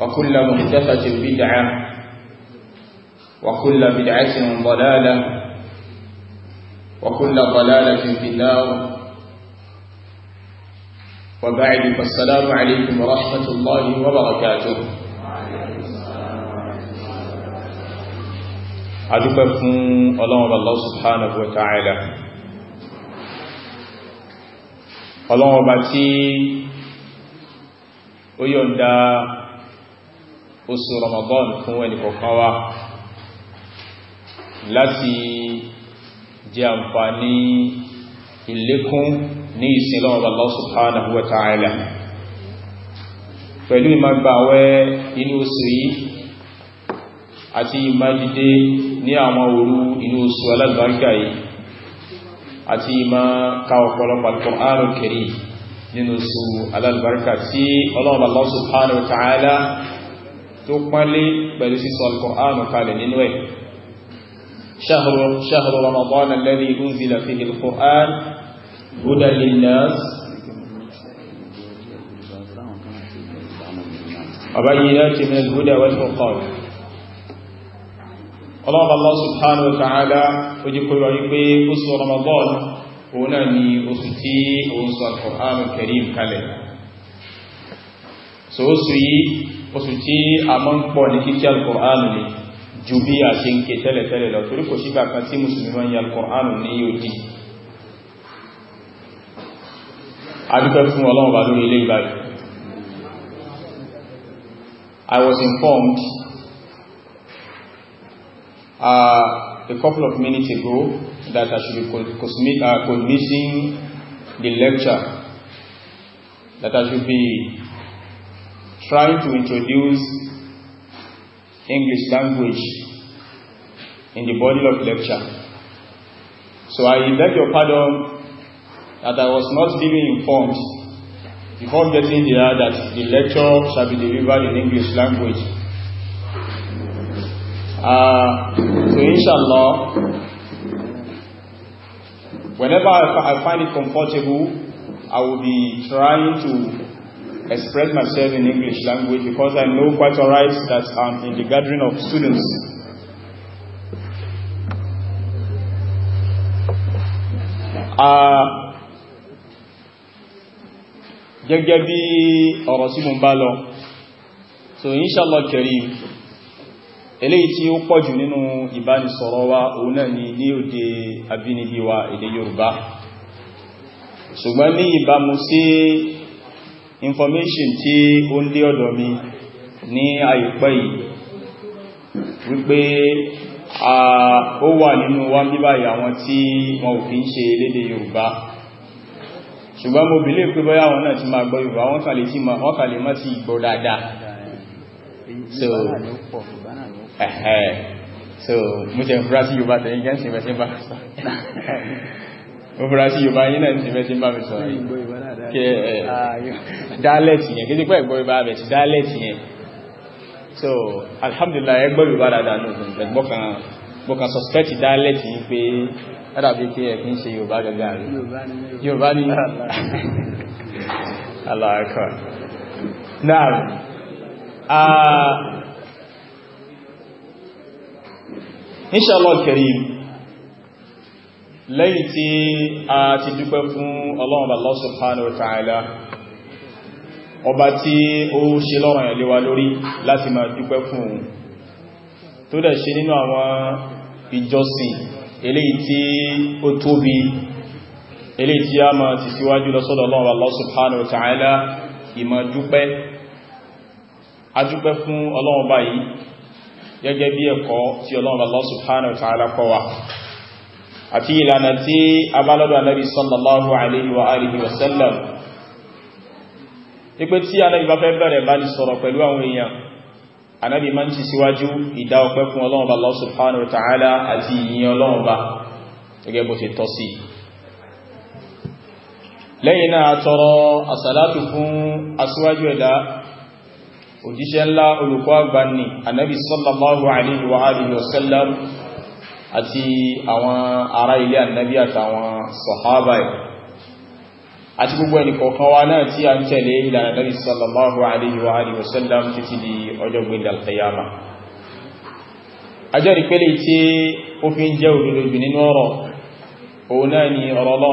وكل محدثة بدعة وكل بدعة ضلالة وكل ضلالة في النار وبعد فالسلام عليكم ورحمة الله وبركاته أدوك الله الله سبحانه وتعالى الله باتي ويوندا oṣù Ramadan fún ẹnìkọ̀ọ̀kan wa láti jẹ àǹfààní ìlékún ní ìsìn lọ́wọ́ Allah subhanahu wa ta'ala pẹ̀lú ìmọ̀gbàwẹ́ inú oṣù yìí àti ìmọ̀dìde ní àwọn òru inú oṣù alágbàríkà yìí àti ìmọ̀ ka nínú oṣù alágbàríkà tí Ọlọ́run Allah subhanahu tó pánlé pẹ̀lú sísọ alkùnránù kalẹ̀ nínú ẹ̀ ṣahùrù ramadan alladhi unzila fihi alkùnrán hudan linnas وبينات من الهدى والفرقان ọlọ́run Allah subhanahu wa ta'ala ó jí kúrò wípé oṣù Ramadan òun náà ni oṣù tí òun Al-Qur'an Al-Karim so oṣù yìí oṣù tí a mọ́ ń pọ̀ ní kíkí alkùránù ni ju bí a ṣe ń ké tẹ́lẹ̀tẹ́lẹ̀ lọ torí kò sígbà kan tí musulmi wọ́n yí alkùránù ní yóò dì adúpẹ́ fún ọlọ́run lórí ilé ìbáyìí I was informed uh, a couple of minutes ago that I should be uh, the lecture that I should be trying to introduce English language in the body of lecture. So I beg your pardon that I was not really informed before getting there that the lecture shall be delivered in English language. Uh, so inshallah, whenever I, I find it comfortable, I will be trying to express myself in English language because I know quite all right that I'm in the gathering of students. Ah, gẹ́gẹ́ bí ọ̀rọ̀ tí mo bá lọ, so inshallah karim, eléyìí tí ó pọ̀jù nínú ìbánisọ̀rọ̀ wa òun náà ni ní òde abínibí wa èdè Yorùbá. Ṣùgbọ́n ní ìbámu sí information tí ó ń dé ọ̀dọ̀ mi ní àìpẹ́ yìí wípé ó wà nínú wá bíbáyìí àwọn tí wọn ò fi ń ṣe lédè Yorùbá ṣùgbọ́n mo bìlé pé bọ́yá àwọn náà ti máa gbọ́ Yorùbá wọ́n kà lè tí sí ìgbọ́ dáadáa so so mo tẹ̀ ń fura sí Yorùbá tẹ̀yìn gẹ́ǹsì mẹ́sìn bá òfúra sí Yorùbá yìí náà ti mẹ́sí bá mi sọ dálẹ́tì ah, yẹn gẹ́gẹ́ pẹ́ gbọ́ Yorùbá bẹ̀ sí dálẹ́tì yẹn so alhamdulillah ẹgbọ́ Yorùbá dáadáa náà ẹgbọ́ kan mo kan suspect dialect yìí pé ẹ́dàbí kí ẹ̀ kí ń ṣe Yorùbá gẹ́gẹ́ rí Yorùbá ní aláàkọ́ náà inshallah karim lẹ́yìn tí a ti dúpẹ́ fún ọlọ́run Allah subhanahu wa ta'ala ọba tí ó ṣe lọ́rọ̀ yẹn lé wa lórí láti máa dúpẹ́ fún òun tó dẹ̀ ṣe nínú àwọn ìjọsìn eléyìí tí ó tóbi eléyìí tí a máa ti síwájú lọ sọ́dọ̀ ọlọ́run Allah subhanahu wa ta'ala ìmọ̀ dúpẹ́ adúpẹ́ fún ọlọ́run báyìí gẹ́gẹ́ bí ẹ̀kọ́ tí ọlọ́run Allah subhanahu wa ta'ala kọ́ àti ìlànà tí a bá lọ́dọ̀ anábi sallallahu alaihi wa alihi wa sallam ipé tí anábi bá fẹ́ bẹ̀rẹ̀ bá ní sọ̀rọ̀ pẹ̀lú àwọn èèyàn anábi máa ń ti síwájú ìdá ọpẹ́ fún ọlọ́ọ̀bá Allah subhanahu wa ta'ala àti ìyìn ọlọ́ọ̀bá gẹ́gẹ́ bó ṣe tọ́ sí lẹ́yìn wa sallam àti àwọn ará ilé ànábí àtàwọn sọ̀hábà ẹ̀ àti gbogbo ẹni kọ̀ọ̀kan wa náà tí a ń tẹ̀lé ìlànà Nabi sallallahu alaihi wa alihi wasallam títí di ọjọ́ gbẹ̀dẹ̀ al-qiyama ajẹ́rì pẹ́lẹ̀ tí ó fi ń jẹ́ òdòdó nínú ọ̀rọ̀ òun náà ni ọ̀rọ̀ Allah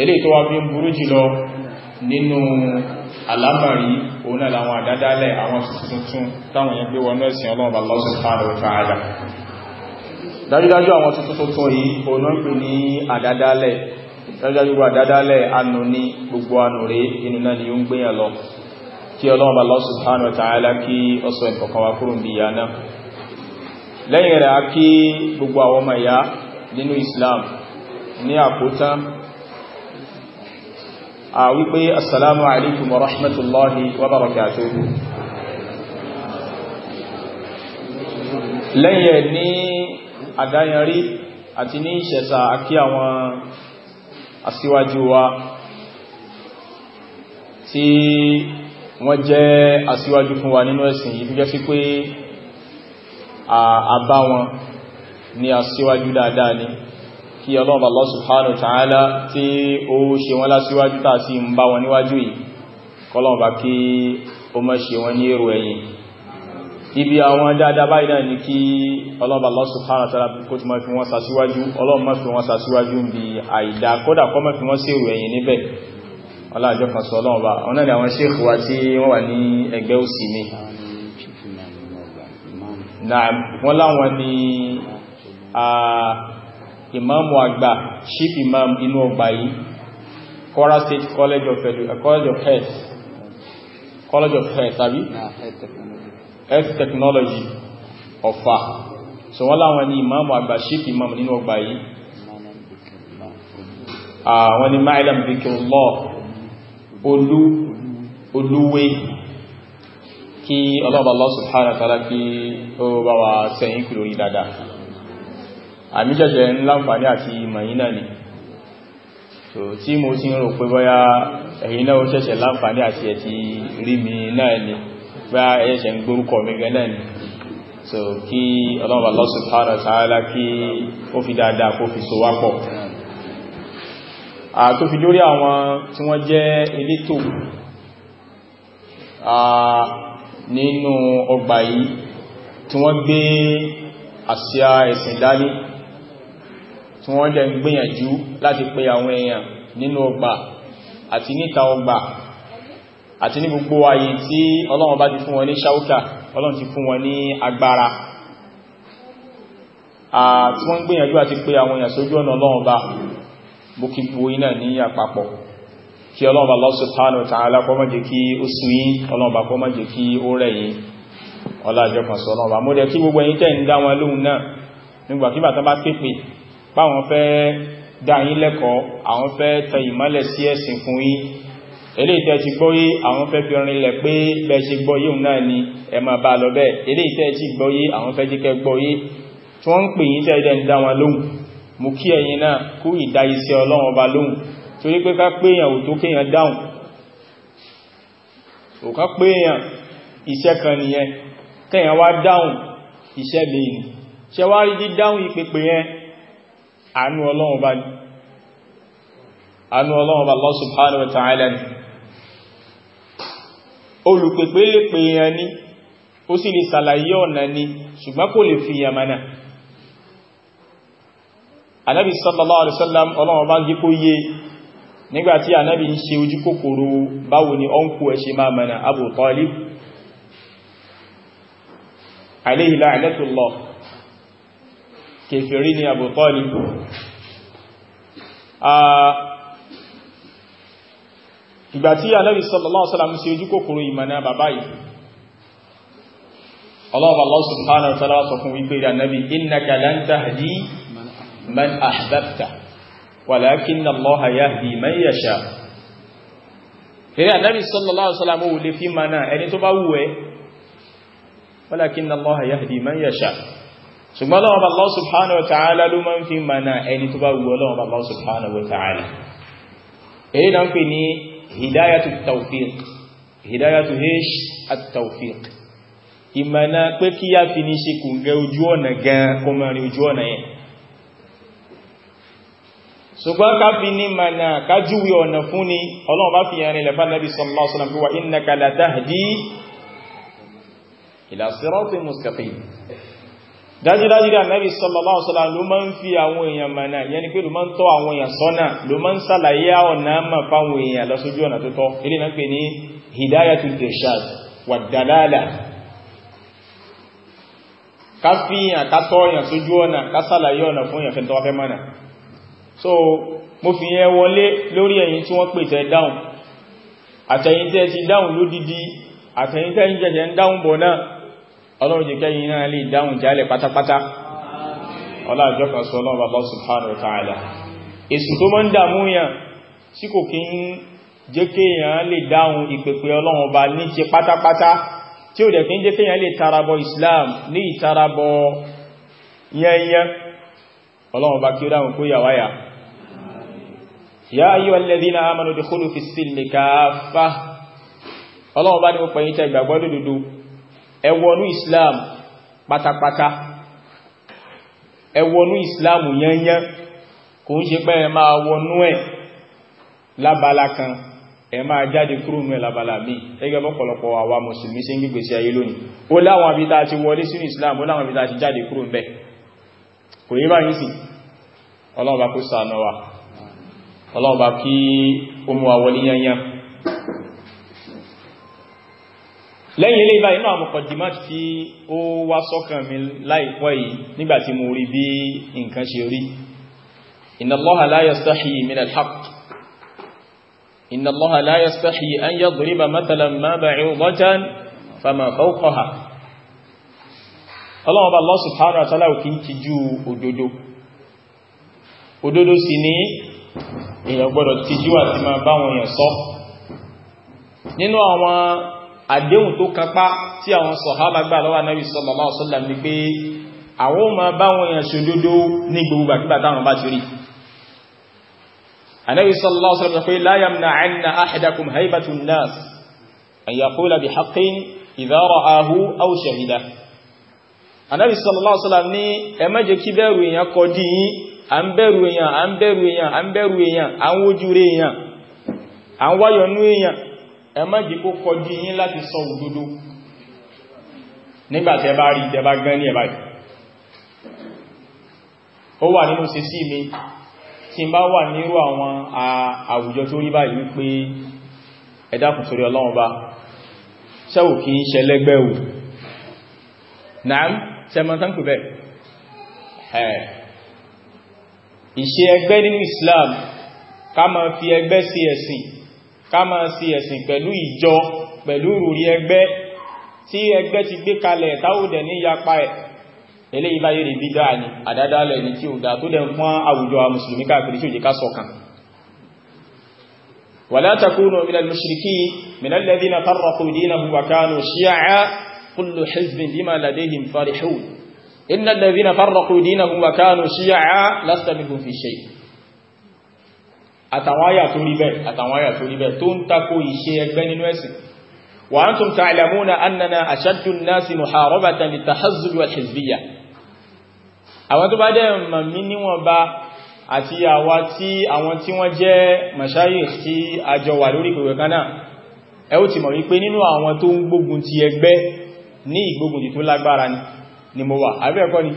eléyìí tó wá bí ń burú jùlọ nínú alámàrí òun náà làwọn àdádálẹ̀ àwọn tuntun táwọn yẹn gbé wọnú ẹ̀sìn ọlọ́ọ̀bà Allah subhanahu wa ta'ala dájúdájú àwọn tuntun tuntun yìí òun pè ní àdádálẹ̀ dájúdájú àdádálẹ̀ anù ní gbogbo anù inú náà ni ó ń gbéyàn lọ kí ọlọ́ọ̀bà Allah subhanahu wa ta'ala kí ọsọ ìkọ̀kan kúrò a kí a wípé assalamu alaikum wa rahmatullahi wa barakatuhu lẹ́yẹ̀ ní àdáyẹnrí àti ní ìṣẹ̀sà àkí àwọn asíwájú wa tí wọ́n jẹ́ asíwájú fún wa nínú ẹ̀sìn yìí fíjẹ́ sí pé àbá wọn ni asíwájú dáadáa ni kí ọlọ́ọ̀bà Allah subhanahu wa ta'ala tí ó ṣe wọ́n lásíwájú tàà sí ń bá wọn níwájú yìí kọlọ̀ọ̀bà kí ó mọ́ ṣe wọ́n ní èrò ẹ̀yìn ibi àwọn dáadáa báyìí náà ni kí ọlọ́ọ̀bà Allah subhanahu wa ta'ala kó ti mọ́ fi wọ́n sàsíwájú ni àwọn Imam àgbà chief imam inú ọgbà yìí Kwara State College of, uh, College of Health College of Health tàbí Health Technology Ọ̀fà so wọ́n láwọn ní Imam àgbà chief imam nínú ọgbà yìí àwọn ni ma'ilam bikirullah olú olúwé kí ọlọ́bàá Allah subhanahu wa ta'ala kí ó bá wa sẹ́yìn kú lórí dáadáa àmì ṣẹ̀ṣẹ̀ ń láǹfààní àti mọ̀yínà ni so tí mo ti ń rò pé bọ́yá ẹ̀yin náà ṣẹ̀ṣẹ̀ láǹfààní àti ẹ̀tì rí mi náà ni bá ẹ̀ṣẹ̀ ń gbórúkọ mi gan náà ni so kí ọlọ́run Allah subhanahu wa ta'ala kí ó fi dáadáa kó fi so wá pọ̀ tó fi lórí àwọn tí wọ́n jẹ́ dání tí wọ́n dẹ̀ ń gbìyànjú láti pe àwọn èèyàn nínú ọgbà àti níta ọgbà àti ní gbogbo ayé tí Ọlọ́run bá ti fún wọn ní ṣáúkà Ọlọ́run ti fún wọn ní agbára tí wọ́n gbìyànjú àti pe àwọn èèyàn sójú ọ̀nà Ọlọ́run bá bó kí gbogbo iná ní àpapọ̀ kí Ọlọ́run bá Allah subhanahu wa ta'ala kó má jẹ́ kí ó sú yín Ọlọ́run bá kó má jẹ́ kí ó rẹ̀ yín ọlá àjọkànṣọ́ Ọlọ́run bá mọ́dẹ̀ kí gbogbo ẹ̀yin tẹ́ ń dá wọn bá pèpè páwọn fẹ́ dá yín lẹ́kọ̀ọ́ àwọn fẹ́ tẹ ìmọ́lẹ̀ sí ẹ̀sìn fún yín eléyìí tẹ́ ti gbọ́ yé àwọn fẹ́ fi rinlẹ̀ pé bẹ́ẹ̀ ṣe gbọ́ yé òun náà ni ẹ máa bá lọ bẹ́ẹ̀ eléyìí tẹ́ ti gbọ́ yé àwọn fẹ́ jíkẹ́ gbọ́ yé tí wọ́n ń pè yín tẹ́ẹ̀dẹ̀ ń dá wọn lóhùn mú kí ẹ̀yin náà kú ìdá iṣẹ́ ọlọ́run ọba lóhùn torí pé ká pé èèyàn ò tó kéèyàn dáhùn ò ká pé èèyàn iṣẹ́ kan nìyẹn kéèyàn wá dáhùn iṣẹ́ mi ni ṣe wá rí dídáhùn ìpèpè yẹn àánú ọlọ́run bá àánú ọlọ́run bá Allah subhanahu wa ta'ala ni olùpèpè lè pè èèyàn ní ó sì lè sàlàyé ọ̀nà ni ṣùgbọ́n kò lè fi yàmánà anábi sallallahu alaihi kèfèrí ni Abu Talib ìgbà tí Ànábì sallallahu alaihi wasallam sí ojú kòkòrò ìmọ̀nà bàbá yìí Allah subhanahu wa ta'ala sọ fún wípé ìdànàbí innaka lan tahdi man ahbabta walakinna Allaha yahdi man yasha eré Ànábì sallallahu alaihi wasallam ó lè fi mọ̀nà ẹni tó bá wù ṣùgbọ́n lọ́wọ́ Allah subhanahu wa ta'ala ló máa ń fi mana ẹni tó bá wù ọlọ́wọ́ Allah subhanahu wa ta'ala èyí na ń pè ní hidayatu tawfiq hidayatu hesh at tawfiq ìmọ̀nà pé kí yá fi ní ṣe kò gẹ ojú ọ̀nà gan kọmọrin ojú ọ̀nà yẹn ṣùgbọ́n ká fi ní mana ká júwe ọ̀nà fún ni ọlọ́wọ́ bá fi yẹrin lẹ́fà nabi sallallahu dájídájí dá nẹ́bí sallallahu alaihi wasallam ló máa ń fi àwọn èèyàn mọ̀nà yẹn ni pé ló máa ń tọ́ àwọn èèyàn sọ́nà ló máa ń sàlàyé ọ̀nà mà fáwọn èèyàn lọ́sójú ọ̀nà tó tọ́ ilé náà pè ní hidayatul irshad wà dàlálà ká fi èèyàn ká tọ́ èèyàn sójú ọ̀nà ká sàlàyé ọ̀nà fún èèyàn fẹ́ntọ́ fẹ́ mọ̀nà so mo fi yẹn wọlé lórí ẹ̀yin tí wọ́n pè tẹ́ dáhùn àtẹ̀yìn tẹ́ ti dáhùn lódidi àtẹ̀yìn tẹ́ ń jẹ̀jẹ̀ ń dáhùn bọ̀ náà ọlọ́run jẹ́ kẹ́yìn náà lè dáhùn jálẹ̀ pátápátá ọlájọ́ kan sọ ọlọ́run bàbá subhanahu wa ta'ala èsù tó mọ́ ń dàmú yàn tí kò kí ń jẹ́ kéèyàn lè dáhùn ìpèpè ọlọ́run bá ní ti pátápátá tí ó dẹ̀ kí ń jẹ́ kéèyàn lè tarabọ islam ní ìtarabọ yẹnyẹn ọlọ́run bá kí ó dáhùn kó yàwáyà ya ẹ islam pátápátá ẹ wọnú islam yányán kò ń ṣe pé ẹ máa wọnú ẹ̀ lábala kan ẹ máa jáde kúrò ní ẹ̀lábàlá mi ẹgbẹ́ bọ́pọ̀lọpọ̀ àwa mùsùlùmí sí ń ayé lónìí ó láwọn islam ó láwọn àbí tá ti jáde kúrò ń ọlọ́ọ̀bá wa ọlọ́ọ̀bá kí ó mú wa wọlé yányán lẹ́yìn ilé ìbáyìí náà mọ̀kọ̀ dìmá tí ó wá sọ́kàn mi láìpọ̀ yìí nígbàtí mo rí bí nǹkan ṣe rí inna Allaha la yastahi min al-haqq inna Allaha la yastahi an yadriba mathalan ma ba'idatan fama fawqaha ọlọ́wọ́ bá Allah subhanahu wa ta'ala kì í ti ju òdodo òdodo sì ní èèyàn gbọ́dọ̀ ti jú àti máa báwọn èèyàn sọ nínú àwọn àdéhùn tó kápá tí àwọn sọ̀hábà gbà lọ́wọ́ Ànábì sallallahu alaihi wasallam ní pé àwọn ò máa bá wọn yàn ṣòdodo ní gbogbo àkígbà táwọn bá ti rí Ànábì sallallahu alaihi wasallam pé la yamna'anna ahadakum haybatun nas an yaqula bihaqqin idha ra'ahu aw shahida Ànábì sallallahu alaihi wasallam ní ẹ má jẹ́ kí bẹ̀rù èèyàn kọ dí yín à ń bẹ̀rù èèyàn à ń bẹ̀rù èèyàn à ń bẹ̀rù èèyàn à ń wójú rẹ̀ èèyàn à ń wáyọ̀nú èèyàn ẹ má jẹ́ kó kọjú yín láti sọ òdodo nígbàtẹ́ bá rí tẹ́ bá ní ẹ̀bá yìí ó wà nínú sí sí mi tí bá wà nírú àwọn àwùjọ tó rí báyìí wípé ẹ dákun torí Ọlọ́run bá ṣẹ́wò kí ń ṣe lẹ́gbẹ́ ò ìṣe ẹgbẹ́ nínú Islam ká máa fi ẹgbẹ́ sí ẹ̀sìn ká máa sí ẹ̀sìn pẹ̀lú ìjọ pẹ̀lú rúrí ẹgbẹ́ tí ẹgbẹ́ ti gbé kalẹ̀ táwòdẹ̀ ní yapa ẹ̀ ilé ìbáyé rẹ̀ bí dáa ni àdádálẹ̀ ní tí ó dá tó dẹ̀ fún àwùjọ mùsùlùmí káàkiri tí ó jẹ ká ṣọ̀kan wala takunu minal mushrikin minal ladhina farraqu dinahum wa kanu àtàwọn àyà tó rí bẹ́ẹ̀ àtàwọn àyà tó rí bẹ́ẹ̀ tó ń takò ìṣe ẹgbẹ́ nínú ẹ̀sìn wa antum ta'lamuna annana ashaddu an-nasi muharabatan lit-tahazzub wal-hizbiyyah àwọn tó bá dẹ̀ mọ̀ níwọ̀n bá àti àwa tí àwọn tí wọ́n jẹ́ mashayikh tí a jọ wà lórí pẹ̀wẹ̀ kaná ẹ ó ti mọ̀ wípé nínú àwọn tó ń gbógun ti ẹgbẹ́ ní ìgbógun tó lágbára ni mo wà àbẹ́ẹ̀kọ́ ni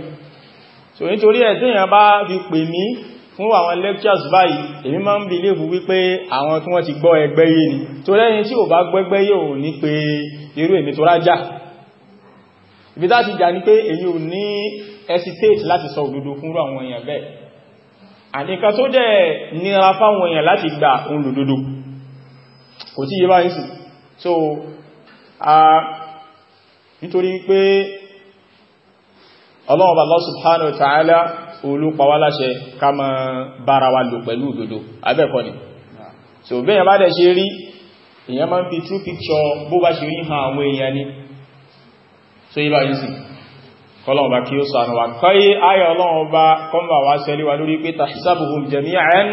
fún àwọn lectures báyìí èmi máa ń believe wípé àwọn tí wọ́n ti gbọ́ ẹgbẹ́ yé ni tó lẹ́yìn tí ò bá gbẹ́gbẹ́ yé ò ní pé irú èmi tó rájá ibi tá ti jà ní pé èyí ò ní hesitate láti sọ òdodo fún àwọn èèyàn bẹ́ẹ̀ so a nítorí pé Ọlọ́run Allah subhanahu wa ta'ala olúpawá láṣẹ ká má bára wa lò pẹ̀lú òdodo abẹ́ẹ̀kọ́ ni so bẹ́yàn bá dẹ̀ ṣe rí èyàn máa ń fi true picture bó bá ṣe rí hàn àwọn èèyàn ni so yí bá yí sí kọlọ̀wọ̀n bá kí ó sànà wà kọ́yí ayọ̀ ọlọ́wọ̀n bá kọ́mbà wá sẹ́lé wa lórí pé tahsabuhum jami'an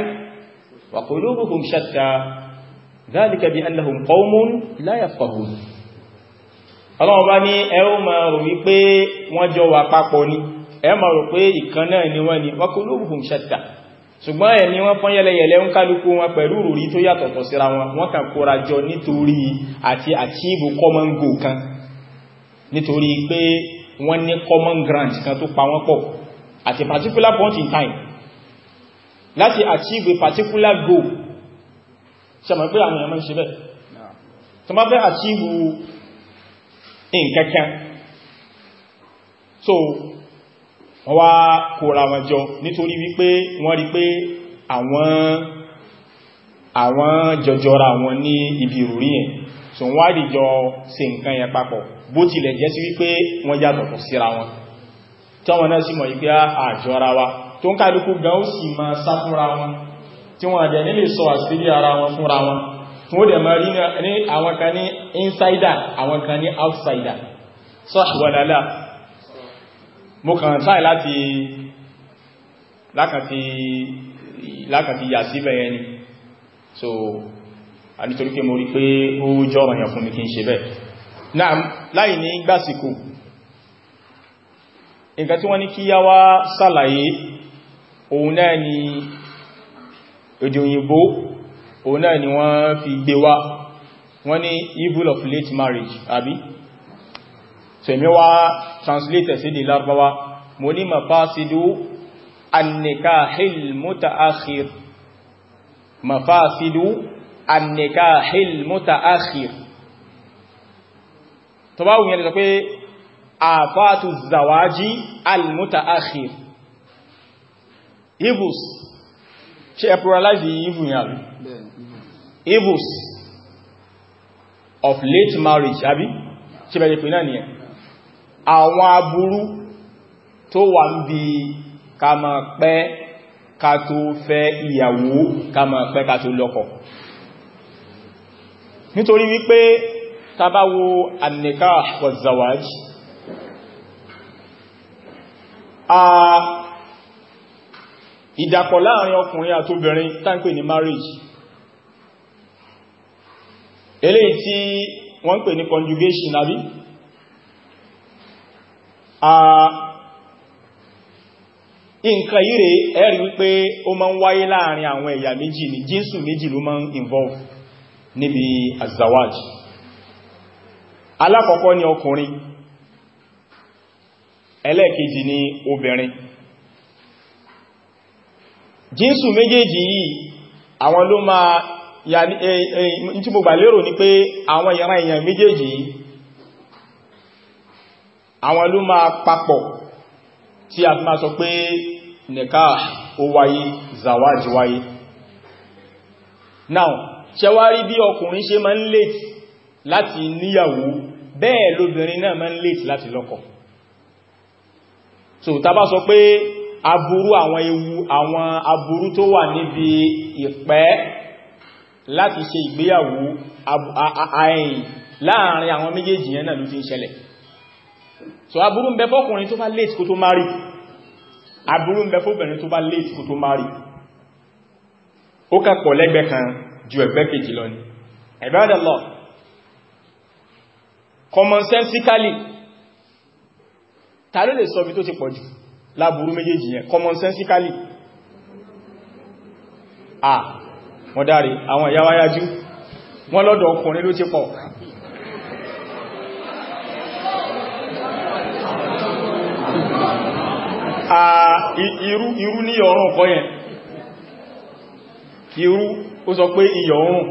ní ẹ máa rò pé ìkan náà ni wọ́n ni wa qulubuhum shatta ṣùgbọ́n ẹ̀mí wọn fọ́n yẹlẹyẹlẹ ń kálukú wọn pẹ̀lú rúrí tó yàtọ̀tọ̀ síra wọn wọ́n kàn kóra jọ nítorí àti achieve common goal kan nítorí pé wọ́n ní common ground kan tó pa wọ́n pọ̀ at particular point in time láti achieve particular goal ṣẹmọ̀ pé àwọn èèyàn ṣe bẹ́ẹ̀ tó má fẹ́ achieve nǹkankan so wọ́n wá kóra wọn jọ nítorí wípé wọ́n rí pé àwọn àwọn jọjọra wọn ní ibi ìròrí yẹn so wọ́n á dìjọ ṣe nǹkan yẹn papọ̀ bó tilẹ̀ jẹ́ sí wípé wọ́n yàtọ̀tọ̀ síra wọn tí wọ́n náà sì mọ̀ wípé àjọra ah, wa tó ń kálukú gan ó sì máa sá fúnra wọn tí wọ́n àdẹ̀ nílè sọ àṣírí ara wọn fúnra wọn fún ó máa rí ní àwọn kan ní insider àwọn kan ní outsider sọ́ọ̀ṣù wà lálàá mo kàn sáì láti lákàtí yà sí bẹ̀yẹn ni so a nítorí pé mo rí pé ó jọ ọ̀ranyàn fún mi kí n ṣe bẹ́ẹ̀ náà láì ní gbásíkò nǹkan tí wọ́n ní kí yá wá sàlàyé òun náà ni èdè òyìnbó òun náà ni wọ́n fi gbé wá wọ́n ní evil of late marriage àbí tẹ̀mí wá translate sí Lárúbáwá mo ní mafasidu annikahil mutaakhir mafasidu annikahil mutaakhir tó bá wùnyẹ̀ lè sọ pé àfáàtù zawaji al-mutaakhir evils ṣe ẹ pluralize evil yàrí evils of late marriage àbí ṣe bẹ̀rẹ̀ pè náà àwọn aburú tó wà ń bí ká ma pẹ́ ká tó fẹ́ ìyàwó ká ma pẹ́ ká tó lọ́kọ nítorí wípé tàbáwo an-nikah a ìdàpọ̀ láàrin ọkùnrin àtóbìnrin táǹpẹ̀ ní marriage eléyìí tí wọ́n ń pè ní conjugation àbí nǹkan ire ẹ̀rí wípé ó ma ń wáyé láàrin àwọn ẹ̀yà méjì ní jínsù méjì ló máa ń involve níbi azawaj alákọ̀ọ́kọ́ ni ọkùnrin ẹlẹ́ẹ̀kejì ni obìnrin jínsù méjèèjì yìí àwọn ló ma yà ní tí gbogbo àlérò ní pé àwọn ìran èèyàn méjèèjì yìí àwọn ló máa papọ̀ tí a fi máa sọ pé nìká ó wáyé zawaj wáyé now ṣẹwárí bí ọkùnrin ṣe máa ń late láti níyàwó bẹ́ẹ̀ lóbìnrin náà máa ń late láti lọ́kọ so tá bá sọ pé aburú àwọn ewu àwọn aburú tó wà níbi ìpẹ́ láti ṣe ìgbéyàwó ààyìn láàrin àwọn méjèèjì yẹn náà ló ti ń ṣẹlẹ̀ so aburú ń bẹ fọ́kùnrin tó bá late kó tó mari aburú ń bẹ fóbìnrin tó bá late kó tó mari ó kà pọ̀ lẹ́gbẹ́ kan ju ẹgbẹ́ kejì lọ ni ibadallah common sensically ta ló lè sọ bí tó ti pọ̀ jù láburú méjèèjì yẹn common sensically ah wọ́n dáre àwọn ìyáwáyájú wọ́n lọ́dọ̀ ọkùnrin ló ti pọ̀ irú ní ọ̀rùn kọ́ yẹn irú ó sọ pé iyọ̀ ọ̀rùn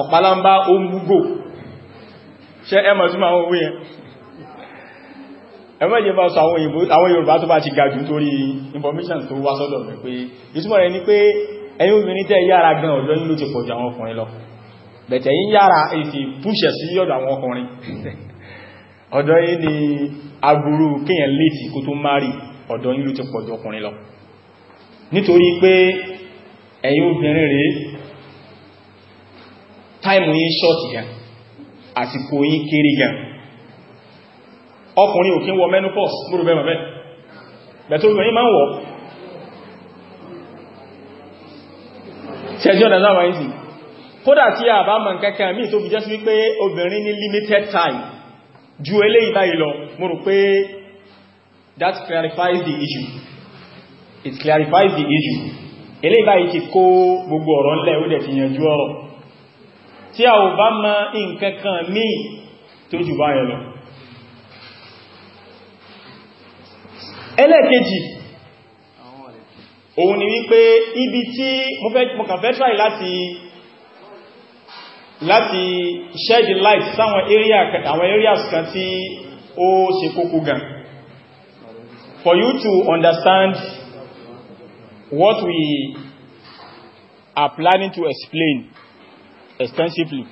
ọ̀pálámbá ó ń gúgò ṣe ẹmọ̀ tí ma ń wé yẹn ẹmọ́ ìjẹba sọ àwọn Yorùbá tó bá ti ga jù torí information tó wá sọ́dọ̀ rẹ̀ pé ìtumọ̀ rẹ̀ ni pé ẹ̀yin obìnrin tẹ́ yára gan ọ̀dọ́ nílò ti pọ̀jù àwọn ọkùnrin lọ bẹ̀tẹ̀ yí yára èsì púṣẹ̀ sí ọ̀dọ̀ àwọn ọkùnrin ọ̀dọ̀ yìí ni aburú kíyàn léètì kó tó márì ọ̀dọ̀ yìí ló ti pọ̀jù ọkùnrin lọ nítorí pé ẹ̀yin obìnrin rèé táìmù yín ṣọ́ọ̀tì gan àsìkò yín kéré gan ọkùnrin ò kí wọ menopause múrù bẹ́ẹ̀ bẹ́ẹ̀ bẹ̀tọ́ obìnrin máa ń wọ̀ ṣẹjọ́ dáadáa wáyé sí kódà tí a bá mọ̀ nǹkan kan míì tó fi jẹ́ sí wípé obìnrin ní limited time ju eléyìí báyìí lọ mo rò pé that clarifies the issue it clarifies the issue eléyìí báyìí ti kó gbogbo ọ̀rọ̀ ńlẹ̀ ó dẹ̀ fi yanjú ọ̀rọ̀ tí a ò bá mọ̀ nǹkan kan ní tó jù báyìí lọ ẹlẹ́ẹ̀kejì òun ni wípé ibi tí mo kàn fẹ́ láti láti shed light sáwọn area àwọn areas kan tí ó ṣe kókó gan for you to understand what we are planning to explain extensively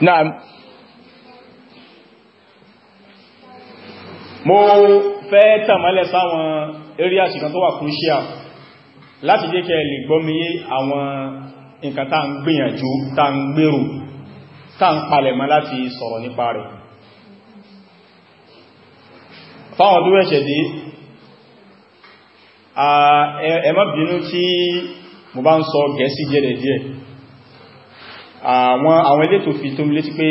now mo fẹ́ tàmálẹ̀ sáwọn areas kan tó wà crucial láti jẹ́ kẹ́ lè gbọ́mìyé àwọn nǹkan tá ń gbìyànjú tá ń gbèrò tá ń palẹ̀mọ́ láti sọ̀rọ̀ nípa rẹ̀ fáwọn tó rẹ̀ṣẹ̀ dé ẹ má bínú tí mo bá ń sọ gẹ̀ẹ́sì jẹ́rẹ̀ díẹ̀ àwọn elétò fi tó létí pé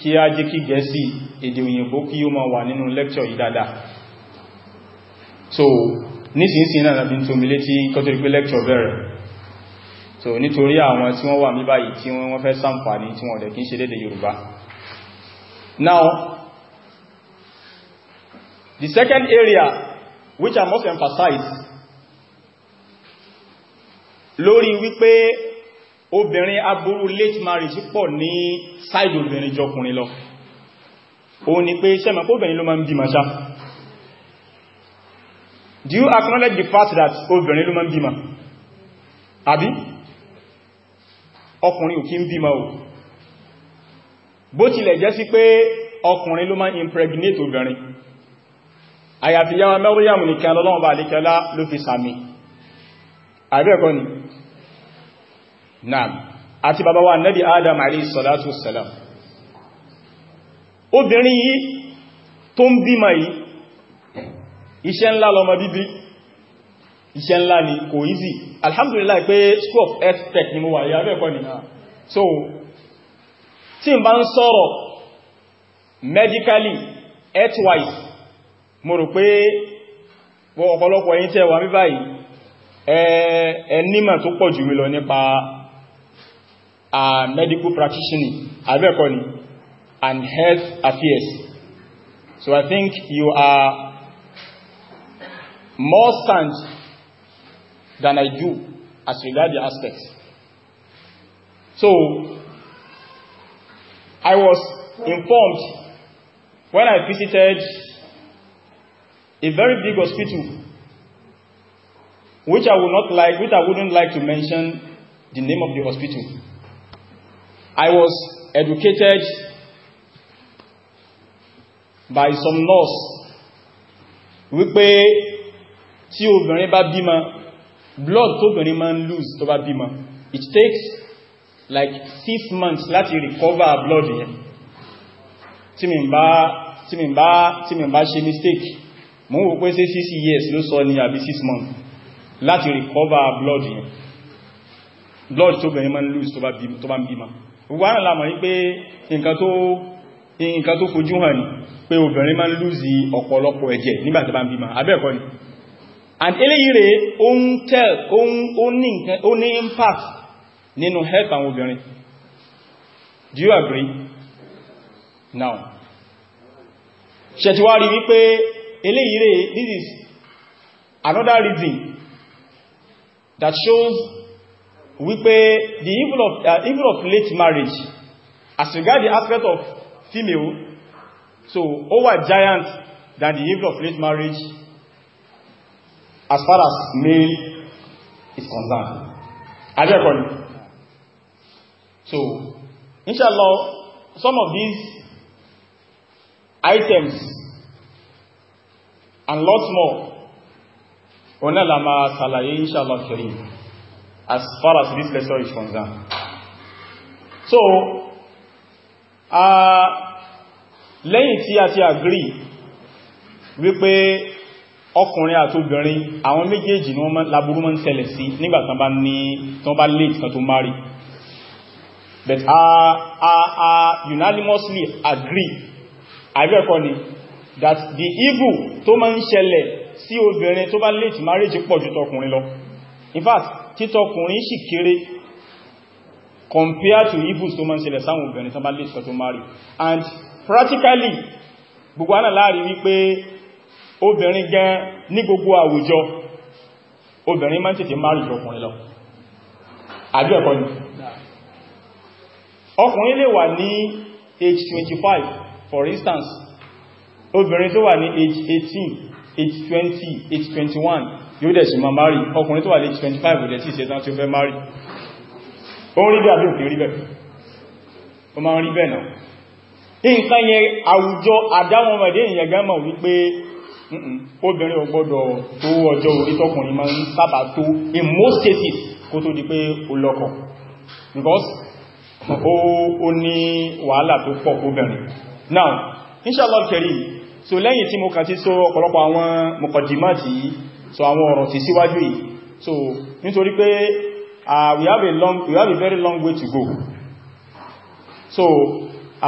kí á jẹ́ kí gẹ̀ẹ́sì èdè òyìnbó kí ó máa wà nínú lẹ́kṣọ̀ yìí dáadáa so nísinsìnyí náà bí tó mi létí kọ́tòrí pé lecture bẹ̀rẹ̀ so nítorí àwọn tí wọ́n wà ní báyìí tí wọ́n fẹ́ ṣàǹfààní tí wọ́n dẹ̀ kí ń ṣe lédè Yorùbá now the second area which I must emphasize lórí wípé obìnrin aburú late marriage pọ̀ ní side obìnrin jọkùnrin lọ òun ni pé sẹ́mọ̀ obìnrin ló máa ń bí màṣá do you acknowledge the fact that obìnrin ló máa ń bímọ àbí ọkùnrin ò kí ń bímọ o bó tilẹ̀ jẹ́ sí pé ọkùnrin ló máa ń impregnate obìnrin àyàfi yàwó mẹ́ríyàmù nìkan lọ́lọ́wọ́ bá àlékẹ́lá ló fi sàmì àbẹ́ẹ̀kọ́ ni naam àti bàbá wa nabi adam alayhi salatu wassalam obìnrin yìí tó ń iṣẹ́ ńlá lọmọ bíbí iṣẹ́ ńlá ni kò easy alhamdulillah pé school of health tech ni mo wà yà bẹ́ẹ̀kọ́ ni so tí n bá ń sọ̀rọ̀ medically health-wise mo rò pé ọ̀pọ̀lọpọ̀ yín tẹ́ wà mí báyìí ẹnímọ̀ tó pọ̀ jù mí lọ nípa medical practitioner abẹ́ẹ̀kọ́ ni and health affairs so I think you are more sand than I do as regards the aspects. So, I was informed when I visited a very big hospital, which I would not like, which I wouldn't like to mention the name of the hospital. I was educated by some nurse wípé tí obìnrin bá bímọ blood tóbìnrin máa ń lose tó bá bímọ it takes like six months láti recover blood yẹn tí mi bá tí mi bá ṣe mistake mo ń wò pé ṣe six years ló sọ ní àbí six months láti recover blood yẹn blood tóbìnrin máa ń lose tó bá bímọ gbogbo àwọn àlàmọ̀ yí pé nǹkan tó nǹkan tó fojú hàn ní pé obìnrin máa ń lose ọ̀pọ̀lọpọ̀ ẹ̀jẹ̀ nígbàtí bá ń bímọ abẹ́ẹ̀kọ́ ni and eléyìí rẹ̀ ó ń tẹ́ ó ní impact nínú help àwọn obìnrin do you agree now ṣẹ̀tíwárí wípé eléyìí rẹ̀ this is another reason that shows wípé the evil of, uh, evil of late marriage as regard the aspect of female so over giant than the evil of late marriage as far as male is concerned adẹ́kọ̀ọ́ ni so inshallah some of these items and lots more ọ̀nà la máa inshallah karim as far as this lecture is concerned so ah, lẹ́yìn tí a ti agree wípé ọkùnrin àti obìnrin àwọn méjèèjì ní wọ́n láburú mọ́ ń ṣẹlẹ̀ sí nígbàtán bá ní tán bá late kan tó marry but a a a unanimously agree àríẹ̀kọ́ ni that the evil tó máa ń ṣẹlẹ̀ sí obìnrin tó bá late marriage pọ̀ ju tọkùnrin lọ in fact títọkùnrin sì kéré compared to evils tó máa ń ṣẹlẹ̀ sáwọn obìnrin tó bá late kan tó marry and practically gbogbo àná láàrin wípé obìnrin gan ní gbogbo àwùjọ obìnrin máa ń tètè márùn jọ ọkùnrin lọ àbí ẹ̀kọ́ ni ọkùnrin lè wà ní age 25 for instance obìnrin tó wà ní age 18 age 20 age 21 yóò dẹ̀ sì máa márì ọkùnrin tó wà ní age 25 òdẹ̀ sí ìṣẹ́ta tí ó fẹ́ márì ó ń rí bí àbí òkè rí bẹ̀ ó máa ń rí bẹ̀ náà nǹkan yẹn àwùjọ àdáwọn ọmọdé ìyẹ̀gbẹ́mọ̀ wípé obìnrin ò gbọ́dọ̀ tó ọjọ́ orí tọkùnrin máa ń sábà tó in most cases kó tó di pé ó lọ́kọ because ó ní wàhálà tó pọ̀ obìnrin now inshallah kẹrì so lẹ́yìn tí mo kà ti sọ ọ̀pọ̀lọpọ̀ àwọn mọ̀kọ̀dìmáàtì so àwọn ọ̀rọ̀ ti síwájú yìí so nítorí pé ah, we have a very long way to go so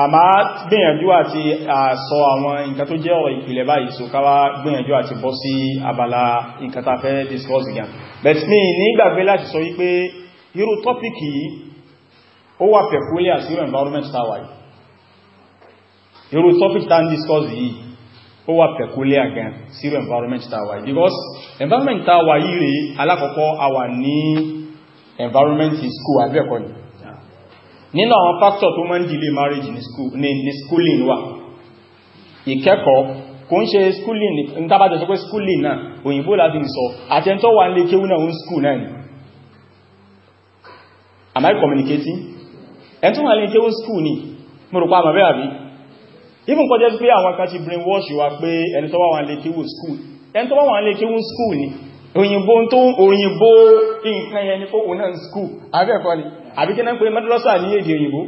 a máa gbìyànjú àti àsọ àwọn nǹkan tó jẹ́ ọ̀rọ̀ ìpìlẹ̀ báyìí so ká wá gbìyànjú àti bọ́ sí abala nǹkan ta fẹ́ discuss gan but mi ní gbàgbé láti sọ wípé irú tọ́pìkì ó wà peculiar sí environment tower irú tọ́pìkì ta ń discuss yìí ó wà peculiar gan sí environment tower because environment tower yìí rèé alákọ̀ọ́kọ́ a wà ní environment school àbẹ́ẹ̀kọ́ nínú àwọn pastor tó máa ń delay marriage ní school ní schooling wà ìkẹ́kọ̀ọ́ kò ń ṣe schooling nítàbàtẹ̀ sọ pé schooling náà òyìnbó láti sọ àtẹ́ntọ́ wà nílé kéwú náà ń school náà ni am I communicating? ẹ̀ntọ́ wà nílé kéwú school ni mo rò pa àmà àbí even kọjẹ́ pé àwọn brainwash wa pé ẹni wà kéwú school wà kéwú school ni òyìnbó tó òyìnbó nǹkan àbí kí náà pé madrasa ní èdè òyìnbó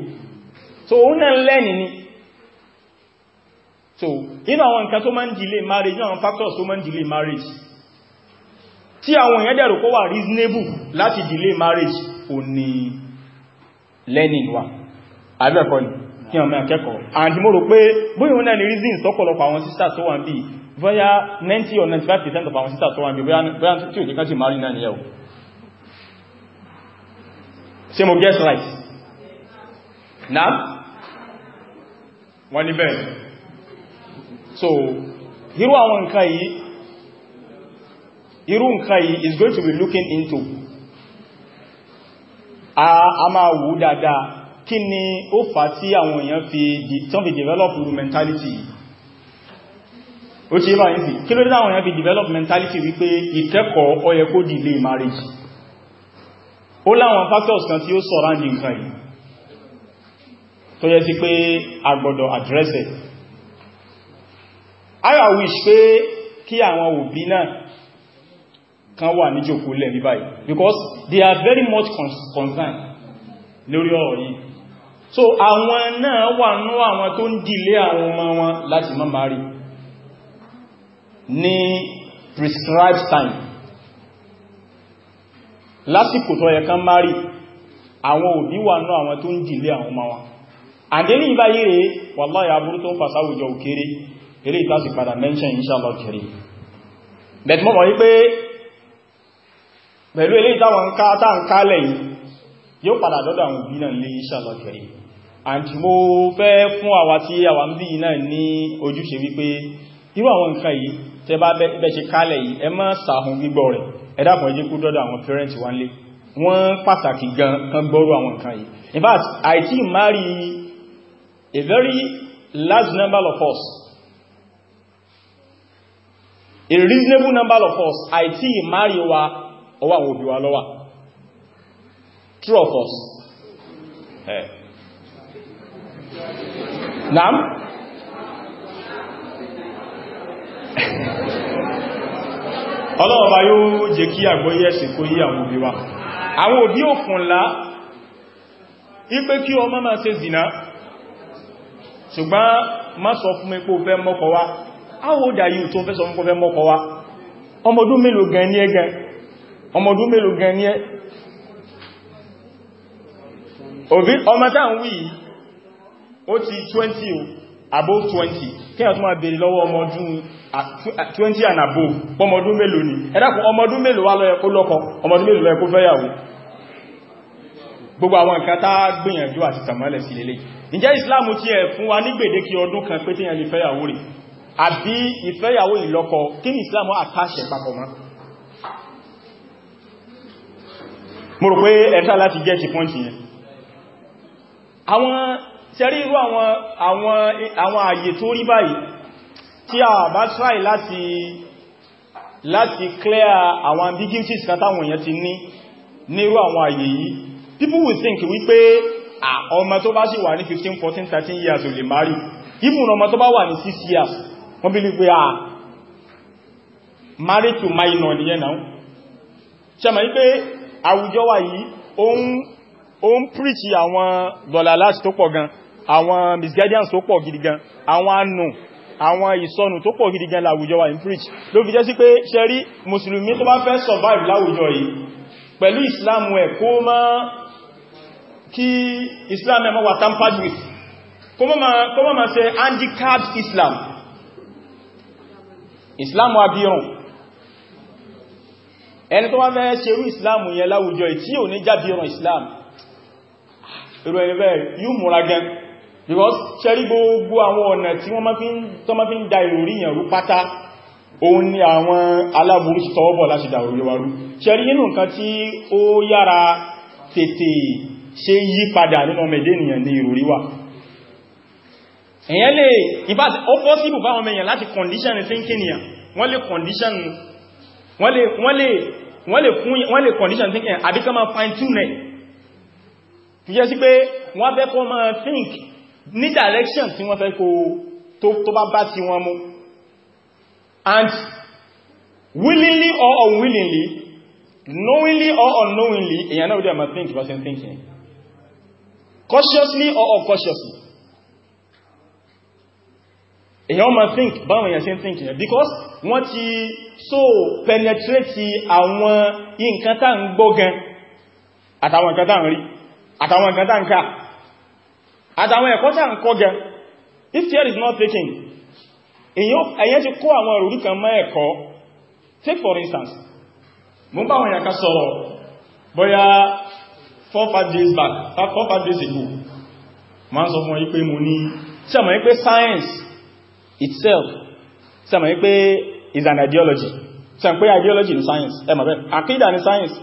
so òun náà lẹ́ni ni so inú àwọn nǹkan tó máa ń delay marriage inú àwọn factors tó máa ń delay marriage tí àwọn èèyàn dẹ̀rù kó wà reasonable láti delay marriage ò ní learning wa àbẹ́ẹ̀kọ́ ni kí ọmọ akẹ́kọ̀ọ́ and mo rò pé bóyún náà ni reasons tọ́pọ̀lọpọ̀ àwọn sisters tó wà ń bí bóyá 90 or 95% of àwọn sisters tó wà ń bí bóyá tí ò jẹ́ kan sí marry náà nìyẹn Same of guest right Now, wọ́n ní bẹ́ẹ̀ so irú àwọn nǹkan yìí irú nǹkan yìí is going to be looking into a a máa wù dáadáa kí ni ó fà tí àwọn èèyàn fi tán fi develop mentality ó ti yé báyìí sí kí ló dé àwọn èèyàn fi develop mentality wípé ìkẹ́kọ̀ọ́ ó kó delay marriage ó láwọn factors kan tí ó sọ̀rọ̀ ní nǹkan yìí tó yẹ sí pé a gbọ́dọ̀ address it I wish pé kí àwọn òbí náà kan wà ní jòkó lẹ̀ ní báyìí because they are very much concerned lórí ọ̀rọ̀ yìí so àwọn náà wà ní àwọn tó ń dìlé àwọn ọmọ wọn láti má ní prescribed time lásìkò tó yẹ kán márì àwọn òbí wà náà àwọn tó ń dìlé àwọn ọmọ wọn àdélé ìbáyé rẹ̀ wàláyà aburú tó ń fà sáwùjọ òkèrè eré ìtàsì padà mention inshallah kiri bẹ̀tí mọ́ mọ̀ wípé pẹ̀lú ilé ìtàwọn ń ká tá ń kálẹ̀ yìí yóò padà dọ́dọ̀ àwọn òbí náà lé inshallah kiri and ẹ má sàhùn gbígbọ́ rẹ̀ ẹ̀dàkùn ẹjẹ́ kú dọ́dọ̀ àwọn fẹ́rẹ́ntì wá lé wọ́n pàtàkì gan kan gbọ́rú àwọn nǹkan yìí in fact i think marry a very large number of us a reasonable number of us i think marry wa ọwọ́ àwọn òbí wa lọ́wà true of us eh. naam ọlọ́run bá yóò jẹ́ kí àgbọ́yé ẹ̀sìn kó yí àwọn òbí wa àwọn òbí ò ńlá ipé kí ọmọ máa ṣe zìnà ṣùgbọ́n má sọ fún mi pé o fẹ́ mọ́kọ wá how old are you tó fẹ́ sọ fún fẹ́ mọ́kọ wá ọmọdún mélòó gan ní ẹgẹn ọmọdún mélòó gan ní ẹ ọmọ táà ń wí ó ti 20 o above 20 kíyàn tó máa bèèrè lọ́wọ́ ọmọdún 20 and above pọ́mọdún mélòó ni ẹ̀dàkùn ọmọdún mélòó wá lọ́yẹ kó lọ́kọ ọmọdún mélòó lọ́yẹ kó fẹ́yàwó gbogbo àwọn nǹkan tá gbìyànjú àti tàmọ́lẹ̀ sí lélẹ̀ ǹjẹ́ Islam ti ẹ̀ fún wa ní gbèdéke ọdún kan pé tíyàn lè fẹ́yàwó rẹ̀ àbí ìfẹ́yàwó ìlọ́kọ kí ni Islam àtàṣẹ papọ̀ mọ́ mo rò pé ẹ̀ta láti jẹ́ pọ́ǹtì yẹn àwọn sẹ́rí irú àwọn àyè tó rí báyìí tí a bá try láti láti clear àwọn ambiguities kan táwọn èèyàn ti ní ní irú àwọn àyè yìí people will think wípé ọmọ tó bá sì wà ní 15 14 13 years ò lè marry even ọmọ tó bá wà ní 6 years wọ́n bí wípé à marry to minor nìyẹn náà ṣẹ́mà wípé àwùjọ wa yìí ó ń preach àwọn dọ̀là láti tó pọ̀ gan-an àwọn misguidance tó pọ̀ gidi gan àwọn anù àwọn ìsọnù tó pọ̀ gidi gan láwùjọ wa in preach ló fi jẹ́ sí pé ṣe rí mùsùlùmí tó bá fẹ́ survive láwùjọ yìí pẹ̀lú islam ẹ̀ kó má kí islam ẹ̀ má wà tampered with kó má má ṣe handicapped islam islam wa bí rùn ẹni tó wá fẹ́ ṣerú islam yẹn láwùjọ yìí tí ò ní jábí rùn islam irú ẹni bẹ́ẹ̀ yóò múra gan because ṣẹ́rí gbogbo àwọn ọ̀nà tí wọ́n máa fi ń da ìròrí yàn rú pátá òun ni àwọn aláburú ti tọwọ́bọ̀ láti da ìròrí wa rú ṣẹ́rí nínú nǹkan tí ó yára tètè ṣe yí padà nínú ọmọ èdè ènìyàn ní ìròrí wa èyàn lè ìbáṣe ó possible condition thinking yàn wọ́n lè condition condition thinking àbíkọ́ máa fine tune ẹ̀ fi jẹ́ sí think ní direction tí wọ́n fẹ́ kó tó bá bá ti wọn mú and willingly or unwillingly knowingly or unknowingly èyàn náà ó dẹ̀ ma think person thinking cautiously or uncautiously èyàn ma think báwọn èyàn ṣe thinking. because wọ́n ti so penetrate àwọn nǹkan tá ń gbọ́ gan àtàwọn nǹkan tá ń rí àtàwọn nǹkan tá ń kà àtàwọn ẹ̀kọ́ tàà ń kọ́ gẹ if fear is not taken èyàn ti kó àwọn ìròrí kan mọ́ ẹ̀kọ́ take for instance mo bá wọn yàká sọ̀rọ̀ bóyá 4-5 days back 4-5 days ago ma ń sọ fún wọ́n pé mo ní sẹ́mọ̀ wípé science itself sẹ́mọ̀ wípé is an ideology sẹ́mọ̀ pé ideology in science ẹmọ̀ bẹ́ẹ̀ àkídà ni science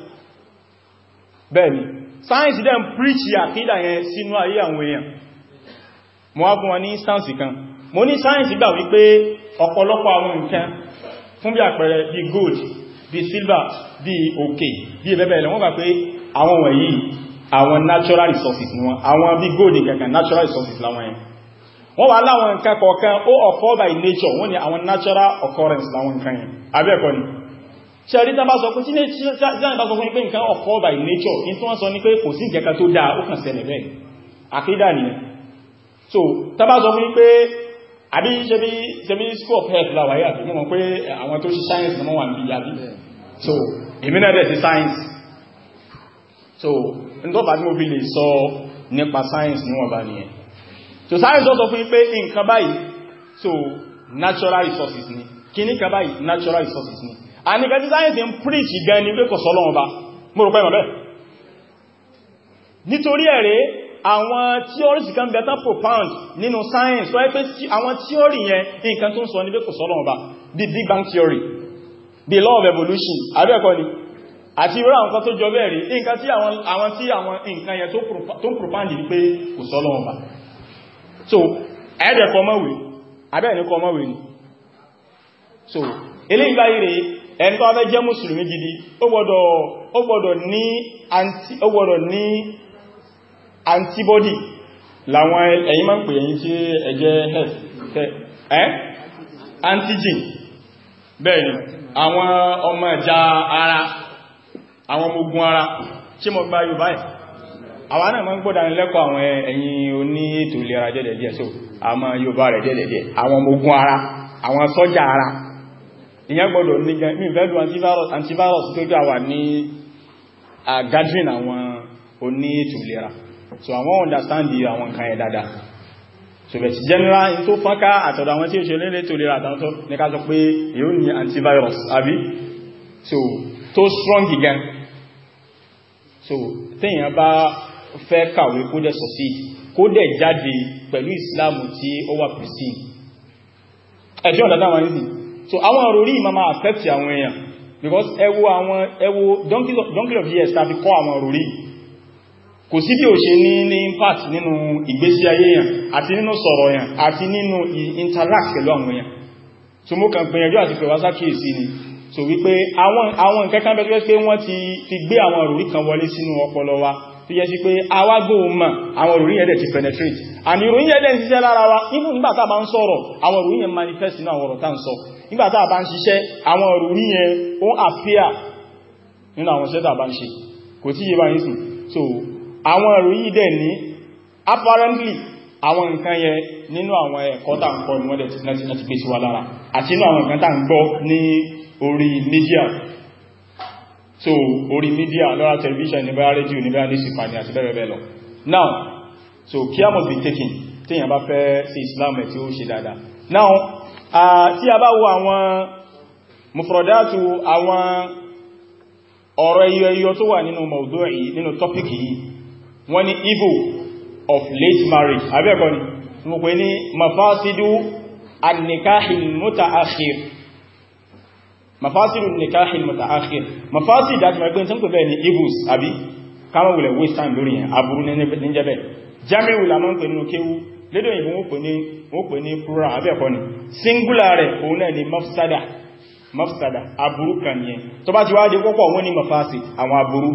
bẹ́ẹ̀ ni sáyẹ̀nsì dẹ̀ ń píríkì àkídà yẹn sínú ayé àwọn èèyàn mo wá fún wọn ní sáyẹ̀nsì kan mo ní sáyẹ̀nsì gbà wípé ọ̀pọ̀lọpọ̀ àwọn nǹkan fún bí àpẹẹrẹ bí gold bí silver bí òkè bí ẹ̀bẹ̀bẹ̀ lọ wọ́n bá pé àwọn wọ̀nyí àwọn natural resources ni wọ́n àwọn bí gold kankan natural resources láwọn yẹn wọ́n wà láwọn nǹkan kọ̀ọ̀kan ó occur by nature wọ́n ní àwọn natural occurrence láwọn nǹkan yẹn abẹ́ẹ̀kọ́ ni ṣẹ̀rí tán bá sọ fún sílé ìsìláàmù bá sọ fún pé nǹkan ọ̀fọ́ by nature in tí wọ́n sọ ní pé kò sí ìjẹka tó dáa ó kàn ṣẹlẹ̀ bẹ́ẹ̀ àkídà ni so tán bá sọ fún pé àbí ṣebí school of health láwà yà fún wọn pé àwọn tó ṣe science náà wà níbi yàbí so èmi náà dẹ̀ science so ndọ́bà tí mo fi lè sọ nípa science níwọ̀n bá nìyẹn so science sọ fún pé nǹkan báyìí so natural resources ni kíní kan báyìí natural resources àníkà tí sáyẹ̀nsì ń preach gan ni pé kò sọ́lọ́run bá mo rò pé mọ̀ bẹ́ẹ̀ nítorí ẹ̀rẹ́ àwọn tíọ́rìsì kan bẹ tán nínú science wáyé pé àwọn tíọ́rì yẹn nǹkan tó ń sọ ní pé the big bang theory the law of evolution abẹ́ẹ̀kọ́ ni àti ìrọ̀ àwọn kan tó jọ bẹ́ẹ̀ rí nǹkan tí àwọn tí àwọn nǹkan yẹn tó ń propandi ní pé kò sọ́lọ́ ọba so ẹ̀ẹ́dẹ̀ kọmọ́wé abẹ́ẹ̀ ní ni so eléyìí báyìí rẹ̀ ẹni tó abẹ́ jẹ́ mùsùlùmí gidi ó gbọ́dọ̀ ní anti ó gbọ́dọ̀ antibody láwọn ẹ̀yin máa ń pè ẹ̀yin tí ẹjẹ́ health ẹ́ antigen bẹ́ẹ̀ni àwọn ọmọ ẹja ara àwọn ọmọ ogun ara tí mo gba Yorùbá ẹ̀ àwọn náà máa ń gbọ́dọ̀ nílẹ́kọ̀ọ́ àwọn ẹ̀yin oní ètò ìlera jẹ́lẹ̀ díẹ̀ so àmọ́ Yorùbá rẹ̀ jẹ́lẹ̀ díẹ̀ àwọn ọmọ ara àwọn sọ́jà ara ìyẹn gbọ́dọ̀ ní gan mi fẹ́ antivirus tó gbà wà ní gathering àwọn oní ètò ìlera so àwọn understand àwọn nǹkan yẹn dáadáa so bẹ̀ ti general in tó fọ́nká àtọ̀dọ̀ àwọn tí ó ṣe lélẹ̀ ètò ìlera àtàntọ́ ní ká sọ pé yóò ní antivirus àbí so tó strong gan so téèyàn bá fẹ́ kàwé kó dẹ̀ succeed kó dẹ̀ jáde pẹ̀lú Islam tí ó wà pristine ẹ̀jọ́ ọ̀dọ̀dá wọn nìsìn so àwọn ọ̀rọ̀ orí ìmọ̀ máa affect àwọn èèyàn because ẹwo àwọn ẹwo donkey of years tàbí kọ́ àwọn ọ̀rọ̀ orí kò sí bí ò ṣe ní ní impact nínú ìgbésí ayé èèyàn àti nínú sọ̀rọ̀ èèyàn àti nínú interact pẹ̀lú àwọn èèyàn so mo kàn gbìyànjú àti pẹ̀wá sákìyèsí ni so wípé àwọn àwọn nǹkan kan bẹ́ẹ̀ pé wọ́n ti fi gbé àwọn ọ̀rọ̀ orí kan wọlé sínú ọpọlọ wa tó yẹ sí pé awágbó mọ̀ àwọn ìròyìn ẹ̀dẹ̀ ti penetrate àmì ìròyìn ẹ̀dẹ̀ ń ṣiṣẹ́ lára wa even nígbà tá a bá ń sọ̀rọ̀ àwọn ìròyìn manifest náà wọ̀rọ̀ tá ń sọ nígbàtà àbá ń ṣiṣẹ́ àwọn ọ̀rọ̀ níyẹn ó ń àfíà nínú àwọn ṣẹ́ta àbá ń ṣe kò tí yé bá ń sùn so àwọn ọ̀rọ̀ yìí dẹ̀ ní apparently àwọn nǹkan yẹn nínú àwọn ẹ̀kọ́ tà ń kọ́ ní wọ́n dẹ̀ ti náà ti pèsè media so orí television ní bá rédíò ní bá nísìpá ní àti bẹ́ẹ̀ now so care must be taken téèyàn bá fẹ́ sí Islam ẹ̀ tí ó ṣe dáadáa now tí a bá wo àwọn mufrodatu àwọn ọ̀rọ̀ ẹyọ ẹyọ tó wà nínú mawdu' yìí nínú tọ́pìkì yìí wọ́n ní evil of late marriage abẹ́ẹ̀kọ́ ni mo pè ní mafasidu annikahil mutaakhir mafasidu annikahil mutaakhir mafasid àti mẹ́gbẹ́ tí ń pè ni evils àbí káwọn wùlẹ̀ waste time lórí yẹn aburú ní jẹ́bẹ̀ jami'u lamọ́ pè lédè òyìnbó wọ́n pè ní plural abẹ́ẹ̀kọ́ ni singular rẹ̀ òun náà ni mafsada mafsada aburú kan yẹn tó bá ti wá dé pọ́pọ̀ wọ́n ni mafasi àwọn aburú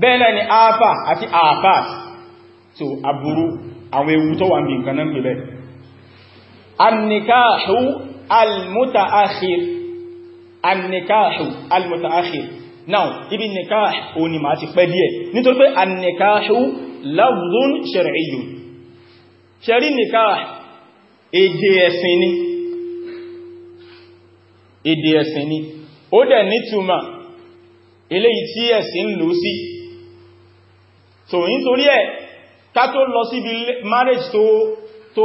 bẹ́ẹ̀ náà ni afa àti afas so aburú àwọn ewu tó wà ní nǹkan náà gbẹ̀bẹ̀ annikahu almutaakhir annikahu almutaakhir ṣẹ̀rí nìkáà èdè ẹ̀sìn ni èdè ẹ̀sìn ni ó dẹ̀ nítumà eléyìí tí ẹ̀sìn ń lò sí so nítorí ẹ̀ ká tó lọ síbi marriage tó tó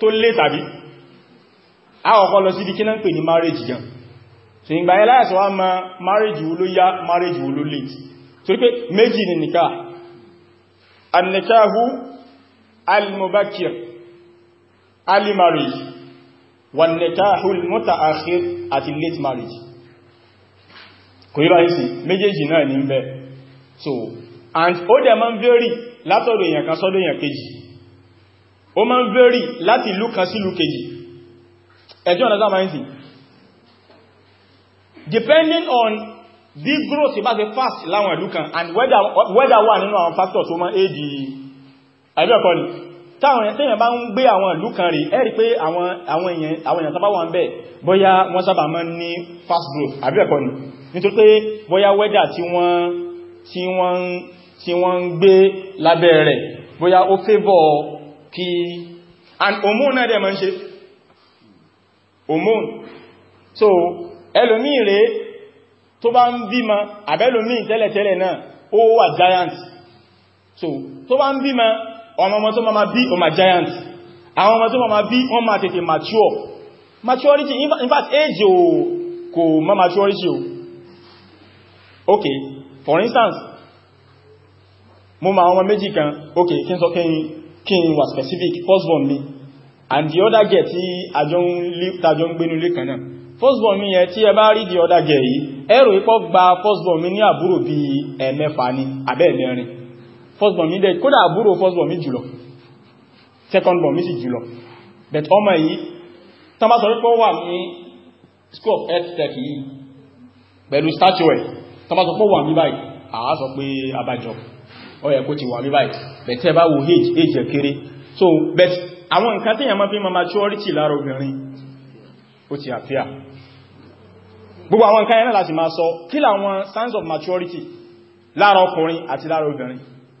tó lé tàbí a kọ́kọ́ lọ síbi kí náà pè ní marriage gan so ìgbà ẹ̀ láyẹ̀sọ́ wá ma marriage wo ló yá marriage wo ló late torí pé méjì ni nìkáà annikahu al-mubakir early marriage wan nikahul mutaakhir àti late marriage kò yíra ìsìn méjèèjì náà ní bẹ́ so and ó dẹ̀ máa ń vary látọ̀dọ̀ èèyàn kan sọ́dọ̀ èèyàn kejì ó máa ń vary láti ìlú kan sí ìlú kejì ẹjọ́ ọ̀nà sáà máa ń depending on this growth ìbá ṣe fast láwọn ìlú kan and whether whether one nínú àwọn factors tó máa ń aid àìbẹ́ẹ̀kọ́ ni táwọn èèyàn bá ń gbé àwọn ìlú kan rí ẹ rí pé àwọn èèyàn tó bá wà ń bẹ̀ bóyá wọ́n sábà máa ní fast growth àìbẹ́ẹ̀kọ́ ni nítorí pé bóyá weather tí wọ́n ń gbé lábẹ́ rẹ̀ bóyá ó favor kí and hormone náà dẹ̀ máa ń ṣe hormone so ẹlòmíì rẹ̀ tó bá ń bímọ àbẹ́lòmíì tẹ́lẹ̀tẹ́lẹ̀ náà ó wà so tó bá ń ọmọ ọmọ tó máa bí ọmọ giant àwọn ọmọ tó máa bí wọ́n máa tètè mature maturity in fact age o kò má maturity o ok for instance mo ma ọmọ méjì kan ok kí n sọ kí n wà specific first born mi and the other girl tí àjọ ń gbénu lé kan náà first born mi yẹn tí ẹ bá rí the other girl yìí ẹ̀rọ ipọ́ gba first born mi ní àbúrò bí ẹ̀mẹ́fà ni àbẹ́ẹ̀mẹ́rin first born mi dẹ̀ kódà àbúrò first born mi jùlọ second born mi sì jùlọ but ọmọ yìí tán bá sọ wípé wà ní school of health tech yìí pẹ̀lú statue tán bá sọ pé wà ní báyìí àá sọ pé abájọ ó yẹ kó ti wà ní báyìí but ẹ bá wo age age ẹ̀ kéré so but àwọn nǹkan tí yàmá fi ma maturity lára obìnrin ó ti àfíà gbogbo àwọn nǹkan yẹn láti máa sọ kí làwọn signs of maturity lára ọkùnrin àti lára obìnrin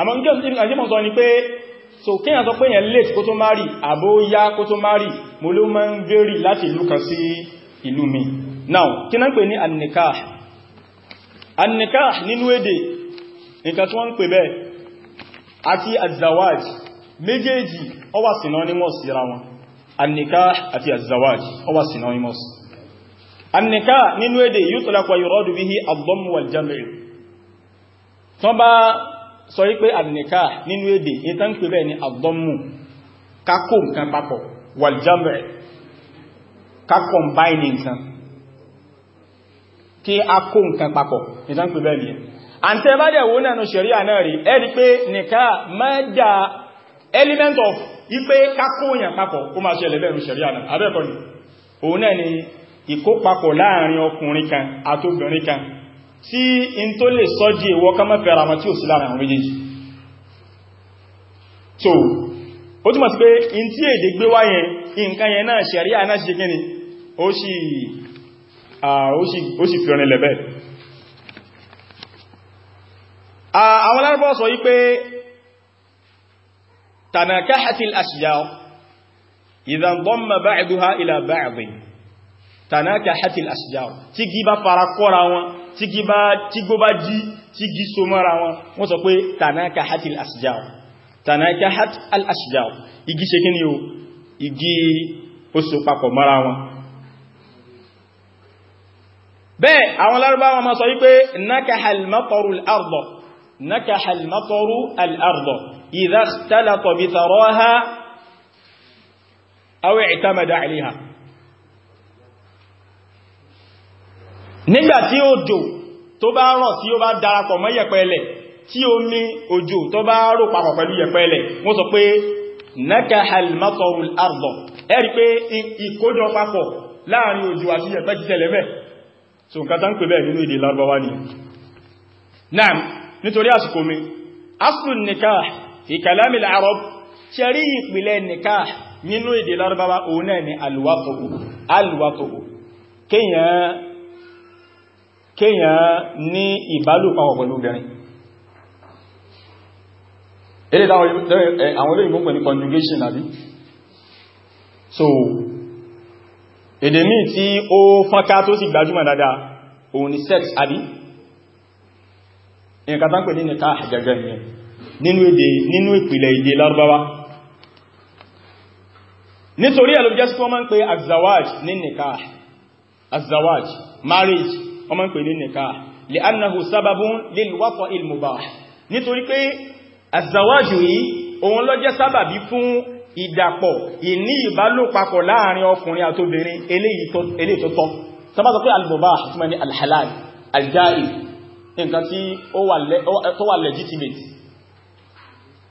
àmọ́ ní jọ́sí ìrìnàjímọ̀ sọ ni pé so kíyàn sọ pé late kó tó márì àbó yá kó tó lati mo ló now kí náà pè ní nínú èdè nǹkan tí wọ́n ń pè synonymous síra wọn annika àti azawaj synonymous annika nínú èdè sọ wípé àdìníká nínú èdè ìta ń pè bẹ́ẹ̀ ni àdọ́mù kákò nǹkan papọ̀ wàljọ́mẹ̀ kákò mbáìnì nǹkan kí a kó nǹkan papọ̀ ìta ń pè bẹ́ẹ̀ ni àǹtẹ́ bá dẹ̀ wọ́n nánú ṣẹ̀ríà náà rí ẹ́rí pé nìká mẹ́dà element of ipé kákóyàn papọ̀ ó ni òun náà ni ìkópapọ̀ láàrin ọkùnrin kan àtobìnrin sí in tó lè sọ di èwọ ká má ara tí ò sí lára àwọn méjèèjì so ó túnmọ̀ sí pé in tí èdè gbé wá yẹn nǹkan yẹn náà ṣẹ̀rí àná ṣe kí ni ó sì ó sì fi ọ̀rin lẹ̀bẹ̀ àwọn lárúbọ̀ sọ yí pé tanakahatil ashjar idhan tí gbó bá jí tí gí so mọ́ra wọn wọ́n sọ pé tanaka hat al-ashjar tanaka hat al-ashjar igi ṣe kí ni o igi ó papọ̀ mọ́ra wọn bẹ́ẹ̀ àwọn lárúbáwọn ma sọ wípé nakahal mataru al-arda nakahal mataru al-arda idha ikhtalata bi tharaha aw i'tamada 'alayha nígbàtí òjò tó bá rọ̀ tí ó bá darapọ̀ mọ́ yẹ̀pẹ̀lẹ̀ tí omi òjò tó bá rò papọ̀ pẹ̀lú yẹ̀pẹ̀lẹ̀ wọ́n sọ pé nakahal matarul ardo ẹ̀rí pé ìkójọ papọ̀ láàrin òjò àti yẹ̀pẹ̀ ti tẹ̀lẹ̀ bẹ́ẹ̀ so nǹkan tán pè bẹ́ẹ̀ nínú èdè Lárúbáwá ni naam nítorí àsìkò mi aslu ìpìlẹ̀ nikah nínú èdè Lárúbáwá òun náà ni alwato'u alwato'u kéèyàn ní ìbálòpọ̀ pẹ̀lú obìnrin ilé àwọn olóyìnbó pẹ̀ ní conjugation àbí so èdè míì tí ó fọ́nká tó sì gbajúmọ̀ dáadáa òun ni sex àbí nǹkan tán pè ní nìka àjẹ́gẹ́ ìyẹn nínú èdè nínú ìpìlẹ̀ èdè lárúbáwá nítorí ẹ̀lọ́bí jẹ́ sí wọ́n máa ń pè azawaj ní nìka azawaj marriage wọ́n máa ń pè ní nikah li'annahu sababun lil wata'il mubah nítorí pé azawájú yìí òun ló jẹ́ sábàbí fún ìdàpọ̀ ìní ìbálòpapọ̀ láàrin ọkùnrin àtobìnrin eléyìí tó tọ́ sábà sọ pé al-mubah túnmọ̀ ní al-halal al-jaiz legitimate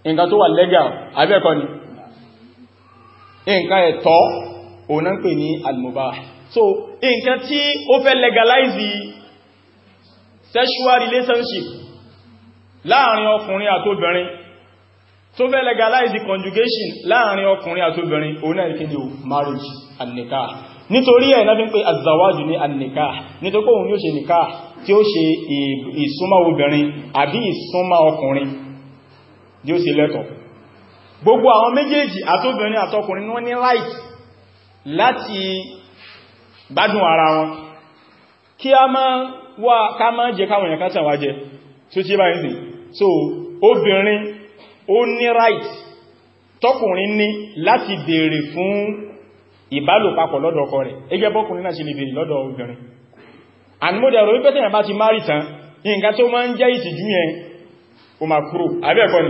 nǹkan tó legal abẹ́ẹ̀kọ́ ni nǹkan ẹ̀tọ́ òun náà so nǹkan tí ó fẹ́ legalize sexual relationship láàrin ọkùnrin àtóbìnrin tó fẹ́ legalize conjugation láàrin ọkùnrin àtóbìnrin òun náà ìkéde o marriage and nikah nítorí ẹ̀ náà fi ń pè àzàwájù ní annikah nítorí pé òun yóò ṣe nikah tí ó ṣe ìsúnmọ́ obìnrin àbí ìsúnmọ́ ọkùnrin bí ó ṣe lẹ́tọ̀ọ́ gbogbo àwọn méjèèjì àtóbìnrin àtọkùnrin wọ́n ní right láti gbádùn ara wọn kí a máa wá ká máa jẹ káwọn èèyàn kásàn jẹ tó tí báyìí sí so obìnrin ó ní right tọkùnrin ní láti béèrè fún ìbálòpapọ̀ lọ́dọ̀ ọkọ rẹ̀ ẹgbẹ́ bọ́kùnrin náà sì lè béèrè lọ́dọ̀ obìnrin ànímọ́dẹ̀ ọ̀rọ̀ wípẹ́ tẹ̀yàn bá ti márì tán nǹkan tó máa ń jẹ́ ìtìjú yẹn ó máa kúrò àbẹ́ẹ̀kọ́ ni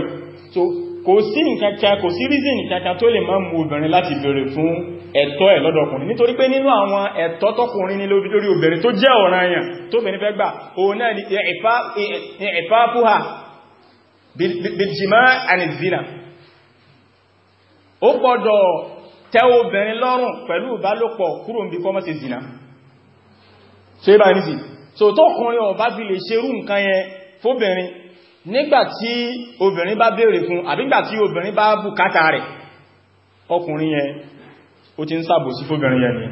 so kò sí nǹkankan kò sí reason kankan tó lè máa mú obìnrin láti béèrè fún ẹ̀tọ́ ẹ̀ lọ́dọ̀kùnrin nítorí pé nínú àwọn ẹ̀tọ́ tọ́kùnrin ní lórí obìnrin tó jẹ́ ọ̀ranyàn tó fẹ́ nífẹ́ gbà òun náà ni i'fafuha biljima' ani zina ó gbọ́dọ̀ tẹ́ obìnrin lọ́rùn pẹ̀lú ìbálòpọ̀ kúrò níbi kọ́mọ́ sí zina so ibà nìsí so tọ́kùnrin ó bá fi lè ṣerú nǹkan yẹn fóbìnrin nígbàtí obìnrin bá béèrè fún àbígbàtí obìnrin bá bùkátà rẹ̀ ọkùnrin yẹn ó ti ń ṣàbòsí fóbìnrin yẹn ni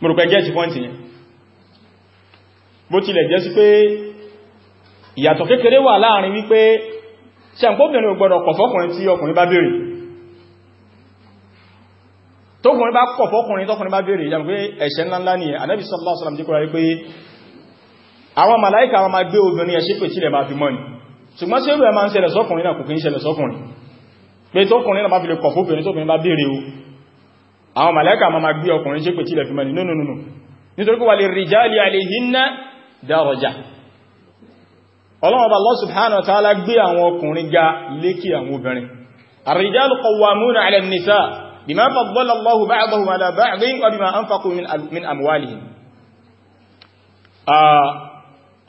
mo rò pé gẹ́ẹ̀tì pọ́ǹtì yẹn bó tilẹ̀ jẹ́ sí pé ìyàtọ̀ kékeré wà láàrin wípé ṣẹ̀ǹkóbìnrin ò gbọ́dọ̀ kọ̀ fọ́kùnrin tí ọkùnrin bá béèrè tókùnrin bá kọ̀ fọ́kùnrin tọ́kùnrin bá béèrè ìyàmù pé ẹ̀ṣẹ̀ ńláńlá ni Ànábì sallallahu alaihi ṣùgbọ́n sí ẹrù ẹ máa ń ṣẹlẹ̀ sọ́kùnrin náà kò kí ń ṣẹlẹ̀ sọ́kùnrin pé tókùnrin náà bá fi lè kọ̀fó obìnrin tókùnrin bá béèrè o àwọn màlẹ́kà ma ma gbé ọkùnrin ṣe pè tílẹ̀ fi mẹ́rin nínú àwọn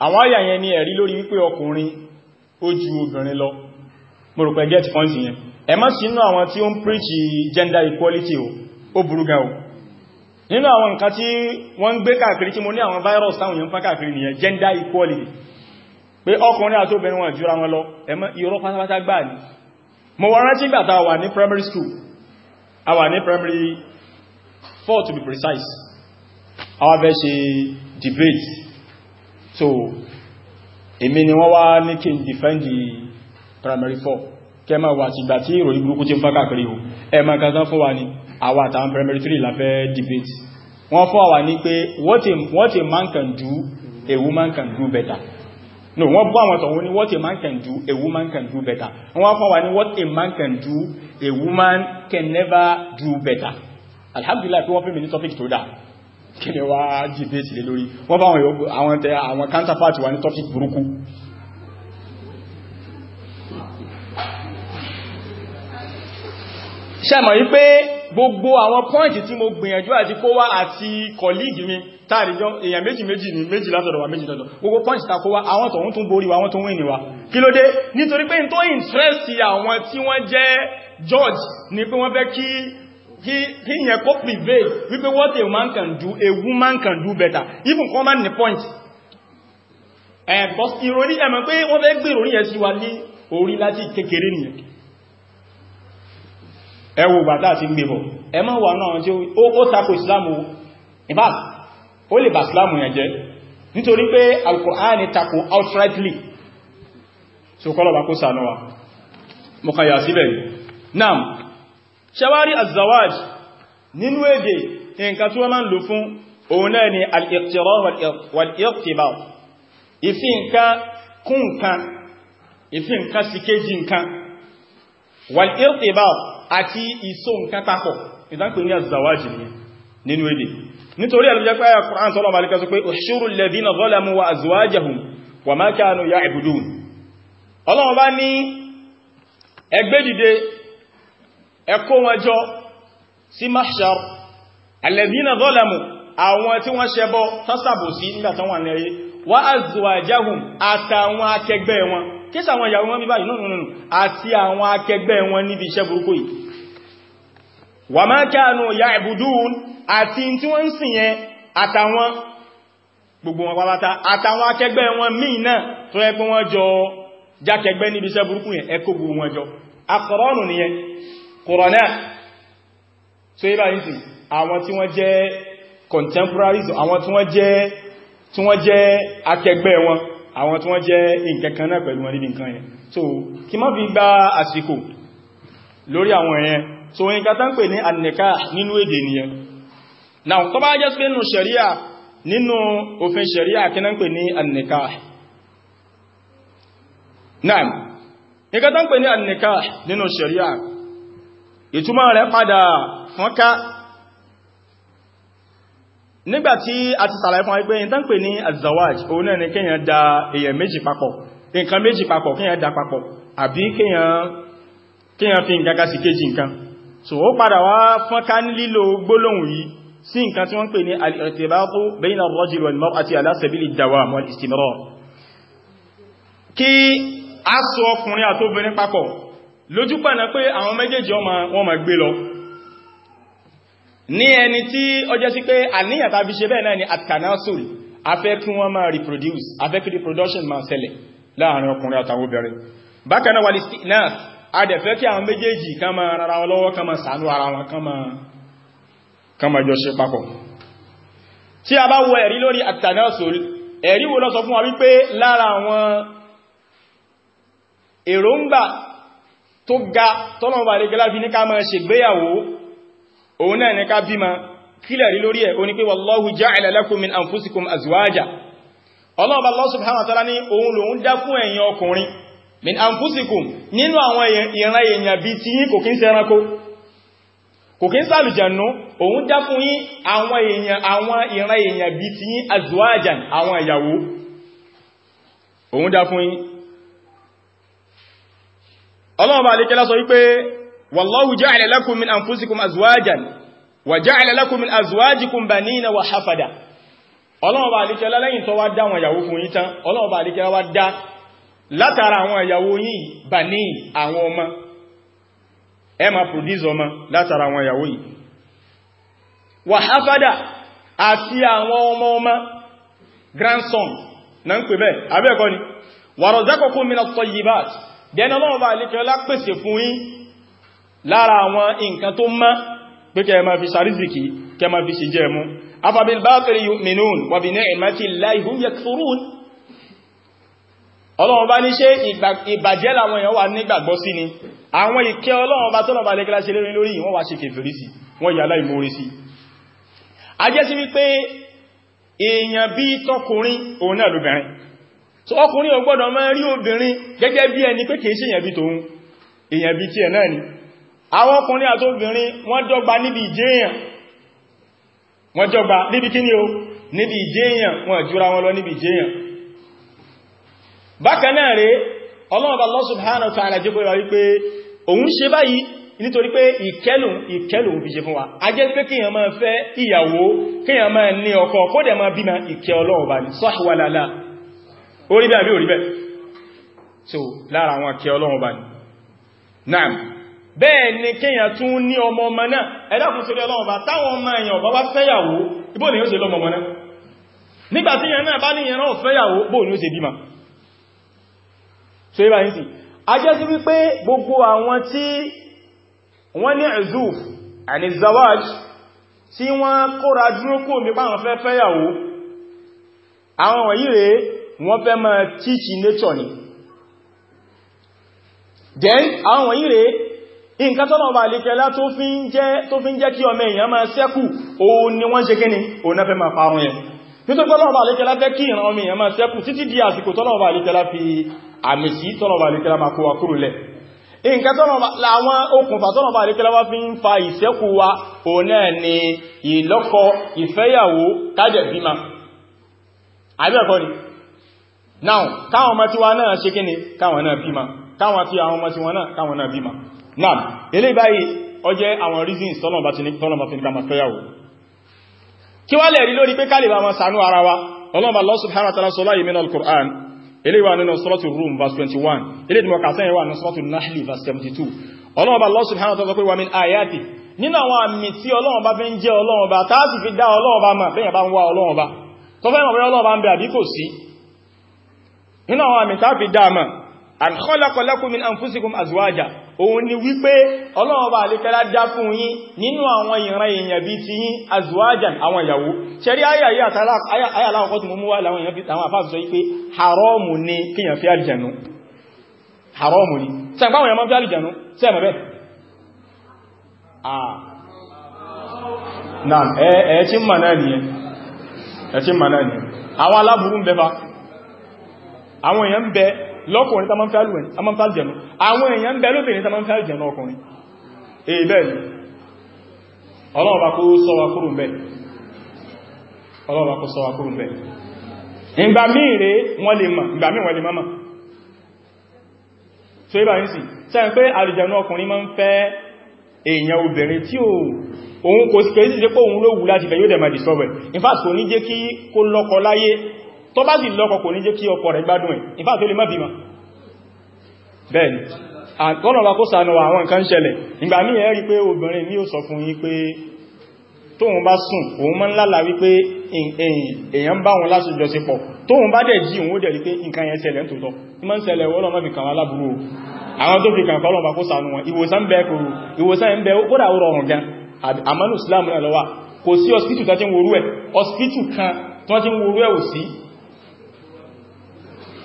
ọkùnrin ah, yẹn ni ẹ̀rí lórí wípé ọkùnrin ó ju obìnrin lọ mo rò pé get point yẹn ẹ má sínú àwọn tí ó ń preach gender equality o ó burú gan o nínú àwọn nǹkan tí wọ́n ń gbé káàkiri tí mo ní àwọn virus táwọn èèyàn ń fà káàkiri nìyẹn gender equality pé ọkùnrin àti obìnrin wọn jùra wọn lọ ẹmọ́ irọ́ pátápátá gbà ní mo wọ́n rántí gbà tá a wà ní primary school a wà ní primary 4 to be precise a wá fẹ́ ṣe debate so èmi ni wọ́n wá ní kí n dìfẹ́ndì primary four kẹ máa wà tìgbà tí ìròyìn burúkú ti ń fá káàkiri o ẹ máa kan tán fún wa ní àwa àtàwọn primary three la fẹ́ debate wọ́n fún àwa ní pé what a, what a man can do a woman can do better no wọ́n bú àwọn tọ̀wọ́n ní what a man can do a woman can do better wọ́n fún àwa ní what a man can do a woman can never do better alhamdulillah pé wọ́n fún mi ní topic tó dáa kí wá debate lé lórí wọ́n bá àwọn tẹ àwọn counterpart wà ní topic burúkú ṣẹ́mọ̀ yí pé gbogbo àwọn pọ́ìntì tí mo gbìyànjú àti kó wá àti kọ̀lígì mi táàríjọ èèyàn méjì méjì ní méjì látọ̀dọ̀ wa méjì lọ́dọ̀ gbogbo pọ́ìntì ta kó wá àwọn tọ̀hún tún borí wa wọ́n tún wìn wa kí ló dé nítorí pé n tó interest àwọn tí wọ́n jẹ́ George ni pé wọ́n fẹ́ kí kí yẹn kó prevail wípé what a man can do a woman can do better even command ni point ẹ̀ eh, because ìròrí ẹ̀mọ̀ pé wọ́n fẹ́ gbé ìròrí yẹn sí wa ní orí láti kékeré nìyẹn ẹ wo bàtà àti gbébọ̀ ẹ má wà náà tí ó tako ìsìlámù in fact ó lè bà ìsìlámù yẹn jẹ́ nítorí pé Al-Qur'an tako outrightly so kọ́lọ̀bà kó sànúwà mọ́kànlá síbẹ̀ náà ṣẹwárí azawaj nínú èdè nǹkan tí wọ́n máa ń lò fún òun náà ni al-iqtirar wal-iqtibar ìfi nǹkan kún nǹkan ìfi nǹkan sí kéjì nǹkan wal-iqtibar àti ìsó nǹkan papọ̀ ìdánpẹ̀ ní azawaj nínú èdè nítorí àlújẹ́ pé àyà Qur'an sọ́lọ̀ malika sọ pé ushuru ẹgbẹ́ dìde ẹ kó wọn jọ sí mahshar alladhina zalamu àwọn tí wọ́n ṣẹbọ tásàbò sí nígbàtán wà lẹ́yẹ wa azwajahum àtàwọn akẹgbẹ́ wọn kí sàwọn ìyàwó wọn bí báyìí nínú nínú àti àwọn akẹgbẹ́ wọn níbi iṣẹ́ burúkú yìí wa ma kanu ya'budun àti tí wọ́n ń sìn yẹn àtàwọn gbogbo wọn pàpàtà àtàwọn akẹgbẹ́ wọn míì náà tó yẹ pé jọ jákẹgbẹ́ níbi iṣẹ́ burúkú yẹn ẹ gbogbo wọn jọ akọrọ́nù nìyẹn kòrọ̀nà so ibà yìí sí àwọn tí wọ́n jẹ́ contemporaries àwọn tí wọ́n jẹ́ akẹgbẹ́ wọn àwọn tí wọ́n jẹ́ nǹkankan náà pẹ̀lú wọn níbi nǹkan yẹn so kí má fi gba àsìkò lórí àwọn ẹ̀yẹn so nǹkan tán pè ní ànìká nínú èdè nìyẹn now tó bá jẹ́ pé nínú ṣẹ̀ríà nínú òfin ṣẹ̀ríà kí náà pè ní ànìká náà nǹkan tán pè ní ànìká nínú ṣẹ̀ríà ìtumọ̀ rẹ̀ padà fọ́nká nígbàtí a ti sàlàyé fún ẹgbẹ́ ìtàn pè ní azawaj òun náà ni kíyàn da èyàn méjì papọ̀ nǹkan méjì papọ̀ kíyàn da papọ̀ àbí kíyàn fi nǹkan kásì kéjì nǹkan so ó padà wá fọ́nká ní lílo gbólóhùn yìí sí nǹkan ala sabili ad-dawam wal-istimrar kí a so ọkùnrin àtóbìnrin lójúpànà pé àwọn méjèèjì wọ́n ma gbé lọ ní ẹni tí ó jẹ́ sí pé àníyàn tàbí ṣe bẹ́ẹ̀ náà ni atkanasol afẹ́ kí wọ́n máa reproduce afẹ́ kí reproduction máa ṣẹlẹ̀ láàrin ọkùnrin àtàwọn obìnrin bákan náà wà lè náà adẹ̀fẹ́ kí àwọn méjèèjì kama máa rárá wọn lọ́wọ́ kan máa ṣàánú ara wọn kan máa jọ ṣe papọ̀ tí a bá tó ga tọ́lọ̀wọ̀ àrígẹ́lá fi ní ká máa ṣe gbéyàwó òun náà ní ká bímọ kílẹ̀ rí lórí ẹ̀ o ní pé wallahu ja'ala lakum min anfusikum ọlọ́ọ̀bá Allah subhanahu wa ta'ala ní òun lòun dákún ẹ̀yin min anfusikum nínú àwọn ìran èèyàn bí ti yín kò kí ń ṣe ẹranko kò kí ń sàlùjànú òun dákún yín àwọn èèyàn àwọn ìran èèyàn bí ọlọ́ọ̀bá alékẹ́lá sọ wípé wallahu ja'ala lakum min anfusikum azwajan wa ja'ala lakum min azwajikum banina wa hafada ọlọ́ọ̀bá alékẹ́lá lẹ́yìn tó wá dá wọn yàwó fún yín tán ọlọ́ọ̀bá alékẹ́lá wá dá látara àwọn yàwó yín bani àwọn ọmọ ẹ ma produce ọmọ látara àwọn yàwó yìí wa dẹ́nà lọ́wọ́ bá lè kẹ́lá pèsè fún yín lára àwọn nǹkan tó mọ́ pé kẹ́ ma fi sàrízìkì kẹ́ ma fi sì jẹ mú afabil bákiri minun wà bí ni'mati llahi hum yakfurun ọlọ́wọ́ bá ní ṣe ìbàjẹ́ làwọn èèyàn wà nígbàgbọ́ sí ni àwọn ìkẹ́ ọlọ́wọ́ bá tọ́lọ̀ bá lè kẹ́lá ṣe lórí lórí wọ́n wá ṣe kèfèrí sí wọ́n yà láìmórí sí a jẹ́ sí wípé èèyàn bí tọkùnrin òun náà lóbìnrin so ọkùnrin ò gbọ́dọ̀ máa rí obìnrin gẹ́gẹ́ bí ẹni pé kìí ṣe èyàn bí tòun èyàn bí tí ẹ̀ náà ni àwọn ọkùnrin àti obìnrin wọ́n dọ́gba níbi ìjéèyàn wọ́n dọ́gba níbi kí ni o níbi ìjéèyàn wọ́n jura wọn lọ níbi ìjéèyàn bákan náà rèé Allah subhanahu wa ta'ala jẹ́ kó yé pé òun ṣe báyìí nítorí pé ìkẹ́lù ìkẹ́lù òbí ṣe fún wa a jẹ́ pé kíyàn máa fẹ́ ìyàwó kíyàn máa ní orí bẹ́ẹ̀ bí orí bẹ́ẹ̀ so lára àwọn akẹ́ ọlọ́run bá ní náà bẹ́ẹ̀ ni kíyàn tún ní ọmọ ọmọ náà ẹ̀dàkùn sórí ọlọ́run bá táwọn ọmọ èèyàn bá bá fẹ́yàwó ibò ni yóò ṣe lọ́mọ ọmọ náà nígbàtí yẹn náà bá ní yẹn náà fẹ́yàwó bò ní ó ṣe bímọ so ibà yìí sí a jẹ́ sí wípé gbogbo àwọn tí wọ́n ní ẹ̀zùf àni zawaj tí wọ́n kóra dúró kò nípa àwọn fẹ́ fẹ́yàwó àwọn wọ̀nyí rèé wọ́n fẹ́ máa teach nature ni then àwọn wọ̀nyí rẹ̀ nǹkan tọ́lọ̀ ọba àlékẹ́lá tó fi ń jẹ́ kí ọmọ èèyàn máa ṣẹ́kù òun ni wọ́n ṣe kíni òun náà fẹ́ máa parun yẹn nítorí tọ́lọ̀ ọba àlékẹ́lá fẹ́ kí ìran ọmọ èèyàn máa ṣẹ́kù títí di àsìkò tọ́lọ̀ ọba àlékẹ́lá fi àmì sí tọ́lọ̀ ọba ni now káwọn ọmọ tí wọ́n náà ṣe kíni káwọn náà bímọ káwọn tí àwọn ọmọ tí wọ́n náà káwọn náà bímọ now ilé báyìí ó jẹ́ àwọn reasons tọ́lọ̀bá ti ní tọ́lọ̀bá fi ní kàmà fẹ́yàwó kí wá lè rí lórí pé kálìbà wọn sànú ara wa ọlọ́mà Allah subhanahu wa ta'ala sọ láyé mẹ́nà al-Qur'an ilé Rum verse 21 ilé ìdìmọ̀ kàsẹ́ wa nínú suratul Nahl verse 72 ọlọ́mà Allah subhanahu wa ta'ala sọ pé ayati nínú àwọn àmì tí ọlọ́mà fi ń jẹ́ ọlọ́mà táà sì fi dá ọlọ́mà mà bẹ́yàn bá ń wá ọlọ́mà tó nínú àwọn àmì tàbí dáàmà an min anfusikum azwaja òun ni wípé Ọlọ́run bá alékẹ́lá dá fún yín nínú àwọn ìran èèyàn bí ti yín azwajan àwọn ìyàwó ṣẹ́rí ayayi ayàláwọ̀kọ́ tí mo mú wá láwọn èèyàn bí tàwọn àfáà sọ wípé haramu ni kíyàn fi àlìjànú haramu ni sẹ́gbàwọn èèyàn mọ́ fi ah. àwọn aláburú ń àwọn èèyàn ń bẹ lọ́kùnrin tá máa ń fẹ́ àlùjẹ̀nú àwọn èèyàn ń bẹ lóbìnrin tá máa ń fẹ́ àlùjẹ̀nú ọkùnrin èèbẹ̀ ni ọlọ́ọ̀bà kó sọ wa kúrò ń bẹ ọlọ́ọ̀bà kó sọ wa kúrò ń bẹ ìgbà míì rẹ̀ wọ́n lè mọ̀ ìgbà míì wọ́n ibà ń sì sẹ́yìn pé àlùjẹ̀nú ọkùnrin máa ń fẹ́ èèyàn obìnrin tí òun kò sí pé òun ló wù láti fẹ́ yóò dẹ̀ máa discover in fact kò ní jẹ́ kí kó lọ́kọ láyé tó bá sì lọ́kọ kò ní jẹ́ kí ọkọ rẹ̀ gbádùn ẹ̀ ìfà tó lè má bímọ bẹ́ẹ̀ni àtọ́nà kó sànà àwọn nǹkan ṣẹlẹ̀ ìgbà mí ẹ̀ rí pé obìnrin ní ó sọ fún yín pé tóun bá sùn òun mọ́ ńlá wípé èèyàn bá wọn lásìjọ sí pọ̀ tóun bá dẹ̀ jí òun ó dẹ̀ rí pé nǹkan yẹn ṣẹlẹ̀ tòótọ́ ìmọ̀ ń ṣẹlẹ̀ wọ́n lọ́mọ́ fi kàn wọ́n lábúrú àwọn tó fi kàn kọ́ lọ́mọ́ kó sànù wọn ìwòsàn ń kòrò ìwòsàn ń bẹ ó dà rọrùn gan àmọ́nù Islam náà lọ́wà kò sí ọsítù tó ti ń worú ẹ̀ ọsítù kan tó ti ń worú ẹ̀ ò sí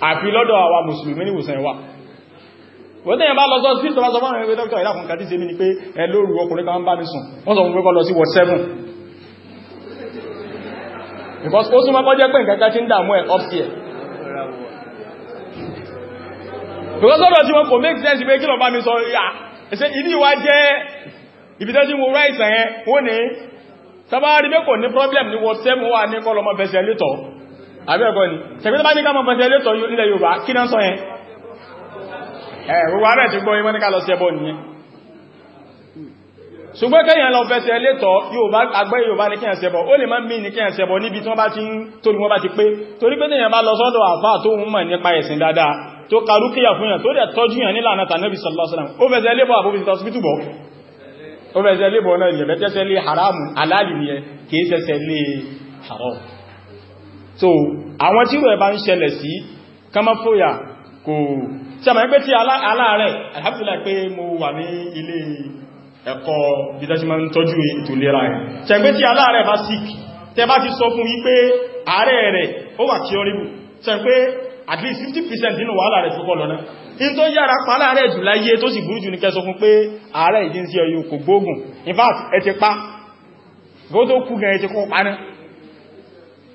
àfi lọ́dọ̀ àwa mùsùlùmí ní ìwòsàn ìwà wọ́n tẹ́yàn bá lọ sọ sí ìtọ́lá sọ fọ́nà ẹgbẹ́ dókítà ìdákùn kàtí se mi ni pé ẹ lóòrù ọkùnrin kan bá mi sùn wọ́n sọ fún pé kó lọ sí ward 7 because ó súnmọ́ kó jẹ́ pé nǹkan tí ń dààmú ẹ̀ upstairs because ọ̀dọ̀ tí wọ́n kò make sense àbẹ́ẹ̀kọ́ ni ṣẹ̀gbẹ́ tó bá ní ká mọ̀ pẹ̀sẹ̀ lẹ́tọ̀ ilẹ̀ Yorùbá kí náà sọ yẹn ẹ̀rùwà rẹ̀ ti gbọ́ imọ́ ní ká lọ sí ẹbọ nìyẹn ṣùgbọ́n kẹ́yàn lọ fẹ́sẹ̀ lẹ́tọ̀ agbẹ́ Yorùbá ní kíyàn ṣẹbọ ó lè máa mí ní kíyàn ṣẹbọ níbi tí wọ́n bá ti ń torí wọ́n bá ti pé torí pé tẹ́yàn bá lọ sọ́dọ̀ àfáà tó ń mọ̀ nípa ẹ̀sìn dáadáa tó karúkíyà fún yàn tó dẹ̀ tọ́jú yàn nílànà tànàbí sallallahu alaihi wasallam ó fẹ́sẹ̀ lébọ̀ àbúbí tọ́síbítù bọ̀ ó fẹ́sẹ̀ lébọ̀ náà ìyẹ̀bẹ̀tẹ́sẹ̀ lé haramu aláàlì nìyẹn kìí sẹ́sẹ̀ lé haram so àwọn tí rẹ̀ bá ń ṣẹlẹ̀ sí kánmọ́ fòyà kò sẹ́mọ̀ pé tí aláàrẹ̀ alhamdulillah pé mo wà ní ilé ẹ̀kọ́ bídáṣímọ́ ń tọ́jú ètò lera ẹ̀ sẹ́mọ̀ pé tí aláàrẹ̀ bá sick tẹ bá ti sọ fún at least 50% nínú wàhálà rẹ̀ fúkọ́ lọ́nà in tó yára pàálà rẹ̀ jù láyé tó sì burú jù ní kẹsọ fún pé àárẹ̀ ìdí sí ọyọ kò gbóògùn in fact ẹ ti pa gbóòtó kú gan ẹ ti kọ́ pa náà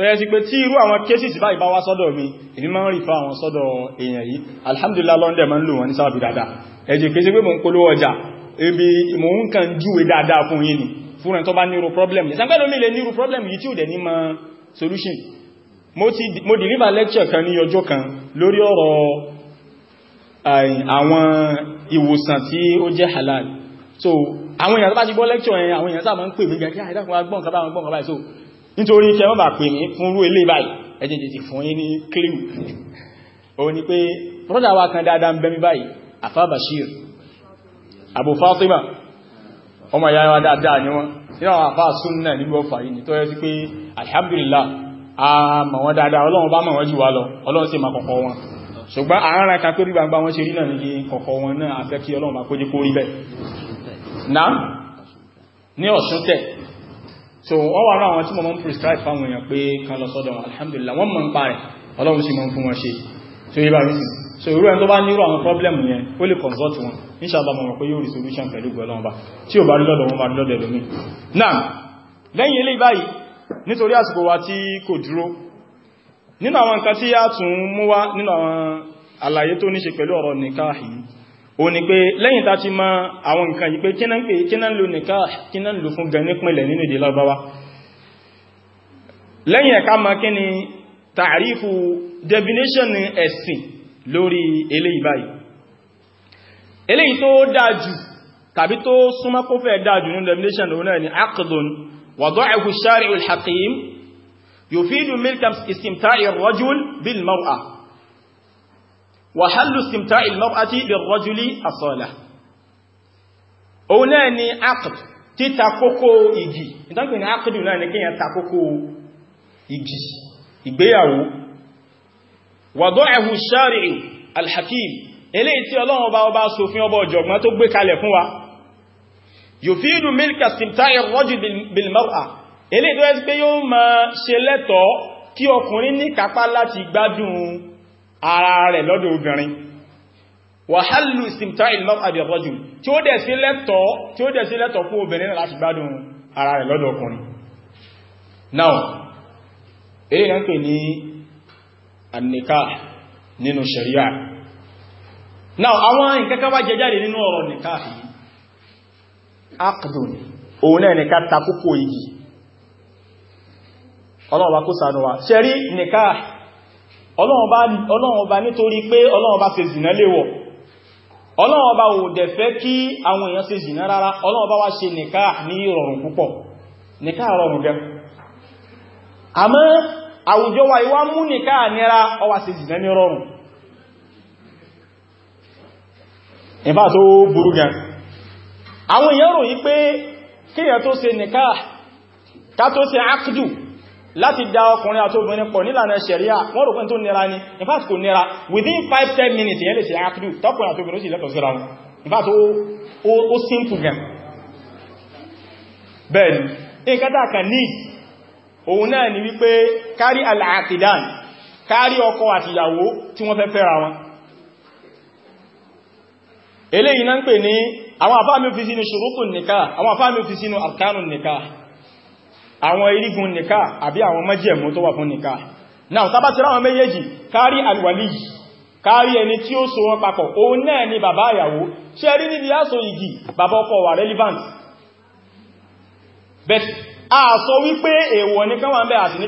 tó yẹ sí pé tí irú àwọn kéṣìsì báyìí bá wá sọ́dọ̀ mi èmi máa ń rí fa àwọn sọ́dọ̀ èèyàn yìí alhamdulillah lọ́ndẹ̀ máa ń lò wọ́n ní sáàbì dáadáa ẹ̀jẹ̀ kéṣe pé mò ń polówó ọjà ebi mò ń kàn júwe dáadáa fún yín ni fún ẹ̀ tó bá nírú problem yìí sàgbẹ́ lómi lè nírú problem yìí tí ò dẹ̀ solution mo ti mo deliver lecture kan ní ọjọ́ kan lórí ọ̀rọ̀ àwọn ìwòsàn tí ó jẹ́ halal so àwọn èèyàn tó bá ti lecture yẹn àwọn èèyàn sáà máa ń pè mí gẹ́gẹ́ ah, àìdákùn agbọ́n kan báwọn gbọ́n nítorí kẹ wọ́n bà pè mí fún rú ilé báyìí ẹjẹjẹ ti fún yí ní kílìm òun ni pé brọ́dà wa kan dáadáa ń bẹ́mí báyìí Afa Bashir Abu Fatima ọmọ ìyá wa dáadáa ni wọ́n sínú àwọn àfá súnnà nílùú ọ̀fà yìí ni tó yẹ sí pé alhamdulillah a mọ̀ wọn dáadáa ọlọ́run bá mọ̀ wọn jù wá lọ ọlọ́run sì máa kọ̀kọ́ wọn ṣùgbọ́n àárín aka pé rígbàgbà wọn ṣe rí náà nílé kọ̀kọ́ wọn náà afẹ́ kí ọlọ́run tẹ̀ so wọ́n wà náà wọn tí mo mọ́ ń prescribe fáwọn èèyàn pé kan lọ sọ́dọ̀ wọn alhamdulillah wọ́n mọ̀ ń parẹ̀ ọlọ́run sì mọ́ fún wọn ṣe so yíba rí sí so irú ẹni tó bá nírò àwọn problem yẹn ó lè consult wọn inshallah mọ̀ pé yóò rí solution pẹ̀lú gbọ́lọ́wọ́n bá tí ò bá rí lọ́dọ̀ wọn bá rí lọ́dọ̀ ẹlòmí náà lẹ́yìn eléyìí báyìí nítorí àsìkò wa a tún mú wá nínú àwọn àlàyé tó ní ṣe pẹ̀lú ọ̀rọ̀ nìkáàhì ó ní pé lẹ́yìn tá ti ma àwọn nǹkan yìí pé kíná ń lo nìká kíná ń lo fún gan nípìnlẹ̀ nínú èdè Lárúbáwá lẹ́yìn ẹ̀ká ma kí ni tàrífù definition ẹ̀sìn lórí eléyìí báyìí eléyìí tó dájú tàbí tó súnmọ́ kó fẹ́ dájú وحل استمتاع المرأة للرجل الصالح òun náà ni aqd títa kókó igi ìdánpẹ̀ ní aqd náà ni kíyàn ta kókó igi ìgbéyàwó wada'ahu ash-shari'u al-hakim eléyìí tí Ọlọ́run ọba ọba ṣòfin ọba ọ̀jọ̀gbọ́n tó gbé kalẹ̀ ara rẹ̀ lọ́dọ̀ obìnrin wàhálù ìsìmtà ìlmọ́ àbíọ̀rọ̀jù tí ó dẹ̀ sí lẹ́tọ̀ tí ó dẹ̀ fún obìnrin láti gbádùn ara rẹ̀ lọ́dọ̀ ọkùnrin now èyí na ń pè ní annika nínú sharia now àwọn ìkẹ́kẹ́ wá jẹ jáde nínú ọ̀rọ̀ nìká yìí akdùn òun náà nìká takókò igi ọlọ́wà kó nìká ọlọ́run ọba nítorí pé ọlọ́run se ṣe zìnà léwọ̀ ọlọ́run ọba ò dẹ̀ fẹ́ kí àwọn èèyàn ṣe zìnà rárá ọlọ́run ọba wá ṣe nìká ní rọrùn púpọ̀ nìká rọrùn gẹ àmọ́ àwùjọ wa ìwá mú nìká nira ọwà ṣe zìnà ní rọrùn ìbá tó burú gẹ àwọn èèyàn ròyìn pé kíyà tó ṣe nìká ká tó ṣe ákìdù láti dá ọkùnrin àti obìnrin pọ̀ nílànà ṣẹ̀ríà wọ́n rò pín tó nira ni in fact kò nira within 5-10 minutes yẹ́ lè ṣe àkìdù tọ́kùnrin àti obìnrin sì lẹ́tọ̀ síra wọn in fact ó simple gan bẹ́ẹ̀ni ìkátà kan ní òun náà ni wípé kárí al-aqidan kárí ọkọ àti ìyàwó tí wọ́n fẹ́ fẹ́ra wọn eléyìí náà ń pè ní àwọn àfáàmì fi sínú ṣùrútù nìká àwọn àfáàmì fi sínú arkanun nìká àwọn irigun nìká àbí àwọn májẹ̀mú tó wà fún nìká náà tàbátí ráwọn méjèèjì kárí alwali kárí ẹni tí ó so wọn papọ̀ o náà ni bàbá ìyàwó ṣe rí níbi aṣọ igi bàbá ọkọ wà relevant bet a sọ wípé èèwọ̀ ní kánwà bẹ́ àti ní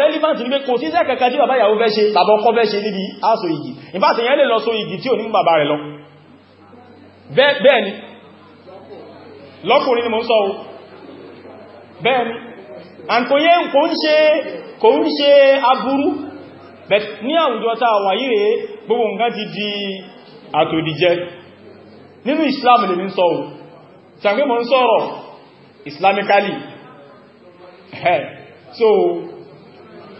relevant ní pé kò sí sẹ́kẹ̀kẹ́ tí bàbá ìyàwó fẹ́ ṣe bàbá ọkọ igi ìbáṣe yẹn lè lọ so igi tí ò ní bàbá rẹ̀ lọ bẹ́ẹ̀ lọ́kùnrin ni mo ń sọ bẹ́ẹ̀ni and kò kò ń ṣe kò ń gbogbo nǹkan ti di nínú Islam lè ní sọ́wọ́ sàgbé mọ́ ń sọ́rọ̀ so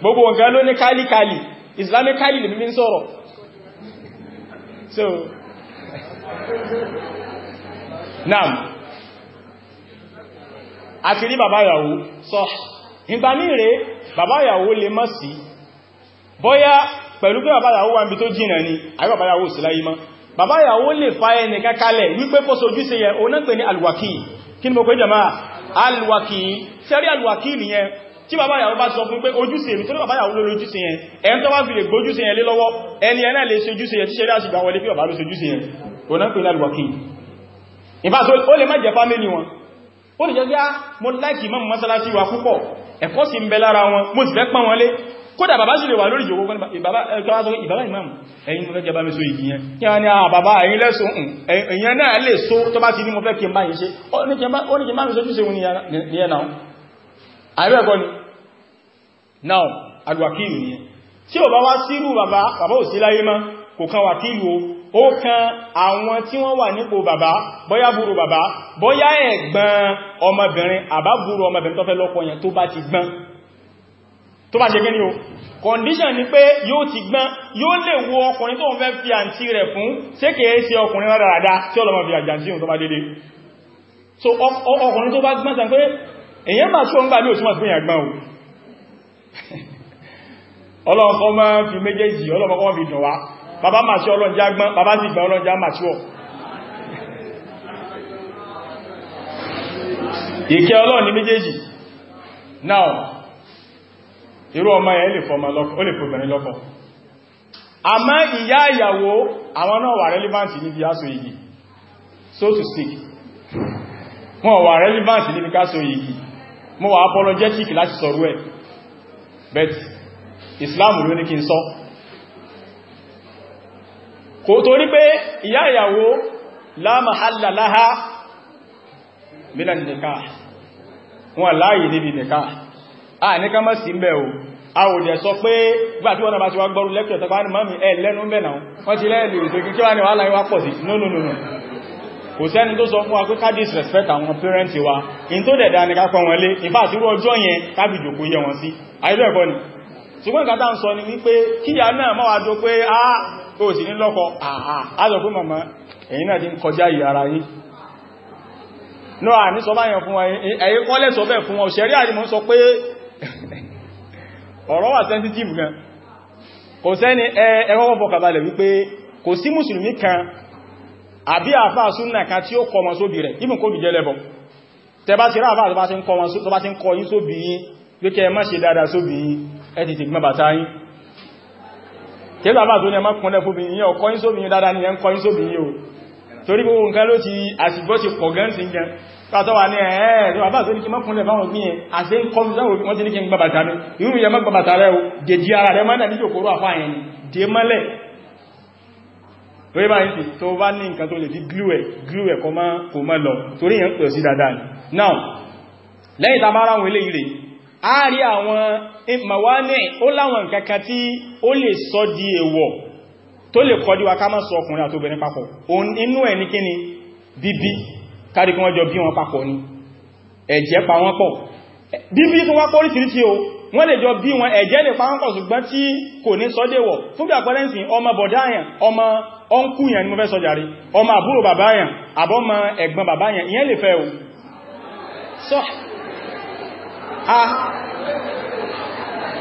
gbogbo nǹkan ló ní kálíkálí lè ní so now àti rí bàbá ìyàwó sọ ìgbà ní rẹ̀ bàbá ìyàwó lè mọ́ sí bọ́yá pẹ̀lú pé bàbá ìyàwó wà níbi tó jìnà ni àbí bàbá ìyàwó sí láyé mọ́ bàbá ìyàwó lè fa ẹnìkan kalẹ̀ wípé kó sojú sí alwaki kí ni mo alwaki sẹ́rí alwaki nìyẹn tí bàbá ìyàwó bá sọ fún pé ojúṣe èmi tó ní bàbá ìyàwó lórí ojúṣe yẹn ẹni tó bá fi lè gbójúṣe yẹn lé lọ́wọ́ ẹni ẹ̀nà lè ṣe ojúṣe yẹn tí ṣẹ́rí àṣìgbà wọlé pé alwaki ìbá so ó lè má jẹ fámílì wọn ó lè jẹ́ bí á mo láìkì mọ́ mọ́sálásí wa púpọ̀ ẹ̀kọ́ sí ń bẹ lára wọn mo sì fẹ́ pọ́n wọn lé kódà bàbá sì lè wà lórí ìjòkó a ní àbàbá ẹ̀yin lẹ́sùn mm, ẹ̀yin náà lè so tó bá ti ní mo fẹ́ kí n bá yìí ṣe now alwakílù ni tí ò bá wá sírù bàbá bàbá ò sí láyé mọ́ kò kan wàkílù ó kan àwọn tí wọ́n wà nípò bàbá bọ́yá búrú bàbá bọ́yá ẹ̀gbọ́n ọmọbìnrin àbá búrú ọmọbìnrin tó fẹ́ lọ́kọ yẹn tó bá ti gbọ́n tó bá ṣe gẹ́ ni o condition ni pé yóò ti gbọ́n yóò lè wo ọkùnrin tó ń fẹ́ fi àǹtí rẹ̀ fún ṣé kìí ṣe ọkùnrin rárára tí ọlọ́mọ fi àjàǹtí tó bá dédé so ọkùnrin tó bá gbọ́n sàn pé èyàn bá ṣó ń gbà ní òṣùwọ̀n sí èyàn gbọ́n o ọlọ́ọ̀kọ́ máa fi méjèèjì ọlọ́ọ̀kọ́ fi dùn wá bàbá máa ṣe ọlọ́njẹ́ agbọ́n bàbá sì gbà ọlọ́njẹ́ a máa ṣíwọ̀ ìkẹ́ ọlọ́run ní méjèèjì now irú ọmọ ẹ̀ lè fọmọ lọ́kọ lè fòbìnrin lọ́kọ àmá ìyá ìyàwó àwọn náà wà relevant níbi aṣọ igi so to speak wọ́n wà relevant níbi káṣọ igi mo wà apologetic láti sọ̀rọ̀ ẹ̀ but Islam ló ní kí n sọ kò torí pé ìyá ìyàwó la mahalla laha minan nikah wọn láàyè níbi nikah a ní ká má sí ń bẹ̀ o a ò dẹ̀ sọ pé gbà tí wọ́n bá ti wá gbọ́rú lẹ́kẹ̀ẹ́ tọ́bá ní mọ́mí ẹ lẹ́nu ń no no no no kò sẹ́ni tó sọ fún wa pé ká disrespect àwọn parent wa in tó dẹ̀ dáa ni ṣùgbọ́n ìkàtà ń sọ ni wípé kíyà náà máa wá pé ah o sì ní lọ́kọ àádọ́ fún na ẹ̀yin náà ti ń kọjá ìyàrá yìí sọba ní sọ báyàn fún ẹ̀yin kọ́ lẹ́sọ bẹ́ẹ̀ fún wọn ṣẹ̀rí àrímọ́ sọ pé ọ̀rọ̀ wà sensitive gan kò sẹ́ni ẹ̀kọ́kọ́ fọkàbalẹ̀ wípé kò si mùsùlùmí kan abi afa súnnà kan kọ ti rá kọ kí bàbá tó ní ẹmọ́ kúnlẹ̀ fóbin yíò kọ́yín sóbin yíò dáadáa ní ẹ ń kọ́yín sóbin yíò torí gbogbo nǹkan ló ti àṣìgbọ́ ti pọ̀ gẹ́ǹsì ń gẹn pàtọ́ wà ní ẹ̀ẹ́ bàbá tó ní kí mọ́kúnlẹ̀ báwọn ní ẹ àṣẹ ń kọ́ wọ́n ti ní kí n gbàbàtà mi irú yẹ mọ́gbàbàtà rẹ̀ o dèjì ara rẹ̀ mọ́nà ní jòkóró àfá yẹn ni dé mọ́lẹ̀ torí bá ń sì tó bá ní nǹkan tó lè fi glúẹ̀ glúẹ̀ kọ mọ́ lọ torí yẹn pẹ̀ sí dáadáa now lẹ́yìn tàbára àwọn eléyìí a rí àwọn mawani ó láwọn nǹkankan tí ó lè sọ di èwọ̀ tó lè kọ́ díwa ká má sọ ọkùnrin àti obìnrin papọ̀ inú ẹ̀ ní kíni bíbí kárí kí wọ́n jọ bí wọn papọ̀ ni ẹ̀jẹ̀ pa wọ́n pọ̀ bíbí tó wá póríṣìíríṣìí o wọ́n lè jọ bí wọn ẹ̀jẹ̀ lè pa wọ́n pọ̀ ṣùgbọ́n tí kò ní sọ déwọ̀ fún bí àpẹẹrẹsìn ọmọ bọ̀dáyàn a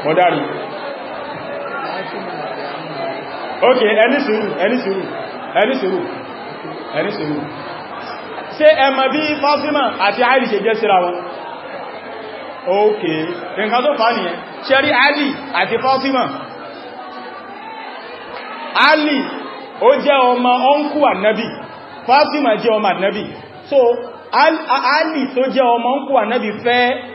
mọ̀dárì ok ẹni sùúrù ẹni sùúrù ẹni sùúrù ẹni sùúrù ṣe ẹmọ bí Fátímà àti Àìlì ṣe jẹ́ síra wọn ok nǹkan tó fà nìyẹn ṣe rí Àìlì àti Fátímà Àìlì ó jẹ́ ọmọ ọ́nkú ànábì Fátímà jẹ́ ọmọ ànábì so Àìlì tó jẹ́ ọmọ ọ́nkú ànábì fẹ́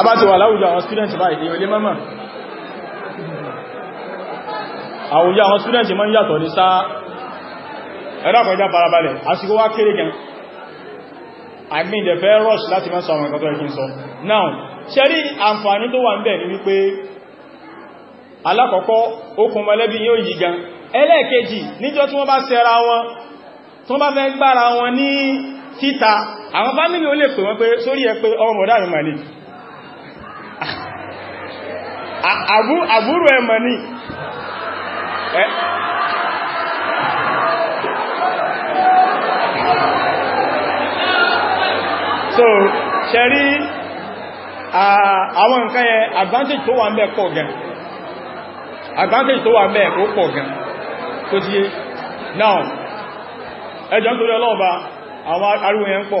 tàbá ti wà láwùjọ àwọn student báyìí olè mọ́mọ̀ àwùjọ àwọn student mọ́ ń yàtọ̀ ní sáà ẹ̀dàkọjá farabalẹ̀ àsìkò wá kéré gan àgbíndẹ̀fẹ́ rush láti mọ́ sọ àwọn ẹ̀kọ́ tó sọ now ṣẹ́rí àǹfààní tó wà ń bẹ̀ ní wípé alákọ̀ọ́kọ́ okùn mọ̀lẹ́bí yóò yí gan ẹlẹ́ẹ̀kejì níjọ́ tí wọ́n bá ṣẹra wọn tó bá fẹ́ gbára wọn ní síta àwọn fámílì ó lè pè wọ́n pé sórí ẹ pé ọmọ mọ̀dá mi màlè abu aburu emani so sheri awon nkan ye advantage to wa nbe po gan advantage to wa nbe o po gan to ti now ejo n tori olorun ba awon aruwe n po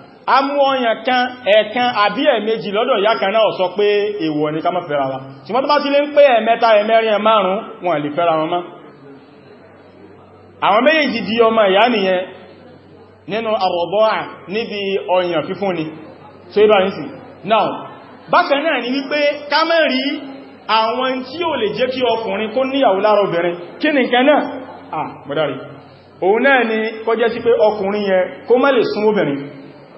a mú ọyàn kan ẹ̀kan àbí ẹ̀mejì lọ́dọ̀ ìyá kan náà sọ pé èèwọ̀ ní ká má fẹ́ra wa ṣùgbọ́n tó bá ti lé ń pé ẹ̀mẹ́ta ẹ̀mẹ́rin ẹ̀márùn wọn lè fẹ́ra wọn mọ́ àwọn méjì di ọmọ ìyá nìyẹn nínú àrọ̀bọ́à níbi ọyàn now bákan náà ni wípé ká má rí àwọn tí ò lè jẹ́ kí ọkùnrin kó ah mọ̀dárí òun ni kọjẹ́ sí pé ọkùnrin yẹn kó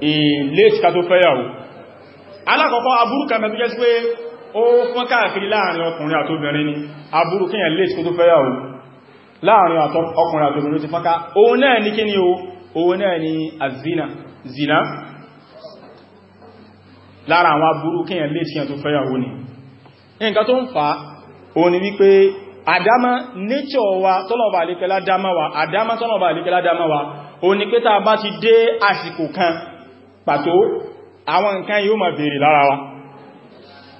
late ká tó fẹ́yàwó alákọ̀ọ́kọ́ aburú kan tó jẹ́ sí pé ó fún káàkiri láàrin ọkùnrin àtobìnrin ni aburú kíyàn late kó tó fẹ́yàwó láàrin ọkùnrin àtobìnrin ti fọ́nká òun náà ní kíni o azina zina lára àwọn ni nǹkan tó ń ni wípé àdámá nature wa tọ́lọ̀bà àlékẹ́lá dámá wa àdámá tọ́lọ̀bà àlékẹ́lá dámá wa òun ni pé tá a bá ti dé àsìkò kan pàtó àwọn nǹkan yóò máa bèèrè lára wa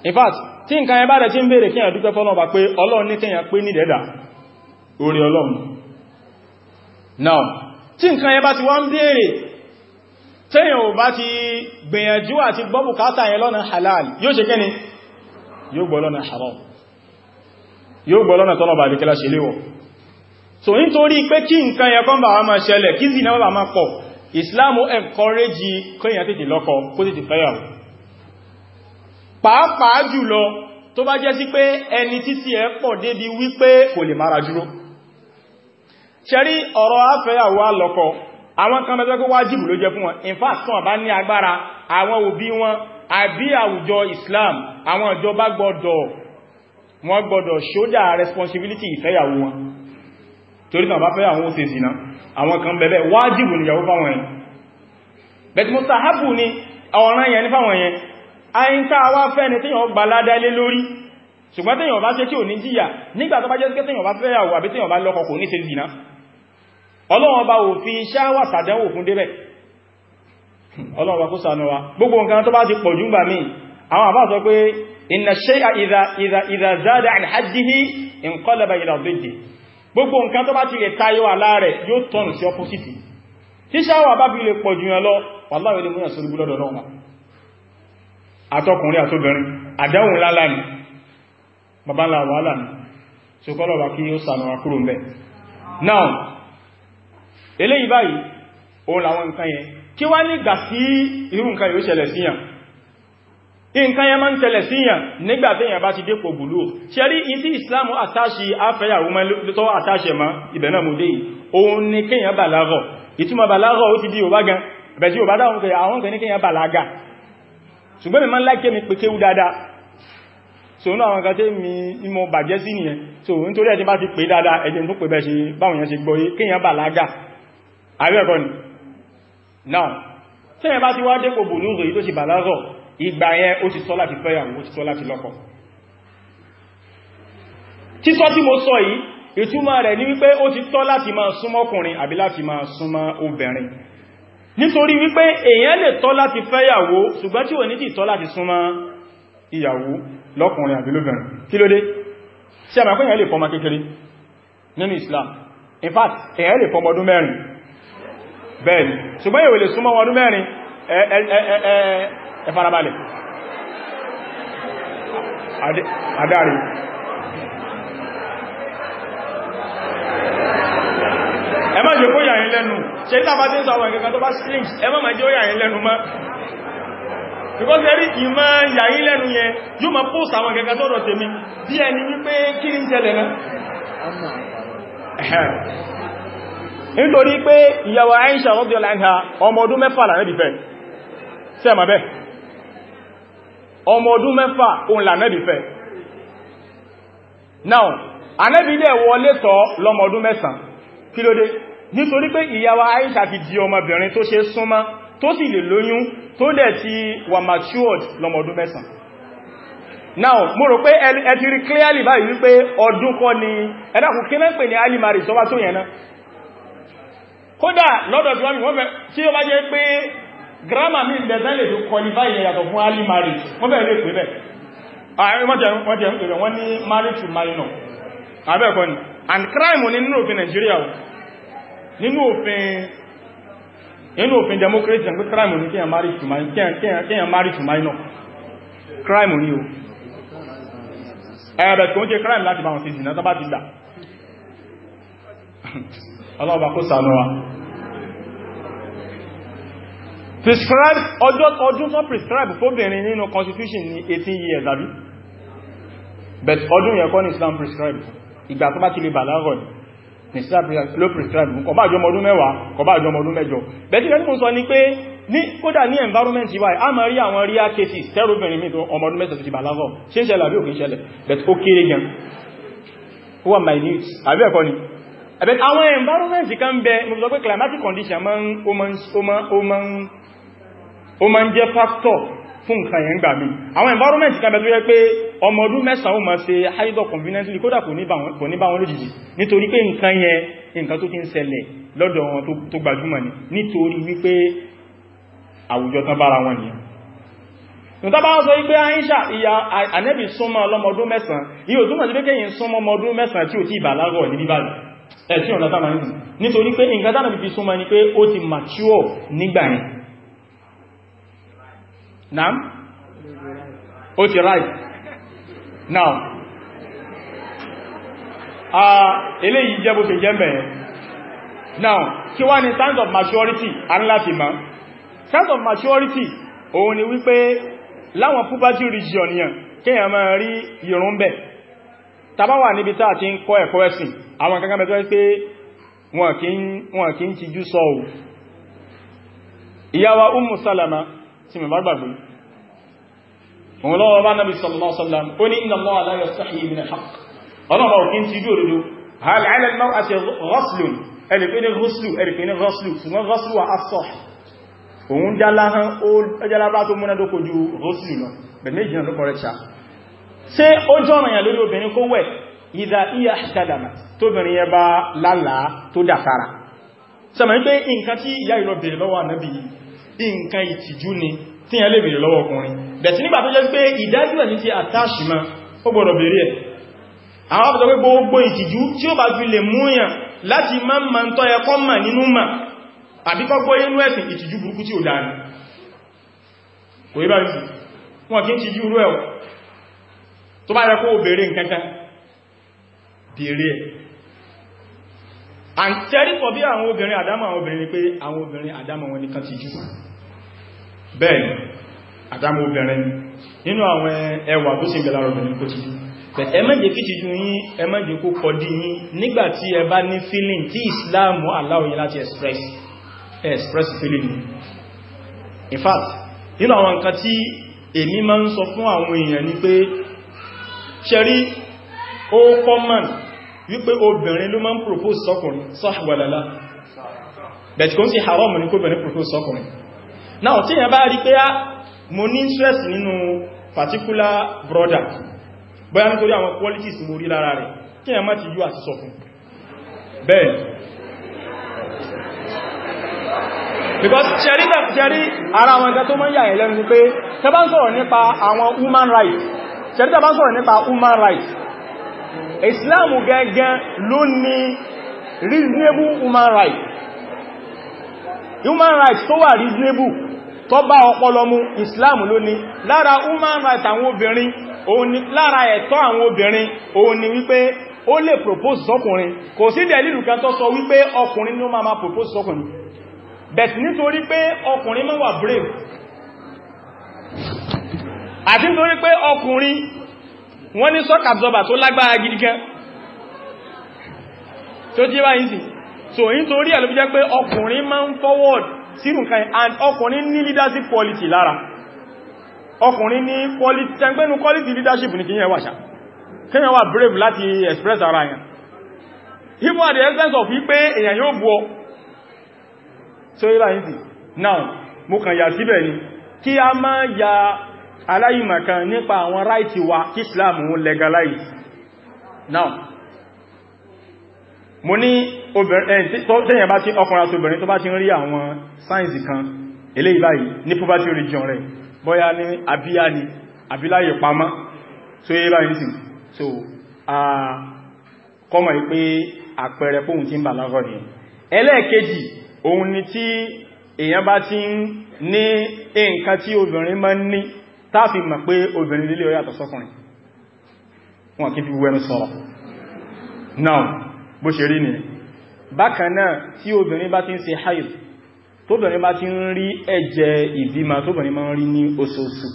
in fact tí nǹkan ẹbá rẹ̀ tí ń bèèrè kíyàn dúpẹ́ fọ́lọ́ba pé ọlọ́run ní kíyàn pé ní dẹ́dà orí ọlọ́run now tí nǹkan ẹbá ti wá ń bèèrè tẹ́yàn ti gbìyànjú àti gbọ́ halal yóò ṣe kíni gbọ́ lọ́nà haram yóò gbọ́ lọ́nà tọ́lọ̀bà àdíkẹ́lá ṣe léwọ̀ so nítorí pé kí nǹkan yẹn kọ́ bá wá máa ṣẹlẹ̀ kí zina bá máa pọ̀ ìsìláàmù encourage kíyàn tètè lọ́kọ kó tètè fẹ́yàwó pàápàá jùlọ tó bá jẹ́ sí pé ẹni títí ẹ pọ̀ débi wípé kò lè mara dúró ṣẹ́rí ọ̀rọ̀ afẹ́yàwó alọ́kọ àwọn kan mẹ́tọ́ pé wájìbù ló jẹ fún in fact tán bá ní agbára àwọn òbí wọn àbí àwùjọ Islam àwọn ìjọba gbọ́dọ̀ wọ́n gbọ́dọ̀ ṣódà responsibility ìfẹ́yàwó wọn torí tàn bá fẹ́ àwọn ó ṣe zina àwọn kan bẹ̀bẹ̀ wájìbù ni yàwó fáwọn yẹn bẹ̀tí mo sàhábù ni ọ̀ràn yẹn ní fáwọn yẹn ayin tá wá fẹ́ ni tíyàn gba ládálé lórí ṣùgbọ́n tíyàn bá ṣe tí ò ní jìyà nígbà tó bá jẹ́ tíyàn bá fẹ́ yàwó àbí tíyàn bá lọ́kọ kò ní ṣe zina ọlọ́wọ́n bá ò fi ṣáwà sàdánwò fún débẹ̀ ọlọ́wọ́n gbogbo nǹkan tó bá ti lè tayọ àlá rẹ̀ yóò tọ́nù sí ọpọ́sìtì tí ṣáwà bá bí lè pọ̀ jù yàn lọ wàláwẹ̀ lè múyàn sórí búlọ́dọ̀ náà àtọkùnrin àtóbìnrin àdáhùn lálá ni babalá now eléyìí báyìí òun làwọn nǹkan yẹn kí wá kí n káyẹ máa ń ṣẹlẹ̀ síyàn nígbàtí èyàn bá ti dépò bùlú ṣẹ́rí ìtí ìsìláàmù àtàṣì afẹ́yàwó tó àtàṣẹ̀ mọ́ ibẹ̀ náà mú dé yìí òun ni kíyàn bàlágọ̀ ìtumọ̀ bàlágọ̀ ó ti di òbá gan ẹ̀bẹ̀ tí òbá dáhùn kẹ àwọn kẹ kíyàn bàlágà ṣùgbọ́n so inú àwọn kàtẹ́ mi ìmọ̀ bàjẹ́ so nítorí ẹ̀tí bá ti pè dáadáa ẹ̀jẹ̀ tó pè bẹ́ ṣe báwọn now tẹ́yẹn bá ti wá dépò bùlúùrù ìgbà yẹn ó ti tọ́ láti fẹ́yàwó ó ti tọ́ láti lọ́kọ títọ́ tí mo sọ yìí ìtumọ̀ rẹ̀ ní wípé ó ti tọ́ láti máa súnmọ́ ọkùnrin àbí láti máa súnmọ́ obìnrin nítorí wípé èèyàn lè tọ́ láti fẹ́yàwó ṣùgbọ́n tí ò ní ti tọ́ láti súnmọ́ ìyàwó lọ́kùnrin àbí lóbìnrin kí ló dé sí àmà pẹ́yàn lè fọmọ kékeré nínú Islam in fact èèyàn lè fọmọ ẹ farabalẹ̀ adáre ẹ má jẹ́ kó yà yín lẹ́nu ṣe tàbá tí ń àwọn ìkẹ́kẹ́ tó bá strings ẹ má má jẹ́ ó yà yín lẹ́nu mọ́ because ẹ̀rí ìmọ̀ yà yín lẹ́nu yẹn yóò máa post àwọn ìkẹ́kẹ́ tó rọ̀ tèmi bí ẹni wípé kí ní tẹ́lẹ̀ náà nítorí pé ìyàwó Aisha radiyallahu anha ọmọ ọdún mẹ́fà sẹ́mà bẹ́ẹ̀ ọmọ ọdún mẹ́fà òun lànẹ́bì fẹ́ now anẹ́bì ilẹ̀ wọlé tọ́ lọmọ ọdún mẹ́sàn kí ló dé nítorí pé ìyàwó Aisha ti di ọmọbìnrin tó ṣe súnmọ́ tó sì lè lóyún tó dẹ̀ ti wà matured lọmọ ọdún mẹ́sàn now mo rò pé ẹ ti rí clearly báyìí wípé ọdún kọ́ ni ẹ̀dàkùn kí mẹ́pẹ̀ ní alimari tó bá tó yẹn náà grammar mi bẹ̀rẹ̀ lè to qualify yẹ yàtọ̀ fún early marriage wọ́n bẹ̀rẹ̀ lè to minor ni and crime ní nínú òfin Nigeria nínú òfin nínú òfin democracy pé crime ní kíyàn marriage to minor crime ní o ẹ̀rẹ̀ tó ń jẹ́ crime láti bá wọn sí ìdìnà tó bá ti ọlọ́ọ̀bà kó sànúwà prescribe ọjọ́ ọdún tó prescribe fóbìnrin nínú constitution ní 18 years àbí but ọdún yẹn kọ́ ní Islam prescribe ìgbà tó bá ti lè bàlágọ̀ ní Islam ló prescribe kò bá jọmọ ọdún mẹ́wàá kò bá jọmọ ọdún mẹ́jọ bẹ̀tí rẹ̀ sọ ni pé ní kódà ní environment yìí a máa rí àwọn real cases tẹ́rọbìnrin mi tó ọmọ ọdún mẹ́sàn ti bàlágọ̀ ṣe ń ṣẹlẹ̀ àbí òkè but ó kéré gan ó wà minute àbí ẹ̀kọ́ ni àwọn environment kan bẹ mo sọ pé climatic condition ó máa ń ó máa ń jẹ́ factor fún nǹkan yẹn gbà mí àwọn environment kan bẹ̀ tó yẹ pé ọmọ ọdún mẹ́sàn ó máa ṣe haidọ̀ conveniently kódà kò ní bá wọn lójijì nítorí pé nǹkan yẹn nǹkan tó fi ń ṣẹlẹ̀ lọ́dọ̀ wọn tó gbajúmọ̀ ni nítorí wípé àwùjọ tán bára wọn nìyàn nǹkan bá wọ́n sọ wípé Aisha ìyá Ànábì súnmọ́ ọlọ́mọdún mẹ́sàn yíò túnmọ̀ sí pé yìí súnmọ́ ọmọdún mẹ́sàn tí ò tí ìbàlágọ̀ ní ọ̀nà tánà nítorí pé nǹkan tánà fi súnmọ́ ni pé ó ti mature nígbà naam ó ti ráì now eléyìí jẹ́ bó ṣe jẹ́ mẹ́rin now kí wá ní signs of maturity a ń láti ma signs of maturity òun ni wípé láwọn puberty region yẹn kéèyàn máa rí ìrún bẹ̀ tàbá wà níbi tá ti ń kọ́ ẹ̀kọ́ ẹ̀sìn àwọn kankan mẹ́tọ́ pé wọn kì í tijú sọ ò ìyá Salama tí mo bá gbàgbé òun lọ́wọ́ bá nàbí sallallahu alaihi wasallam ó ní inna Allaha la yastahi min al-haqq ọlọ́wọ́ òkín ti dúró dúró hal 'ala al-mar'ati ghaslun ẹ̀rìpé ní ghuslu ẹ̀rìpé ní ghuslu ṣùgbọ́n ghuslu wa as-sahih òun jáláhán ó jálábá tó múnádókò ju ghuslu lọ bẹ̀mẹ́ ìjìnà ló kọrẹ́ṣà ṣé ó jọ́rọ̀ yà lórí obìnrin kó wẹ̀ ìdá iya ṣàdàmà tóbìnrin nǹkan ìtìjú ni tí ẹ lè bèèrè lọ́wọ́ ọkùnrin bẹ̀tí nígbà tó jẹ́ pé ìdájú ẹ̀ ní ti àtàṣì ma ó gbọ́dọ̀ bèèrè ẹ̀ àwọn ọ̀pọ̀ pé gbogbo ìtìjú tí ó bá fi lè múyàn láti má ma ń tọ́yẹ kọ́ mà nínú mà àbí kọ́gbọ́ inú ẹ̀sìn ìtìjú burúkú tí ó dáa ni kò yí bá rí wọn kí ń tìjú rú ẹ̀ tó bá yẹ kó bèèrè nǹkankan bèèrè ẹ̀ àǹtẹ́rí pọ̀ bí àwọn obìnrin àdámọ̀ àwọn obìnrin ni pé àwọn obìnrin àdámọ̀ wọn nìkan tìjú bẹ́ẹ̀ àtàmù obìnrin nínú àwọn ẹwà tó sì bẹ̀lára obìnrin kó ti ẹ má jẹ́ kí ti ju yín ẹ má jẹ́ kó kọ dí nígbàtí ẹ bá ní feeling tí Islam allow yín láti express express feeling yín in fact nínú àwọn nǹkan tí èmi máa ń sọ fún àwọn èèyàn ni pé ṣẹ́rí ó common wípé obìnrin ló máa ń propose sọ́kùnrin sọ́hàwàlálá bẹ̀tí kò ń sí haram ní kó bẹ̀rẹ̀ propose sọ́kùnrin náà tí yẹn bá rí pé ah, mo ní interest nínú particular brother bóyá nítorí àwọn qualities mo rí lára rẹ̀ kí yẹn má ti yú àti sọ fún bẹ́ẹ̀ because ṣẹ̀rí ṣẹ̀rí ara àwọn ẹgbẹ́ tó mọ́ yà ẹ̀lẹ́nu ni pé tẹ́ ń sọ̀rọ̀ nípa àwọn human rights ṣẹ̀rí tẹ́ bá ń sọ̀rọ̀ nípa human rights Islam gẹ́gẹ́ ló ní reasonable human rights human rights tó wà reasonable tó bá ọpọlọ mu islam ló ní lára human rights àwọn obìnrin lára ẹ̀tọ́ àwọn obìnrin òun ni wípé ó lè propose sọ́kùnrin kò sí dẹ̀lìlù kan tó sọ wípé ọkùnrin ni ó máa propose sọ́kùnrin bẹ̀t nítorí pé ọkùnrin máa wà brave àti nítorí pé ọkùnrin wọ́n ní shock absorber tó lágbára gidi gan tó jẹ́ báyìí sí so nítorí ẹ̀ ló fi jẹ́ pé ọkùnrin máa ń forward sírù nǹkan and ọkùnrin ní leadership quality lára ọkùnrin ní quality tẹ́gbẹ́nu quality leadership ní kíyàn wàṣà kíyàn wà brave láti express ara yẹn even at the essence of wípé èyàn yóò bú ọ So ó yíra yìí now mo kàn yà síbẹ̀ ni kí a má ya aláìmọ̀kan nípa àwọn right wa kí Islam legalize now mo ní tẹ́yìn eh, bá tí ọkùnrin àti obìnrin tó bá ti ń rí àwọn sáyẹ̀nsì kan eléyìí báyìí ní poverty region rẹ̀ bóyá ní àbíyá ni àbíláyè pamọ́ tó yé báyìí sí so kọmọ̀ ìpé àpẹẹrẹ fóhun tí ń bà lọ́rọ̀ ni ẹlẹ́ẹ̀kejì òun ni tí èèyàn bá ti ń ní nǹkan tí obìnrin máa ń ní táàfin mọ̀ now bó ṣe rí ni bákan náà tí obìnrin bá ti ń ṣe haid tóbìnrin bá ti ń rí ẹ̀jẹ̀ ìbímọ tóbìnrin máa ń rí ní oṣooṣù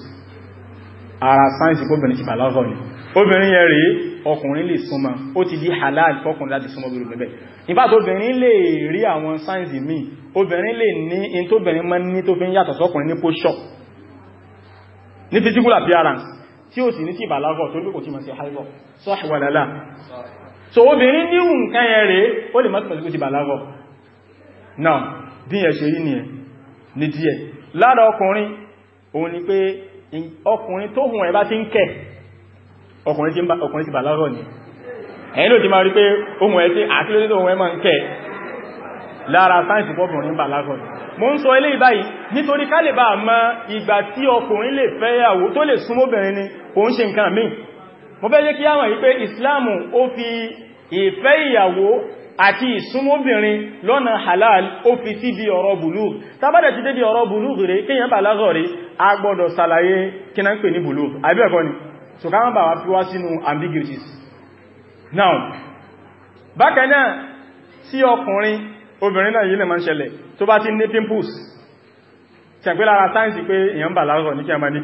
ara sáyẹ̀nsì kóbìnrin ti bàlágọ̀ ni obìnrin yẹn rèé ọkùnrin lè súnmọ́ ó ti di halal fọ́kùnrin láti súnmọ́ obìnrin bẹ̀bẹ̀ nígbà tó obìnrin lè rí àwọn sáyẹ̀nsì míì obìnrin lè ní in tóbìnrin máa ní tó fi ń yàtọ̀ sọ́kùnrin ní pọ́ṣọ̀ ní physical appearance tí ó sì ní sí ìbàlágọ̀ tó gbé kò tí mọ̀ sí haibọ̀ sọ́ọ̀ṣì wà lálá so obìnrin ní nǹkan yẹn rẹ̀ ó lè mọ́tí pẹ̀lú ti bàlágọ̀ náà bí yẹn ṣe rí ni ẹ̀ ní díẹ̀ lára ọkùnrin òun ni pé ọkùnrin tó hùn ẹ̀ ti ń kẹ̀ ọkùnrin ti bàlágọ̀ ni ẹ̀yìn ló ti máa rí pé ohun ẹ̀ tí àkílódé tó ohun ẹ̀ máa ń kẹ̀ lára sáìsì pọ́bìnrin bàlágọ̀ ni mo ń sọ ilé ìbáyìí nítorí ká lè bá àmọ́ ìgbà tí ọkùnrin lè fẹ́yàwó tó lè súnmọ́bìnrin ni kò ń ṣe nǹkan míì mo fẹ́ jẹ́ kí àwọn yìí pé islam ó fi ìfẹ́ ìyàwó àti ìsúnmọ́bìnrin lọ́nà halal ó fi sí bí ọ̀rọ̀ bulugh tàbádẹ̀ ti dé bí ọ̀rọ̀ bulugh rẹ̀ kíyàn bà lázọ̀ rẹ̀ a gbọ́dọ̀ sàlàyé kí na ń pè ní bulugh àbí ẹ̀kọ́ ni so ká mọ́ bà wá fi wá sínú ambiguities now bákan náà sí ọkùnrin obìnrin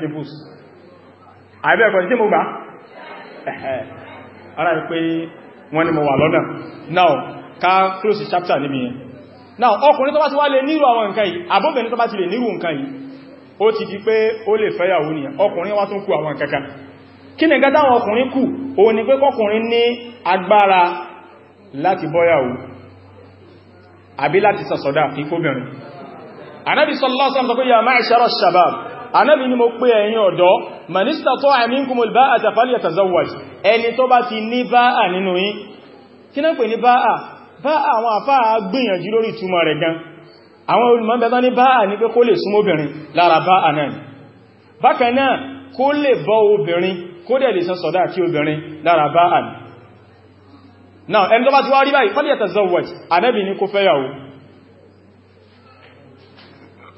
ara rí pé wọ́n ní mo wà lọ́nà now ká close chapter níbi yẹn now ọkùnrin tó bá ti wá lè nírú àwọn nǹkan yìí àbóbìnrin tó bá ti lè nírú nǹkan yìí O ti di pé ó lè fẹ́yàwó nìyàn ọkùnrin wá tún kú àwọn kankan kí ni gádá àwọn ọkùnrin kù òun ni pé kọkùnrin ní agbára láti bọ́yàwó àbí láti sọ̀sọ̀dá fífóbìnrin Ànábì sallallahu alaihi wasallam sọ pé ya ma'shara ash-shabab anábi ni mo pé ẹ̀yin ọ̀dọ́ manista tó àmínkumul bá àtàfàlì àtàzọ́wàjì ẹni tó bá ti ní báà nínú yín kí náà pè ní báà báà àwọn àfáà gbìyànjú lórí túmọ̀ rẹ̀ gan àwọn olùmọ́bẹ̀ta ní báà ní pé kó lè súnmọ́ obìnrin lára báà náà bákan náà kó lè bọ́ obìnrin kó dẹ̀ lè san sọ̀dá kí obìnrin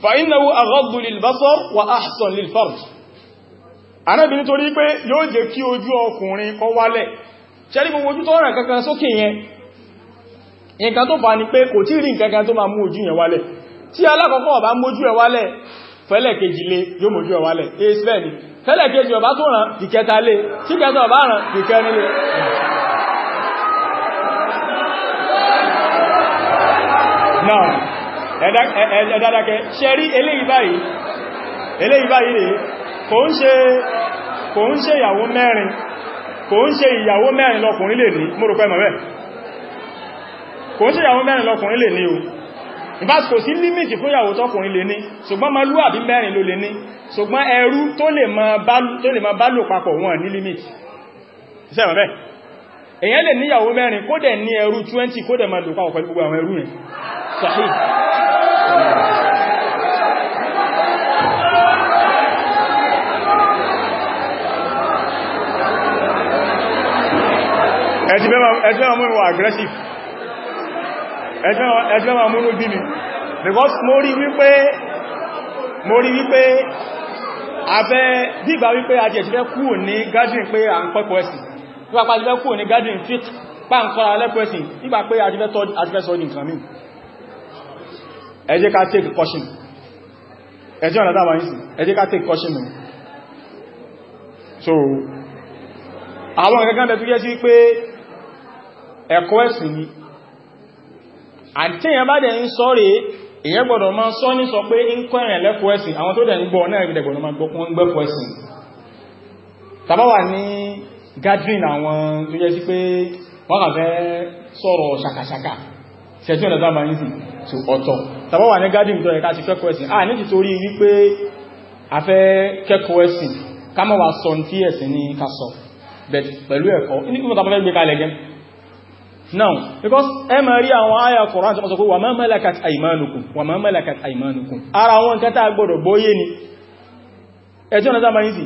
fàínàwó aghaddu lil basar wà ahsan lil farj Ànábì nítorí pé yóò jẹ́ kí ojú ọkùnrin kó wálẹ̀ ṣẹ́rí gbogbo ojú tó rẹ̀ kankan sókè yẹn nǹkan tó fà ní pé kò tí rí nǹkan tó máa mú ojú yẹn wálẹ̀ tí alákọ̀ọ́kọ́ ọba mójú ẹ̀ wálẹ̀ fẹ́lẹ̀kejì lé yóò ẹ̀dàdàkẹ́ eh, eh, eh, ṣẹ́rí eléyìí báyìí eléyìí báyìí rẹ̀ kò ń ṣe kò ń ṣe ìyàwó mẹ́rin kò ń ṣe ìyàwó mẹ́rin lọkùnrin lè ní mo rò pé mọ̀ bẹ́ẹ̀ kò ń ṣe ìyàwó mẹ́rin lọkùnrin lè ní o ìbá kò sí límìtì fún ìyàwó tọkùnrin lè ní ṣùgbọ́n ma lú àbí mẹ́rin ló lè ní ṣùgbọ́n ẹrú tó lè máa bá lò papọ̀ wọn ní límìtì ṣé bẹ́ẹ̀ èyàn lè níyàwó mẹ́rin kó dẹ̀ ní ẹrú 20 kó dẹ̀ máa lò pàwọ̀ pẹ̀lú gbogbo àwọn ẹrú rẹ̀ sahih ẹ̀tí mẹ́wàá múrùn aggressive ẹ̀tí mẹ́wàá múrùn bí mi because mo rí wípé mo rí wípé abẹ́ bí ìgbà wípé ajẹ̀ ti fẹ́ kúrò ní gádùn pé à ń pẹ́kọ̀ọ́ ẹ̀sìn nípa àjífẹ́ kúrò ní garden fit pàǹkọ́ra lẹ́pẹ̀ẹ́sìn nígbà pé àjífẹ́ sọ ní nǹkan mí ẹ jẹ́ ká take caution ẹjẹ́ ọ̀nà dáwà ní sí ẹ jẹ́ ká take caution mú so àwọn gẹ́gẹ́ bẹ̀ tó jẹ́ sí pé ẹ̀kọ́ ẹ̀sìn ni àtíyàn bá dẹ̀ ń sọ rẹ̀ èyẹ́ gbọ́dọ̀ máa sọ ní sọ pé ń kọ́ ẹ̀rẹ̀ lẹ́kọ́ ẹ̀sìn àwọn tó dẹ̀ ń gbọ́ náà ẹ̀rẹ̀ gbọ́dọ̀ máa gbọ́kún tàbá wà ní gathering àwọn tó jẹ́ sí pé wọ́n kà fẹ́ sọ̀rọ̀ ṣàkàṣàkà ṣẹ̀tí ọ̀nà dáa máa sí ọ̀tọ̀ tàbá wà ní gathering tó yẹ ká ti kẹ́kọ̀ọ́ ẹ̀sìn à ní títorí wípé a fẹ́ kẹ́kọ̀ọ́ ẹ̀sìn ká má wá sọ tí ẹ̀sìn ní ká sọ pẹ̀lú ẹ̀kọ́ nígbà tàbá fẹ́ gbé kalẹ̀ gẹ́ now because ẹ ma rí àwọn àyà Qur'an tó sọ pé wà má malakat aymanukum wà má malakat aymanukum ara wọn kẹta gbọdọ̀ bóyé ni ẹjọ́ ọ̀nà dáa máa sí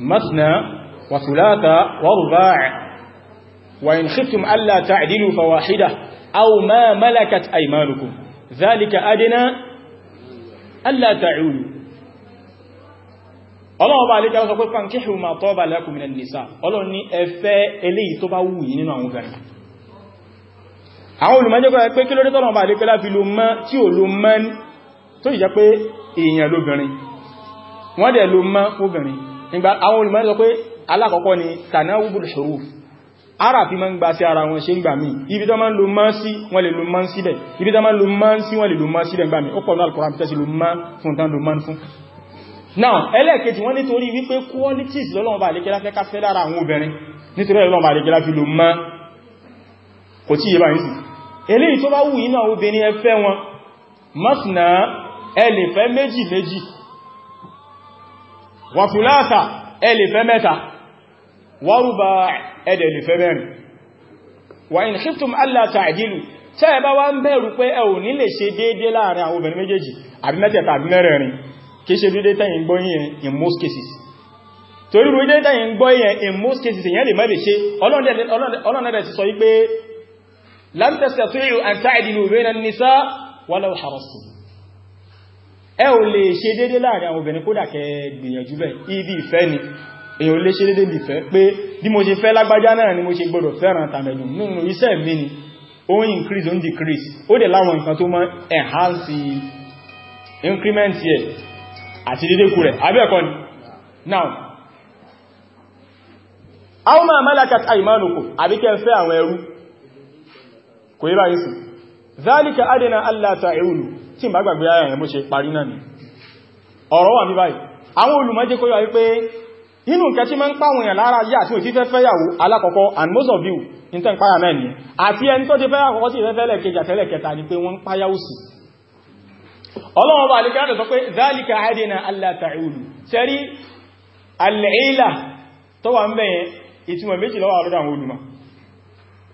مثنى وثلاثة ورباع وإن خفتم ألا تعدلوا فواحدة أو ما ملكت أيمانكم ذلك أدنى ألا تعولوا ọlọ́wọ́ bá alẹ́kẹ́ ọsọ pé fankihu ma taba lakum minan nisa ọlọ́run ní ẹfẹ́ eléyìí tó bá wù yí nínú àwọn obìnrin àwọn olùmọ́jẹ́ pé kí lórí tọ́lọ́wọ́ bá alẹ́kẹ́ láfi lo mọ́ tí ò lo mọ́ tó ìjẹ́ pé èèyàn lóbìnrin àwọn olùmọ̀ sọ pé alákọ̀ọ́kọ́ ni tanawubul huruf ara fi ma ń gba sí ara wọn ṣe ń gbà mí ibi tó ma ń lo máa sí wọ́n lè lo máa síbẹ̀ ibi tó ma ń lo máa sí wọ́n lè lo máa síbẹ̀ gbà mí ó pọ̀ náà kọ̀rọ̀ àpítẹ́sí lo máa fún tán lo máa fún now ẹlẹ́ẹ̀kejì wọ́n nítorí wípé qualities lọ́lọ́wọ́ bá àlékẹ́lá fẹ́ ká fẹ́ lára àwọn obìnrin nítorí lọ́lọ́wọ́ bá àlékẹ́lá fi lo máa kò tí yé bá yìí eléyìí tó bá wù yín náà obìnrin ẹ fẹ́ wọn wà fúláàtà ẹlẹ́fẹ́ mẹ́ta wà rúbà ẹdẹ̀lẹ́fẹ́ mẹ́rin wà in khiftum alla ta'dilu tẹ́ ẹ bá wá ń bẹ̀rù pé ẹ ò ní lè ṣe déédé láàrin àwọn obìnrin méjèèjì àbí mẹ́tẹ̀ẹ̀ta àbí mẹ́rẹ̀ẹ̀rin kí ṣe déédé tẹ́yìn gbọ́ yẹn in most cases torí rú tẹ́yìn gbọ́ yẹn in most cases èyàn lè má ṣe ọlọ́nàdẹ̀ ti sọ wípé lan tastati'u an ta'dilu bayna ẹ le lè ṣe dédé láàrin àwọn obìnrin kódà gbìyànjú ibi ìfẹ́ ni èyàn lè ṣe dédé ìfẹ́ pé bí mo ṣe fẹ́ lágbájá náà ni mo ṣe gbọdọ̀ fẹ́ràn tàbẹ̀dùn nínú iṣẹ́ mi ni ó ń increase ó ń decrease ó dẹ̀ láwọn nǹkan tó máa enhance increment yẹ àti dédé kú rẹ̀ abẹ́ẹ̀kọ́ ni now àwọn máa malakat àìmánukù àbíkẹ́ fẹ́ àwọn ẹrú kò yí báyìí tí ìbá gbàgbé ayà yẹn bó ṣe parí náà ni ọ̀rọ̀ wà ní báyìí àwọn olùmọ́jẹ́ kó yọ wípé inú nǹkan tí ma ń pàwọn èèyàn lára yà tí ò ti fẹ́ fẹ́yàwó alákọ̀ọ́kọ́ and most of you in tẹ́ ń páyà náà ni àti ẹni tó ti fẹ́ àkọ́kọ́ sí ìfẹ́fẹ́ lẹ́kẹjì àtẹ́lẹ̀ kẹta ni pé wọ́n ń páyà òsì ọlọ́wọ́n bá alìkà rẹ̀ sọ pé dhalika adina alla ta'ulu sẹ́rí al'ila tó wà ń bẹ̀yẹn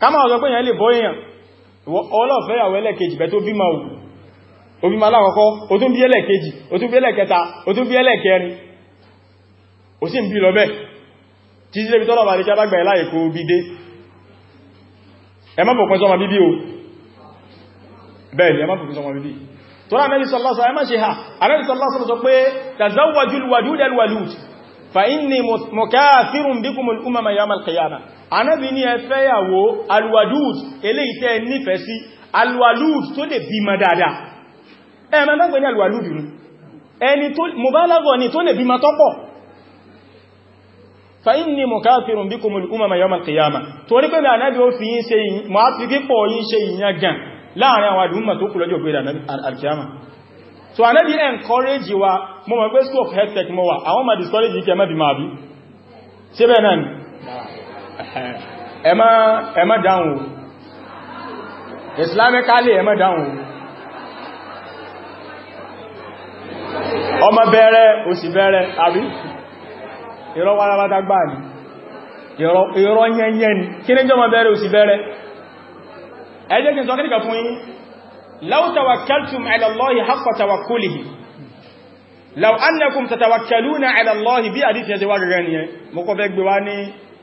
kama ọ̀sọ̀ pé èyàn lè bọ́ èyàn ọlọ́fẹ́ yàwó ẹlẹ́kejì bẹ́ tó bímọ ò obímọ alákọ̀ọ́kọ́ ó tún bí ẹlẹ́kejì ó tún bí ẹlẹ́kẹta ó tún bí ẹlẹ́kẹrin ó sì ń bí lọ bẹ́ẹ̀ tí sílé bitọ́lọ̀ bá díkẹ́ bágbà ẹláyè kó bí dé ni ẹ má bọ̀pẹ́ sọmọ bíbí tọ́lá mẹ́rin sọlọ́sọ ẹ fàínì mọ̀káàfírùn bí kùnmù al'umama yawm al-qiyama anábi ni ẹfẹ́yàwó alwadud eléyìí tẹ́ nífẹ̀ẹ́ sí alwalud tó lè bímọ dáadáa ẹ̀mẹ́ mẹ́gbẹ̀ ní alwalud ní ẹni tó mọ̀bálàgọ́ ni tó lè bímọ tọ́pọ̀ anábi ó fi yín mo mọ̀ pé school of health tech mọ́ wà àwọn ma discourage yìí kẹ mẹ́bí máa bí ṣe bẹ́ẹ̀ náà ni ẹ má dáhùn o islamically ẹ má dáhùn o ọmọ bẹ̀rẹ̀ òsì bẹ̀rẹ̀ àbí ìrọ́ wáráwátá gbáà ni ìrọ́ yẹnyẹn ni kí ní jọ ọmọ bẹ̀rẹ̀ òsì bẹ̀rẹ̀ ẹ jẹ́ kí n sọ kíríkà fún yín law tawakkaltum ala Allahi haqqa tawakkulihi law annakum tatawakkaluna ala allahi bí hadith yẹn ti wá gẹ́gẹ́ nìyẹn mo kọ́ fẹ́ gbé wá ní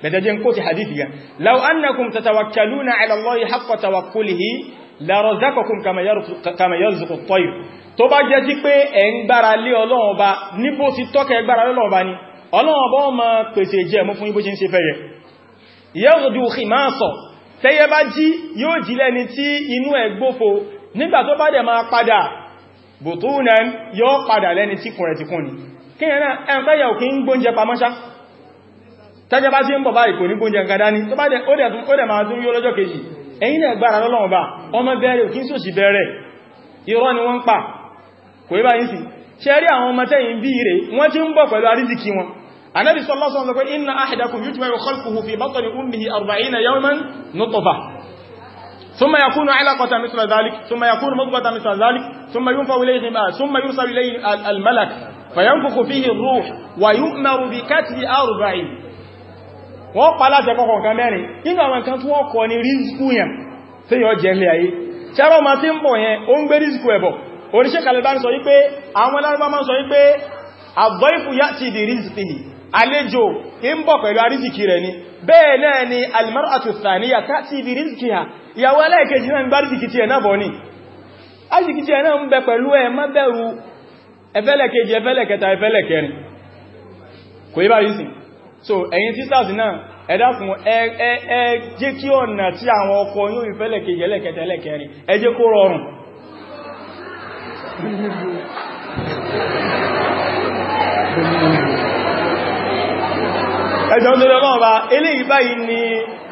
bẹ̀tẹ̀jẹ́ ń kó ti hadith yẹn law annakum tatawakkaluna ala allahi haqqa tawakkulihi la razaqakum kama yarzuqu at-tayr tó bá jẹ́ sí pé ẹ̀ ń gbára lé Ọlọ́run Ọba níbo ti tọ́kẹ̀ gbára lé Ọlọ́run Ọba ni Ọlọ́run butunan yóò padà lẹ́ni tí kùnrẹ̀ ti kún ni kí ẹ̀nà ẹ̀kọ́yà òkè ń gbóúnjẹ pamọ́ṣá tẹ́jẹ bá tí ń bọ̀ bá ìkò ní gbóúnjẹ nǹkan dání tó bá dẹ̀ ó dẹ̀ máa tún yóò lọ́jọ́ kejì ẹ̀yìn náà gbára lọ́lọ́wọ́ bá ọmọ bẹ̀rẹ̀ òkín sòsì bẹ̀rẹ̀ irọ́ ni wọ́n ń pa kò ibá yìí sí ṣe rí àwọn ọmọ tẹ́yìn ثم يكون علاقة مثل ذلك ثم يكون مضغة مثل ذلك ثم ينفع إليه ثم يرسل إليه الملك فينفخ فيه الروح ويؤمر بكتب أربع wọ́n pa láti ẹ̀kọ́kọ̀ nǹkan mẹ́rin nínú àwọn nǹkan tí wọ́n kọ ní rízikú yẹn tí yọ jẹ ilé ayé tẹ́rọ ma ti ń bọ̀ yẹn o ń gbé rízikú ẹ̀bọ̀ oníṣẹ́ kalibá ń sọ wípé àwọn lárúbá ma sọ wípé àbọ́ìfù yá ti di rízikú ìyàwó ẹlẹ́ẹ̀kejì náà ń bá rìsìkìtì ẹ̀ náà bọ̀ ní rìsìkìtì ẹ̀ náà ń bẹ pẹ̀lú ẹ má bẹ̀rù ẹfẹ́lẹ̀kejì ẹfẹ́lẹ̀kẹta ẹfẹ́lẹ̀kẹrin kò yí bá yìí sí so ẹ̀yin sisters náà ẹ dákun ẹ jẹ́ kí ọ̀nà tí àwọn ọkọ yóò ìfẹ́lẹ̀kejì ẹlẹ́kẹta ẹlẹ́kẹrin ẹ jẹ́ kó rọrùn ẹjọ́ ń tẹ́lẹ̀ náà bá eléyìí báyìí ni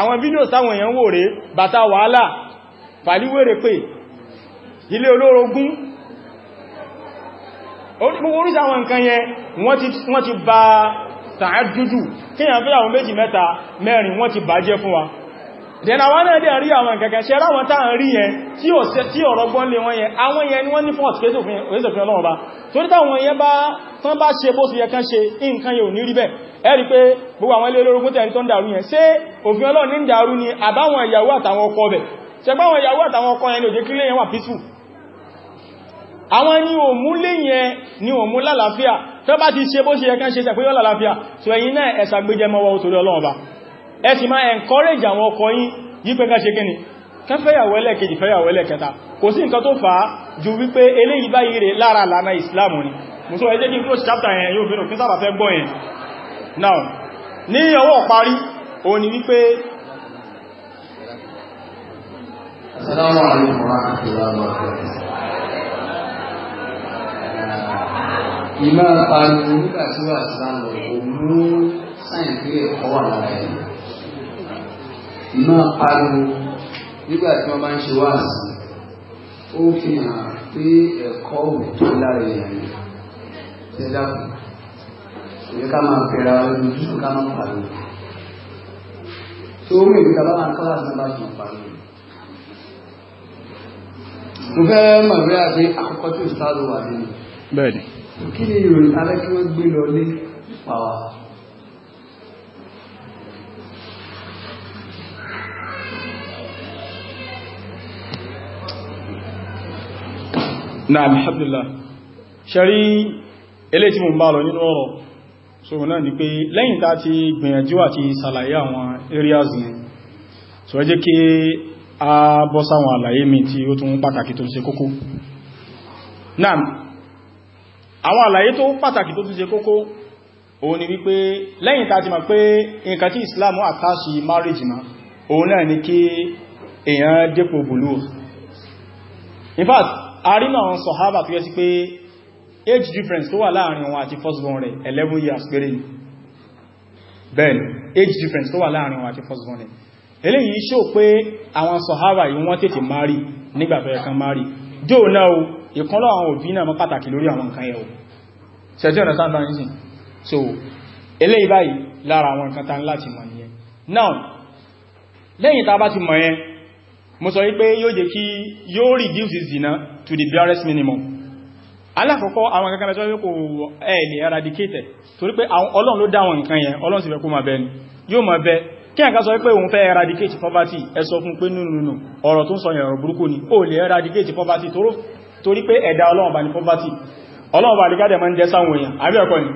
àwọn fídíò táwọn èèyàn wò rẹ̀ bàtà wàhálà fàlíwèrè pé ilé olórogún orísà àwọn nǹkan yẹn wọ́n ti bà tààjújù kíyàn fẹ́ àwọn méjì mẹ́ta mẹ́rin wọ́n ti bàjẹ́ fún wa dẹ̀nà wọ́n náà dẹ̀ rí àwọn kẹ̀kẹ́ ṣe ráwọn tàà rí yẹn tí ò ṣe tí ọ̀rọ̀ gbọ́n lè wọ́n yẹn àwọn yẹn ni wọ́n ní fọ́ọ̀tí kéèsòfin ọlọ́wọ́ bá torí táwọn yẹn bá tán bá ṣe bó sì yẹ kán ṣe nǹkan yóò ní rí bẹ́ẹ̀ ẹ̀rí pé gbogbo peaceful àwọn ni ò mú lé yẹn ni ò mú lálàáfíà tó yẹ so ẹ̀yin náà ẹ̀sàgbéjẹmọ́wọ́ torí Ọlọ́run bá ẹ máa encourage àwọn ọkọ yín yí pé ká ṣe kíni kán fẹ́yàwó ẹlẹ́kejì fẹ́yàwó ẹlẹ́kẹta kò sí nǹkan tó fà á ju wípé eléyìí báyìí rẹ̀ lára lànà Islam ni mo sọ kí close chapter yẹn yóò fẹ́ràn kí sábà fẹ́ gbọ́ yẹn now ní ọwọ́ parí òun ni wípé Assalamu alaikum warahmatullahi wabarakatuh ìmọ̀ àpàlù nígbàtíwà ìsànlọ̀ òmú sáyẹ̀kì ẹ̀kọ́ wà lára ẹ̀ máa pariwo nígbà tí wọ́n bá ń ṣe wáàsí ó fi hàn pé ẹ̀kọ́ òtó lára èèyàn yìí ṣe dákun ìwé ká máa bẹ̀rẹ̀ àwọn ojú ká máa pariwo tó rí ìwé ká bá máa kọ́ láti máa fi pariwo. mo fẹ́ mọ̀ bí a ṣe àkọ́kọ́ tí òṣìṣẹ́ ló wà nínú. bẹ́ẹ̀ ni. kí ni ìròyìn alẹ́ kí wọ́n gbé lọ ní pàwọ́. na alhamdulillah ṣari ilé tí mo ń bá lọ nínú ọ̀rọ̀ so náà ni pé lẹ́yìn tá ti gbìyànjú àti ṣàlàyé àwọn areas ni so ẹ kí a bọ́ sáwọn àlàyé mi tí ó tún pàtàkì tó ṣe kókó náà àwọn àlàyé tó pàtàkì tó tún ṣe kókó òun ni wípé lẹ́yìn tá ti mọ̀ pé nǹkan tí Islam àtàṣì marriage ma òun náà ni kí èèyàn dépò bùlúù in fact àrínà àwọn sọ̀hábà tó yẹ sí pé age difference tó wà láàrin wọn àti firstborn rẹ̀ 11 years péré ni bẹ́ẹ̀ age difference tó wà láàrin wọn àti firstborn rẹ̀ eléyìí ṣó pé àwọn sọ̀hábà yìí wọ́n tètè mari nígbà tó yẹ kan mari jò náà o ìkọ́lọ̀ àwọn òbí náà mọ́ pàtàkì lórí àwọn nǹkan yẹ̀ o ọ̀nà sáàbà ń sìn so eléyìí báyìí lára àwọn nǹkan tán láti mọ̀ nìyẹn now lẹ́yìn tá bá ti mọ̀ yẹn mo sọ wípé yóò jẹ́ kí yóò reduce zina to the barest minimum alákọ̀ọ́kọ́ àwọn kankan mẹ́tọ́ wípé kò ẹ̀ẹ̀lì eradicate torí pé ọlọ́run ló dáwọn nǹkan yẹn ọlọ́run sì fẹ́ kó máa bẹ ni yóò máa bẹ kí àkásọ wípé òun fẹ́ eradicate poverty ẹ sọ fún pé nínú ọ̀rọ̀ tó ń sọ yẹn ọ̀rọ̀ burúkú ni ó lè eradicate poverty torí pé ẹ̀dá ọlọ́run bá ní poverty ọlọ́run bá lè gádẹ̀ máa ń jẹ́ sáwọn èèyàn àbí ẹ̀kọ́ ni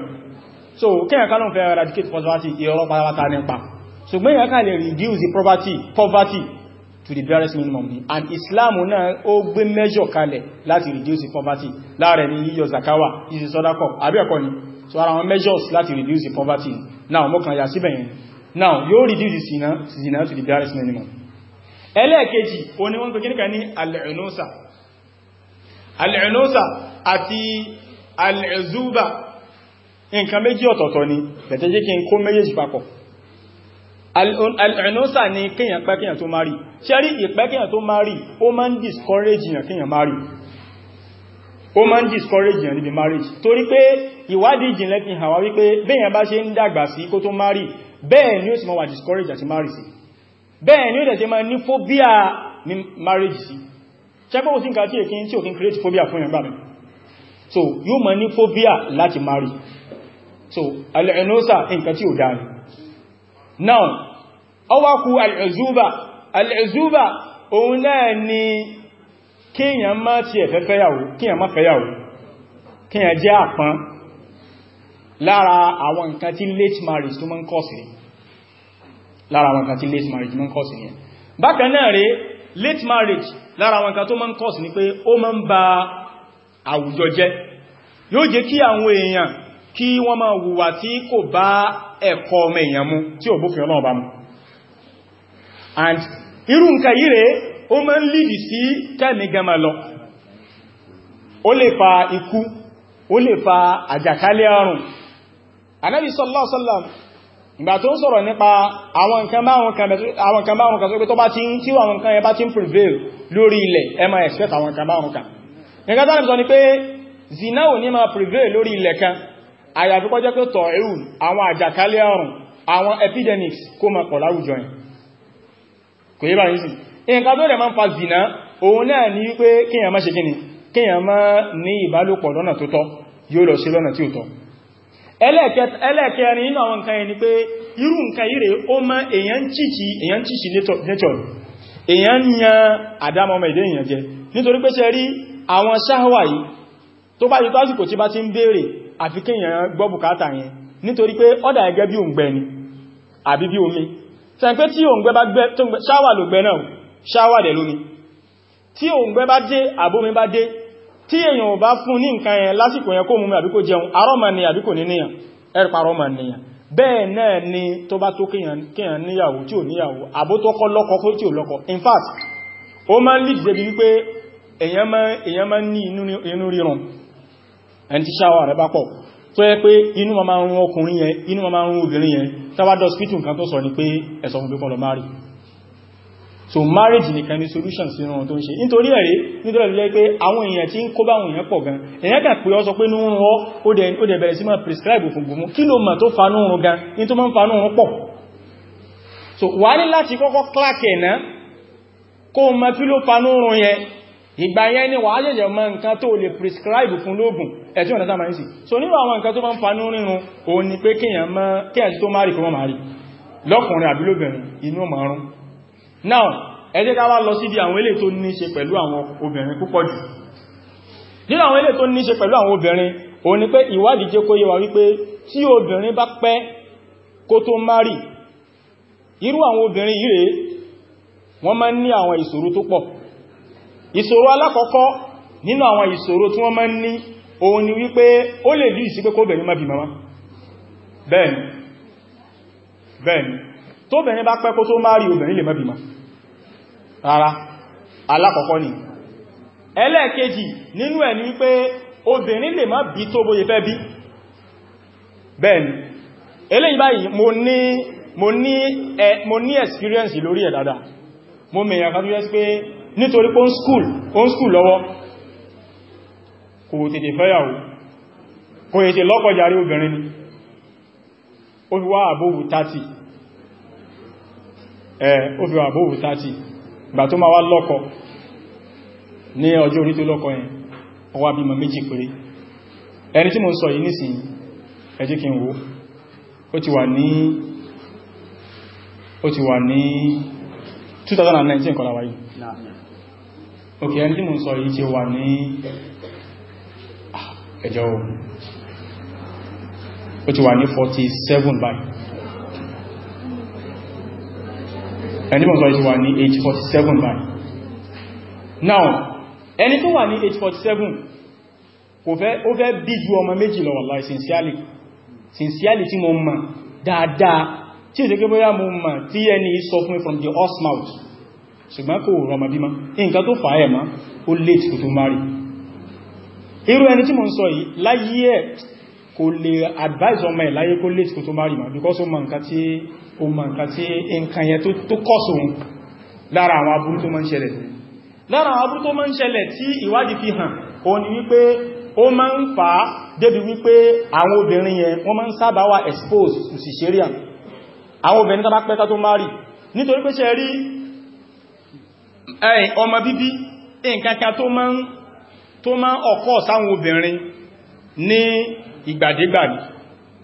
so kẹ́yàn ká lóun fẹ́ eradicate poverty ìrọ́ pátápátá nípa ṣùgbọ́n èèyàn ká lè reduce the poverty poverty to the barest minimum and Islam náà ó gbé measure kalẹ̀ láti reduce poverty láàrẹ̀ ní yíyọ zakawa isi sọ́dákọ̀ àbí ẹ̀kọ́ ni so ara wọn measures láti reduce poverty now mọ́kàn yà síbẹ̀ yẹn now yóò reduce zina zina to the barest minimum ẹlẹ́ẹ̀kejì o ni wọ́n tó kíníkà ní al'unusa al'unusa àti al'uzuba nǹkan méjì ọ̀tọ̀ọ̀tọ̀ ni bẹ̀tẹ́jẹ́ kí n kó méjèèjì al'unusa ni kíyàn pẹ́ kíyàn tó mari ṣẹ́rí ìpẹ́ kíyàn tó mari ó máa ń discourage yàn kíyàn mari ó máa ń discourage yàn níbi marriage torí pé ìwádìí ìjìnlẹ̀ fi hàn wá wípé bẹ́yàn bá ṣe ń dàgbà sí kó tó mari bẹ́ẹ̀ ni ó sì máa wà discourage àti ni phobia marriage sí ṣẹ́pẹ́ kò sí nǹkan tí èkín tí create phobia fún yàn gbàmì so yóò máa ní phobia láti so al'unusa nǹkan tí ò dáa now ọwákú al'uzuba al'uzuba òun náà ni kíyàn má ti ẹ̀fẹ́ fẹ́yàwó kíyàn má fẹ́yàwó kíyàn jẹ́ àpán lára àwọn nǹkan tí late marriage tó mọ́ ń kọ́ sí lára àwọn nǹkan tí late marriage tó mọ́ ń kọ́ sí ni bákan náà rẹ̀ late marriage lára àwọn nǹkan tó mọ́ ń kọ́ sí ni pé ó mọ́ ń ba àwùjọ jẹ́ yóò jẹ́ kí àwọn èèyàn kí wọ́n máa wùwà tí kò bá ẹ̀kọ́ ọmọ èèyàn mu tí ò bófin ọlọ́ọ̀bá mu and irú nǹkan yìí rẹ̀ ó máa ń lìdì sí kẹ́mì gama lọ ó lè fa ikú ó lè fa àjàkálẹ̀ àrùn anábi sallallahu alaihi wasallam ìgbà tó ń sọ̀rọ̀ nípa àwọn nǹkan márùn kan tó pé tó bá ti ń tí àwọn nǹkan ẹ bá ti ń prevail lórí ilẹ̀ ẹ máa expect àwọn nǹkan márùn kan nǹkan tó ní pé zina ò ní máa prevail lórí ilẹ̀ kan àyàfi kó jẹ́ pé tọ̀ẹ̀hùn àwọn àjàkálẹ̀ àrùn àwọn epidemics kó ma pọ̀ láwùjọ yìí kò yíba yìí sí nǹkan tó rẹ̀ máa ń fa zina òun náà ní wípé kíyàn má ṣe kíni kíyàn má ní ìbálòpọ̀ lọ́nà tó tọ́ yóò lọ ṣe lọ́nà tí ó tọ́ tó bá yìí tó àfi kíyàn gbọ́ bùkátà yẹn nítorí pé ọ́dà ẹgẹ́ bí òǹgbẹ ni àbí bí omi sẹ́n pé tí òǹgbẹ bá gbẹ ṣáwà ló gbẹ náà ṣáwà dẹ̀ lómi tí òǹgbẹ bá dé àbómi bá dé tí èèyàn bá fún ní nǹkan yẹn lásìkò yẹn kó mú àbí kó jẹun arọ́mà ni àbí kò ní níyàn ẹ̀rùpa arọ́mà níyàn bẹ́ẹ̀ náà ni tó bá tó kíyàn níyàwó tí ò níyàwó àbó tó kọ́ lọ́kọ kó tí ò lọ́kọ in fact ó máa ń lè jẹ́ wípé èèyàn máa ń ní inú rírùn ẹni tí ṣáwà rẹ̀ bá pọ̀ tó yẹ pé inú ma máa ń rún ọkùnrin yẹn inú ma máa ń rún obìnrin yẹn tàwádọ́ spítù nǹkan tó sọ ni pé ẹ̀sọ̀ fún pípọ̀ lọ márì so marriage nìkan ni solution sí ohun tó ń ṣe nítorí ẹ̀rẹ́ nítorí ẹ̀rẹ́ pé àwọn èèyàn tí ń kó bá àwọn èèyàn pọ̀ gan èèyàn kà pé ọ pé núrun ọ ó dẹ̀ bẹ̀rẹ̀ sí máa prescribe fún gbogbo kí ló mà tó fa núrun gan ní tó máa ń fa núrun pọ̀ so wà ní láti kọ́kọ́ clark ẹ̀nà kó mọ̀ kí ló fa núrun yẹn ìgbà yẹn ni wà á yẹ̀yẹ̀ mọ̀ nǹkan tó lè prescribe fún lóògùn ẹ̀tí ọ̀nà sáà máa ń sì so nínú àwọn nǹkan tó máa ń fanú rírun òun ni pé kíyàn tó máa rí kó wọ́n máa rí lọ́kùnrin àbí lóbìnrin inú márùn now ẹ jẹ́ ká wá lọ síbi àwọn ilé tó ní ṣe pẹ̀lú àwọn obìnrin púpọ̀ jù nínú àwọn ilé tó ní ṣe pẹ̀lú àwọn obìnrin òun ni pé ìwádìí jẹ́ kó yé wa wípé tí obìnrin bá pẹ́ kó tó márì irú àwọn ìṣòro tí wọ́n máa ní òun ni wípé ó lè bí ìsí pé kó bẹ̀rẹ̀ má bí mama bẹ́ẹ̀ni bẹ́ẹ̀ni tó bẹ̀rẹ̀ bá pẹ́ kó tó má rí obìnrin lè má bí ma rárá alákọ̀ọ́kọ́ ni ẹlẹ́ẹ̀kejì nínú ẹ̀ ni wípé obìnrin lè má bí tó bóye fẹ́ bí bẹ́ẹ̀ni experience lórí ẹ̀ dáadáa mo mẹ̀yàn kan tó yẹ́ sí school ó school lọ́wọ́ kò tètè fẹ́yàwó kò yẹ̀ lọ́kọ̀járí obìnrin ni ó fi wá àbóhù 30 ẹ̀ ó fi wá àbóhù 30 ìgbà tó máa wá lọ́kọ ní ọjọ́ orí tó lọ́kọ yẹn ó wá bímọ méjì péré ẹni tí mo sọ yìí nísìn ẹ jẹ́ kí n wò ó ti wà ní ó ti wà ní 2019 kọ́lá wáyé ok ẹni tí mo sọ yìí ti wà ní ẹjọ́ ó ti wà ní 47 báyìí ẹni mọ̀sán ti wà ní age 47 now ẹni tó wà ní 847. 47 kò fẹ́ ó fẹ́ bí ju ọmọ méjì lọ wàláì sincerely sincerely tí mo mọ̀ dáadáa tí ó tẹ́kẹ́ bóyá mo mọ̀ tí ẹni sọ fún mi from the horse mouth ṣùgbọ́n kò rọmọ bímọ nǹkan tó fà á ó late kò tó marry irú ẹni tí mo ń sọ yìí láyé ẹ̀ kò lè advise ọmọ ẹ̀ láyé kó late tó marry ma because ó mọ nǹkan tí ó mọ nǹkan tí nǹkan yẹn tó kọ́sù òun lára àwọn aburú tó máa ń ṣẹlẹ̀ lára àwọn aburú tó máa ń ṣẹlẹ̀ tí ìwádìí fi hàn òun ni wípé ó máa ń fà á débi wípé àwọn obìnrin yẹn wọ́n máa ń sábà wà expose nǹkan kan tó máa ń tó máa ń ọkọ̀ sáwọn obìnrin ní ìgbàdégbà ní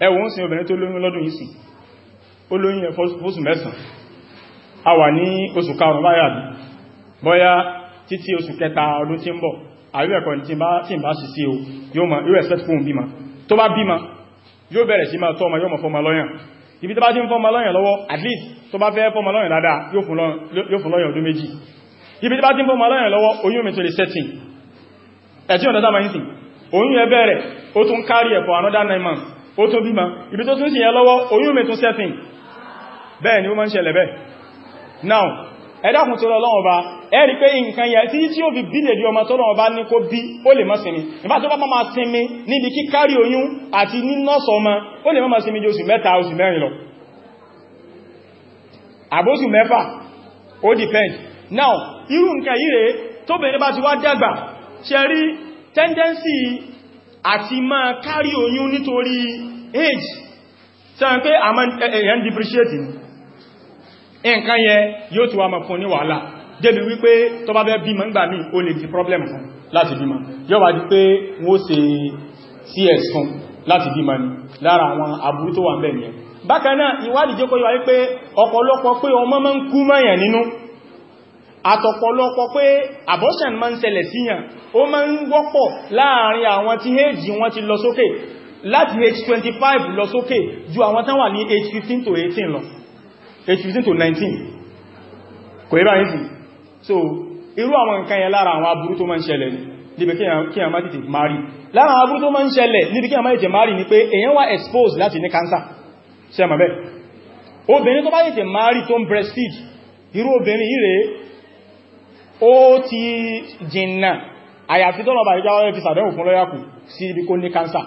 ẹwọ́n sí obìnrin tó lóyún lọ́dún yìí sí ó lóyún fóṣù mẹ́sàn a wà ní oṣù karùn-ún báyà bí bọ́yá títí oṣù kẹta ọdún tí ń bọ̀ àríwẹ̀ kan tí bá o yóò mọ̀ yóò expect fún bímọ tó bá bímọ yóò bẹ̀rẹ̀ sí máa tọ́ ọmọ yóò mọ̀ fọ́mọ lọ́yàn ibi tó bá ti ń fọ́mọ lọ́yàn lọ́wọ́ at least tó bá fẹ́ fọ́mọ lọ́yàn dáadáa yóò fún lọ́yàn ọdún méjì ibi lọ́wọ́ oyún mi tó lè setting ẹ̀tí ọ̀dọ́dá ma ń sìn oyún ẹ bẹ̀rẹ̀ ó tún kárí ẹ̀ for another nine months ó tún bímọ ibi tó tún sì yẹn lọ́wọ́ oyún mi tún sẹ́sìn bẹ́ẹ̀ ni ó máa ń ṣẹlẹ̀ bẹ́ẹ̀ now ẹ̀dàkùn tó lọ́wọ́ bá ẹ̀rí pé nǹkan yẹ tí tí di ọmọ tó lọ́wọ́ bá ní kó bí ó lè má sinmi ìbá tó bá máa sinmi níbi kí kárí oyún àti nínọ́sọ ọmọ ó depend now irú nǹkan yìí rèé tóbìnrin bá ti wá dàgbà ṣe tendency tẹ́ndẹ́nsì àti máa kárí oyún nítorí age sẹ́wọ́n pé èyàn depreciate ní nǹkan yẹ yóò tí wá máa fún ní wàhálà débi wípé tó bá bẹ́ bímọ ńgbà míì ó lè di problem fún láti bímọ yóò wá di pé wọ́n ṣe cs fún láti bímọ ní lára àwọn aburú tó wà ń bẹ̀ nìyẹn bákan náà ìwádìí jẹ́ kó yọ wípé ọ̀pọ̀lọpọ̀ pé ọmọ máa ń kú mọ́yàn nínú àtọ̀pọ̀lọpọ̀ pé abortion ma ń ṣẹlẹ̀ síyàn ó ma ń wọ́pọ̀ láàrin àwọn tí èjì wọn ti lọ sókè láti age 25 lọ sókè ju àwọn tán wà ní age 15 to 18 lọ age 15 to 19 kò ẹ̀bá ní so irú àwọn nǹkan yẹn lára àwọn aburú tó ma ń ṣẹlẹ̀ níbi kí a má tètè mari lára níbi kí a má tètè mari ni pé èyàn wà exposed láti ní cancer ṣe mọ̀ bẹ́ẹ̀ obìnrin tó bá tètè mari tó ń breastfeed irú obìnrin yìí rèé ó ti jìnnà àyàfi tọ́nà bàrí jáwọ́ fi sàdẹ́wò fún lọ́yàkù sí ibi kó ní kánsà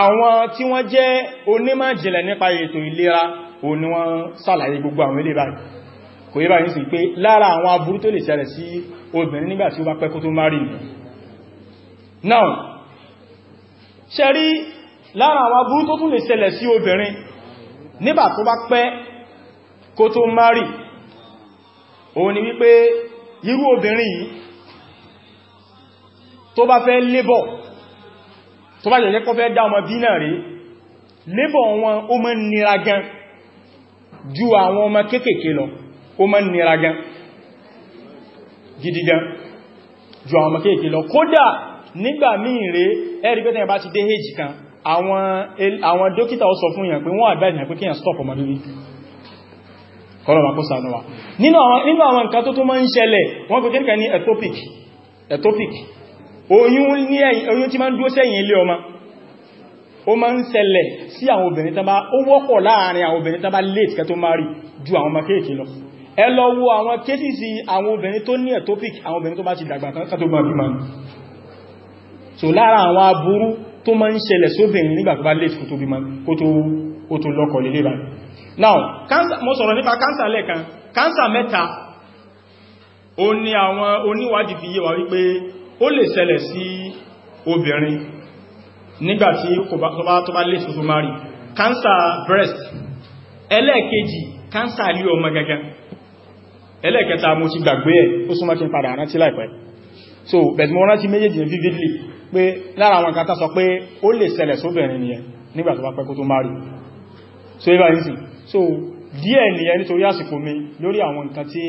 àwọn tí wọ́n jẹ́ onímọ̀ jìnlẹ̀ nípa ètò ìlera ò ní wọ́n sàlàyé gbogbo àwọn ilé báyìí kò yí báyìí sí pé lára tó lè now ṣẹ́rí lára àwọn aburú tó tún lè ṣẹlẹ̀ sí obìnrin nígbà òun ni wípé irú obìnrin yìí tó bá fẹ́ lébọ̀ tó bá jẹ̀jẹ́ kọ́ fẹ́ dá ọmọ bí náà rí lébọ̀ wọn ó mọ́ nira gan ju àwọn ọmọ kéékèèké lọ ó mọ́ nira gan gidi gan ju àwọn ọmọ kéékèèké lọ kódà nígbà míì rẹ̀ ẹ̀rí pẹ́tẹ̀ bá ti dé èjì kan àwọn dókítà ó sọ fún yàn pé wọ́n àgbà ìyàn pé kíyàn stop ọmọ kọlọ̀wà kó sànúwà nínú àwọn nǹkan tó tó máa ń ṣẹlẹ̀ wọ́n pè kíríkà ní ectopic ectopic oyún tí máa ń dúró sẹ́yìn ilé ọmọ ó máa ń ṣẹlẹ̀ sí àwọn obìnrin tán ó wọ́pọ̀ láàrin àwọn obìnrin tán late kẹ́ tó máa rí ju àwọn ọmọ kéèkéé lọ ẹ lọ wo àwọn kéèsìsì àwọn obìnrin tó ní ectopic àwọn so lára àwọn aburú tó late kó tó lọ́kọ lélẹ́ báyìí now cancer mo sọ̀rọ̀ nípa cancer lẹ́ẹ̀kan cancer mẹ́ta ó ní àwọn oníwádìí fi yé wa wípé ó lè ṣẹlẹ̀ sí obìnrin nígbàtí tó bá lè soso mari cancer breast ẹlẹ́ẹ̀kejì cancer ilé ọmọ gangan ẹlẹ́ẹ̀kẹta mo ti gbàgbé ẹ̀ ó súnmọ́ kí n padà rántí láìpẹ́ so but mo rántí méjèèjì vividly pé lára àwọn kan tá sọ pé ó lè ṣẹlẹ̀ sóbìnrin nìyẹn nígbà tó bá pẹ́ kó tó mari so eva yìí so díẹ̀ nìyẹn nítorí àsìkò mi lórí àwọn nǹkan tí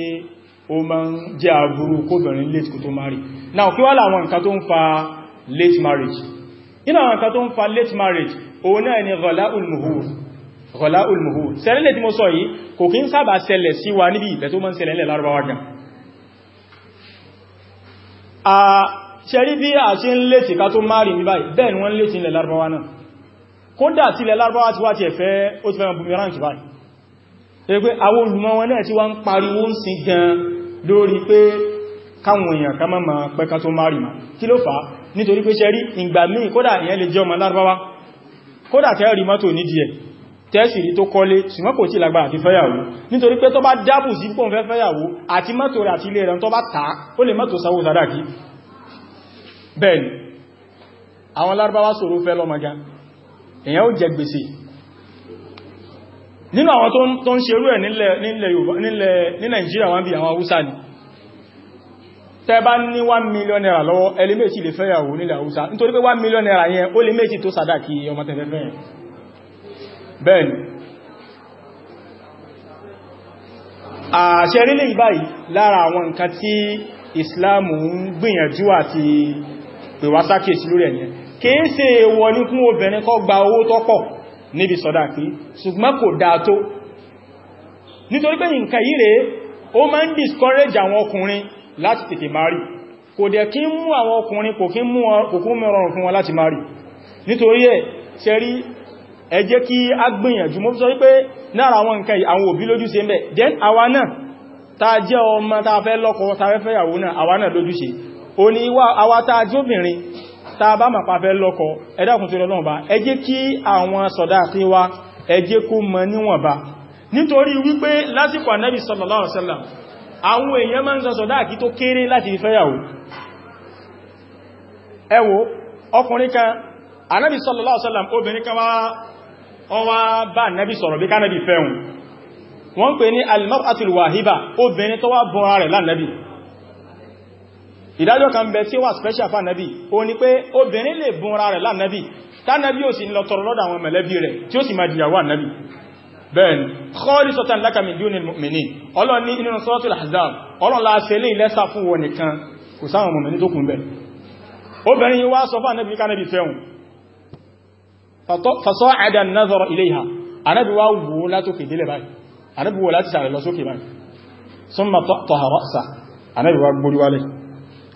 ó máa ń jẹ́ aburú kóbìnrin late kó tó marry now kí wá láwọn nǹkan tó ń fa late marriage nínú àwọn nǹkan tó ń fa late marriage òun náà ni ghala'ul muhur ghala'ul muhur sẹ́lẹ̀lẹ̀ tí mo sọ yìí kò kí ń sábà ṣẹlẹ̀ sí wa níbi ìfẹ́ tó máa ń ṣẹlẹ̀ ilẹ̀ late ká tó marry ní báyìí late ilẹ̀ lárúbáwá náà kódà tí ilẹ̀ lárúbáwá ti wá ti ẹ̀fẹ́ ó ti fẹ́ràn boomerang báyìí tó pé àwọn olùmọ̀ wọn náà tí wá ń pariwo ń sin gan lórí pé káwọn èèyàn ká máa pẹ́ka tó márì ma kí ló fà á nítorí pé ṣẹ́rí ìgbà míì kódà èèyàn lè jẹ́ ọmọ lárúbáwá kódà tẹ́rì mọ́tò nídìí ẹ̀ tẹ́sìrí tó kọ́lé ṣùgbọ́n kò tí lágbára àti fẹ́yàwó nítorí pé tó bá dábù sí pọ̀ fẹ́ fẹ́yàwó àti mọ́tò rẹ̀ àti ilé rẹ̀ tó bá tàá ó lè mọ́tò sáwó sàdákì bẹ́ẹ̀ni àwọn lárúbáwá ṣòro fẹ́ lọ́mọ gan èyàn ó jẹ gbèsè nínú àwọn tó ń ṣerú ẹ̀ ní Nàìjíríà wọ́n bí àwọn Haúsá ni tẹ́ bá ní 1 million naira lọ́wọ́ ẹlé méjì lè fẹ́ yàwó nílẹ̀ Haúsá nítorí pé 1 million naira yẹn ó lè méjì tó sàdákì ọmọ tẹ́fẹ́fẹ́ yẹn bẹ́ẹ̀ni àṣẹ rílẹ̀ ìbáyìí lára àwọn nǹkan tí Islam ń gbìyànjú àti pèwásákè sí kèése èèwọ̀ ní fún obìnrin kó gba owó tó pọ̀ níbi sọ̀dáàkì ṣùgbọ́n kò dáa tó nítorí pé nǹkan yìí rèé ó máa ń discourage àwọn ọkùnrin láti tètè mari kò dẹ̀ kí mú àwọn ọkùnrin kò kí mú ọrọ̀rùn fún wọn láti mari nítorí ẹ̀ sẹ́rí ẹ jẹ́ kí a gbìyànjú mo sọ wípé náà àwọn nǹkan àwọn òbí lójúṣe ń bẹ then àwa náà ta jẹ́ ọmọ ta fẹ́ lọ́kọ ta fẹ́ fẹ́yàwó náà àwa náà lójúṣe òní àwa ta jóbìnrin tá ma máa pàfẹ́ lọ́kọ ẹ dákun tó lọ́nà bá ẹ jẹ́ kí àwọn sọ̀dá àti wa ẹ kó mọ níwọ̀nba nítorí wípé lásìkò ànábì sallallahu alaihi wasallam àwọn èèyàn máa ń sọ sọ̀dá àkí tó sallallahu alaihi wasallam obìnrin kan wá ọwá bá ànábì sọ̀rọ̀ bí kánábì fẹ́hùn wọ́n pè wahiba obìnrin tó wá bọ́ra rẹ̀ lánàbì ìdájọ́ kan bẹ tí ó wà special fún ànábì ó ní pé obìnrin lè búnra rẹ̀ lánàbì tánàbí ò sì lọ tọrọ lọ́dọ̀ àwọn mẹ̀lẹ́bí rẹ̀ tí ó sì máa dìyàwó ànábì bẹ́ẹ̀ni khalisatan laka min dunil mu'minin ọlọ́ni inú suratul ahzab ọlọ́la sẹ́lẹ̀ ilẹ́sà fún wọn nìkan kò sáwọn mọ̀mìnì tó kún bẹ́ obìnrin wá sọ fún ànábì kánàbì fẹ́hùn fasa'ada an-nazara ilayha ànábì wá wò látòkè délẹ̀ báyìí ànábì wò láti sàrẹ̀ lọ sókè báyìí summa tahara ra'sa ànábì wá gbórí wálẹ̀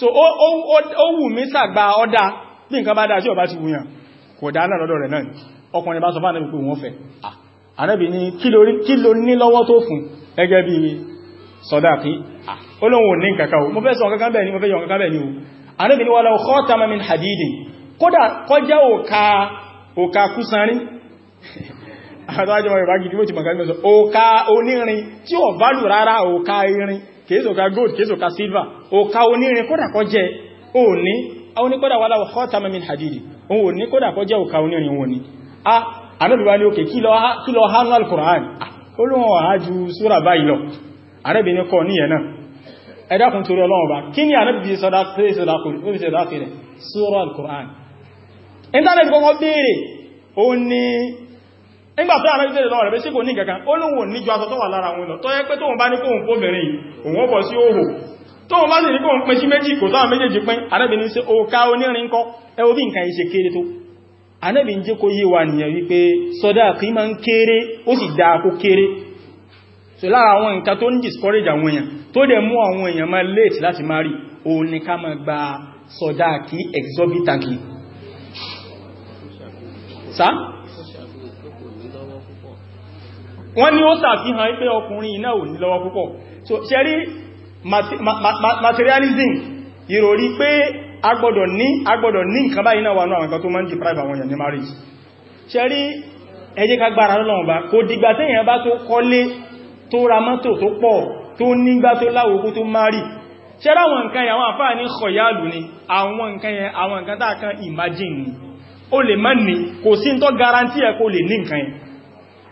so ó wù mí sàgbà ọ́dá bí nǹkan bá dá sí ọba ti wùyàn kò dá náà lọ́dọ̀ rẹ̀ náà ọkùnrin bá sọ fún ànábì pé wọ́n fẹ́ ànábì ní kí ló ní lọ́wọ́ tó fún gẹ́gẹ́ bí sàdákì olóhun ní kankan o mo fẹ́ sọ kankan bẹ́ẹ̀ ni o ànábì ní walau khataman min hadidin kódà kọjá òka òka kúsanrí àtàjọmọ̀ ìbá gidi ó ti mọ̀kàrí mẹ́sàn òka onírin tí ò bálù rárá kéèsòká gold kéèsòká silver òka onírin kódà kọ́ jẹ́ òní àwọn kódà wà láwọ̀ khatama min hadidi òun òní kódà kọ́ jẹ́ òka onírin wọn ni a anábìwá ní òkè kí lọ hánú al-Qur'an olóhun ọ̀há ju súra báyìí lọ arábìnrin kọ ní ẹ̀nà ẹ̀dàkùn torí ọlọ́run bá kí ni anábìbí sọ́dá sílẹ̀ súra al-Qur'an nígbàtí àwọn ìbẹ̀rẹ̀ lọ́wọ́ rẹ̀ bí sí kò ní kankan ó lóun ò ní ju aṣọ tó wà lára wọn lọ tó yẹ pé tóun bá ní kóhun fóbìnrin òun ọ̀pọ̀ sí òhò tóun bá sì ní kóhun pín sí méjì kò táwọn méjèèjì pín arẹ́bìnrin sí òka onírin kọ́ ẹ ó bí nǹkan ìṣe kéré tó anẹ́bìn jẹ́ kó yé wa nìyẹn wípé sọ́dá kìí máa ń kéré sa wọ́n ní ó sàfihàn pé ọkùnrin iná ò ní lọ́wọ́ púpọ̀ so ṣẹ́rí materialism ìròrí pé agbọ́dọ̀ ní agbọ́dọ̀ ní nǹkan báyìí náà wà náà àwọn kan tó máa ń deprive àwọn èèyàn ní marriage ṣẹ́rí ẹ jẹ́ ká gbára lọ́lọ́run bá kò dìgbà téèyàn bá tó kọ́lé tó ra mọ́tò garanti ẹ̀ kó lè ní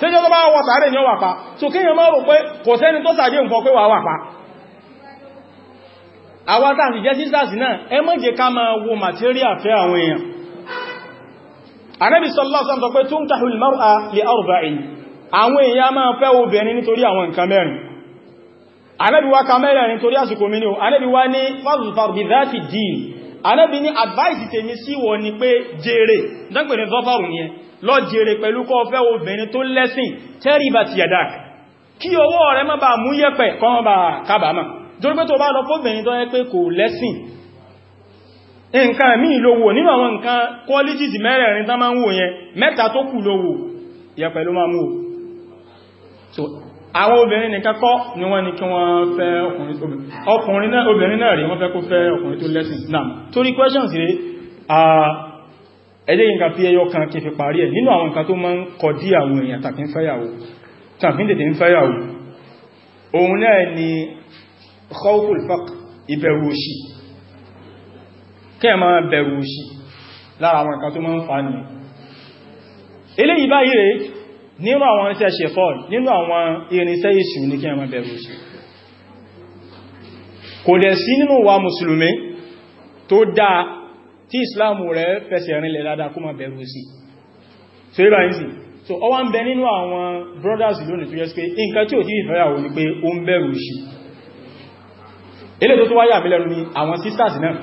ṣéjọ́ tó bá wọ sàárè ní ọwà pa so kíyàn máa rò pé kò sẹ́ni tó sàdé nǹkan pé wà wà pa àwọn tàbí jẹ́ sisters náà ẹ má jẹ́ ká máa wo material fẹ́ àwọn èèyàn Ànábì sallallahu alaihi wasallam sọ pé tunkahu al-mar'a li arba'in àwọn èèyàn máa fẹ́ obìnrin nítorí àwọn nǹkan mẹ́rin Ànábì wá ka mẹ́rin nítorí àsìkò mi ni o Ànábì wá ní fazfar bi dhati din anábi ní advice tèmi sí wọ ni pé jèrè dánkpẹ̀ ní zọ́fàrù ní ẹ lọ jèrè pẹ̀lú kọ́ fẹ́ obìnrin tó lẹ́sìn tẹ́rìbà ti yàdák kí ọwọ́ rẹ̀ má bà mú yẹ̀pẹ̀ kọ́ bà kábàámà torí pé tó bá lọ fóbìnrin tó yẹ pé kò lẹ́sìn nǹkan míì lówó nínú àwọn nǹkan qualities mẹ́rẹ̀ẹ̀rin tán máa so àwọn obìnrin nìkan kọ́ ni wọ́n ní kí wọ́n fẹ́ ọkùnrin náà obìnrin náà rí wọ́n fẹ́ kó fẹ́ ọkùnrin tó lẹ́sìn náà torí questions rẹ̀ ẹjẹ́ nǹkan fi ẹyọ kan kí fi parí ẹ̀ nínú àwọn nǹkan tó máa ń kọ dí àwọn èèyàn tàbí ń fẹ́yàwó ni khawful faq ìbẹ̀rù òṣì kẹ́ ma bẹ̀rù òṣì lára àwọn nǹkan tó máa ń fa ní nínú àwọn irinṣẹ́ ṣẹ̀fọ́ nínú àwọn irinṣẹ́ ìṣù ní kí a máa bẹ̀rù sí kò dẹ̀ sí nínú wa mùsùlùmí tó dáa tí islam rẹ̀ fẹsẹ̀ rinlẹ̀ dáadáa kó máa bẹ̀rù sí so ibà ń sì so ọ wá ń bẹ nínú àwọn brothers lónìí tó yẹ pé nǹkan tí ò tí ìfẹ́yàwó ni pé ó ń bẹ̀rù sí ilé tó tó wáyà mi lẹ́nu ni àwọn sisters náà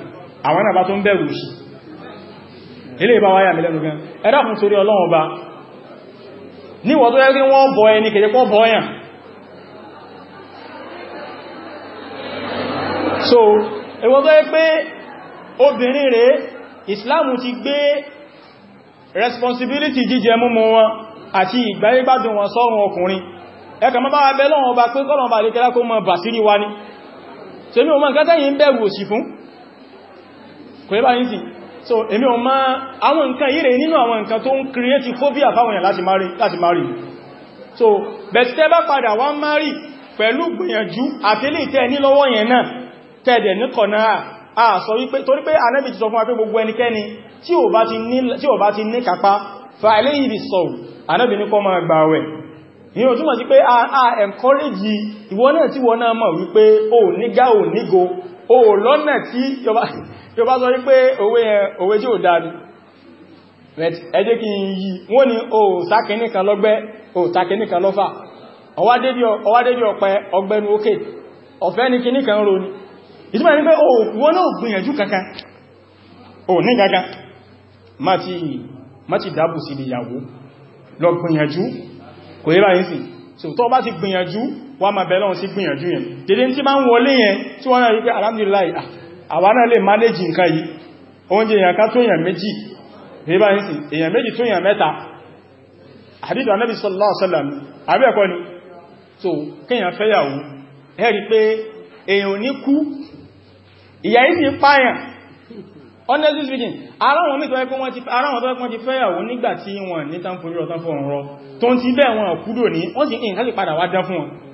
àwọn náà bá tó ń bẹ̀rù sí ilé ìbá wáyà mi lẹ́nu gan ẹ torí Ọlọ́run ọba níwọ̀n tó yẹ́rí wọ́n bọ̀ ẹni kèrè pọ́ bọ̀ ẹ̀yàn so ìwọ̀n tó yẹ́ pé obìnrin rẹ̀ Islam ti gbé responsibility jíjẹ múmú wọn àti ìgbáyégbádùn wọn sọ́run ọkùnrin ẹkà mọ́ bá abẹ́ lọ́wọ́ ọba pé kọ́lọ̀ bá lékẹ́lá kó mọ́ bà sírí wa ní tèmi o mọ́ nǹkan tẹ́yìn bẹ̀rù òsì so èmi o máa àwọn nǹkan yìí rẹ̀ nínú àwọn nǹkan tó ń create phobia fáwọn èèyàn láti marry láti marry so bẹ̀tẹ́ bá padà wá marry pẹ̀lú gbìyànjú àtẹ́lẹ̀ ìtẹ́ ní lọ́wọ́ yẹn náà tẹ́ẹ̀dẹ̀ ní kọ̀nà à sọ wípé torí pé Ànábì ti sọ fún wa pé gbogbo ẹnikẹ́ni tí ò bá ti ní kápá fa eléyìí bí sọ Ànábì ní kó máa gbààwẹ̀ ìyẹn ò túmọ̀ sí pé a encourage ìwọ náà tí wọ́n náà mọ̀ wípé o nígá o nígo o lọ́nà tí yóò bá sọ wípé òwe tí ò dáadù ẹjẹ́ kí n yí wọ́n ni o sákẹ́ní kan lọ́gbẹ́ o sákẹ́ní kan lọ́fà ọwádẹ́bí ọ̀pẹ ọgbẹ́nu ókè ọ̀fẹ́ ní kíní kan ro ni ìtumọ̀ ní pé o wọ́n náà gbìyànjú kankan o ní kankan má ti dábù sí gbìyànjú wọ́n ma bẹ̀rẹ̀ wọn sí gbìyànjú yẹn dédé tí bá ń wọlé yẹn tí wọ́n náà rí pé alhamdulillah ah, àwa náà lè manage nǹkan yìí oúnjẹ èèyàn ká tó èèyàn méjì rébá ń sì èèyàn méjì tó èèyàn mẹ́ta hadith anabi sallallahu ni so kéèyàn fẹ́yàwó ẹ rí pé èèyàn ní kú ìyà yìí sì páyàn honestly speaking aráwọn mi tó ẹkùn wọn ti aráwọn tó ẹkùn ti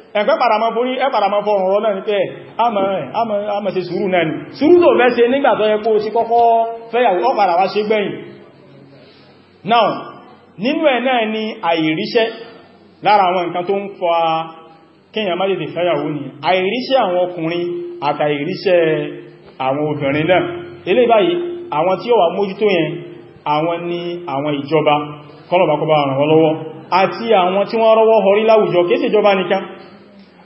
ẹ̀pẹ́ paramọ́ forí ẹ paramọ́ fọrùn rọ náà ní pé àmọ́ ṣe sùúrù náà ni sùúrù tó fẹ́ ṣe nígbà tó yẹ kó sí kọ́kọ́ fẹ́yàwó ọ̀pàdà wá ṣe gbẹ̀yìn now nínú ẹ̀ náà ni àìríṣẹ́ lára àwọn nǹkan tó ń fa kíyàn má lè fẹ́yàwó ni àìríṣẹ́ àwọn ọkùnrin àtàìríṣẹ́ àwọn obìnrin náà eléyìí báyìí àwọn tí ó wà mójútó yẹn àwọn ni àwọn àti àwọn tí wọ́n rọ́wọ́ họrí láwùjọ kéèsì ìjọba nìkan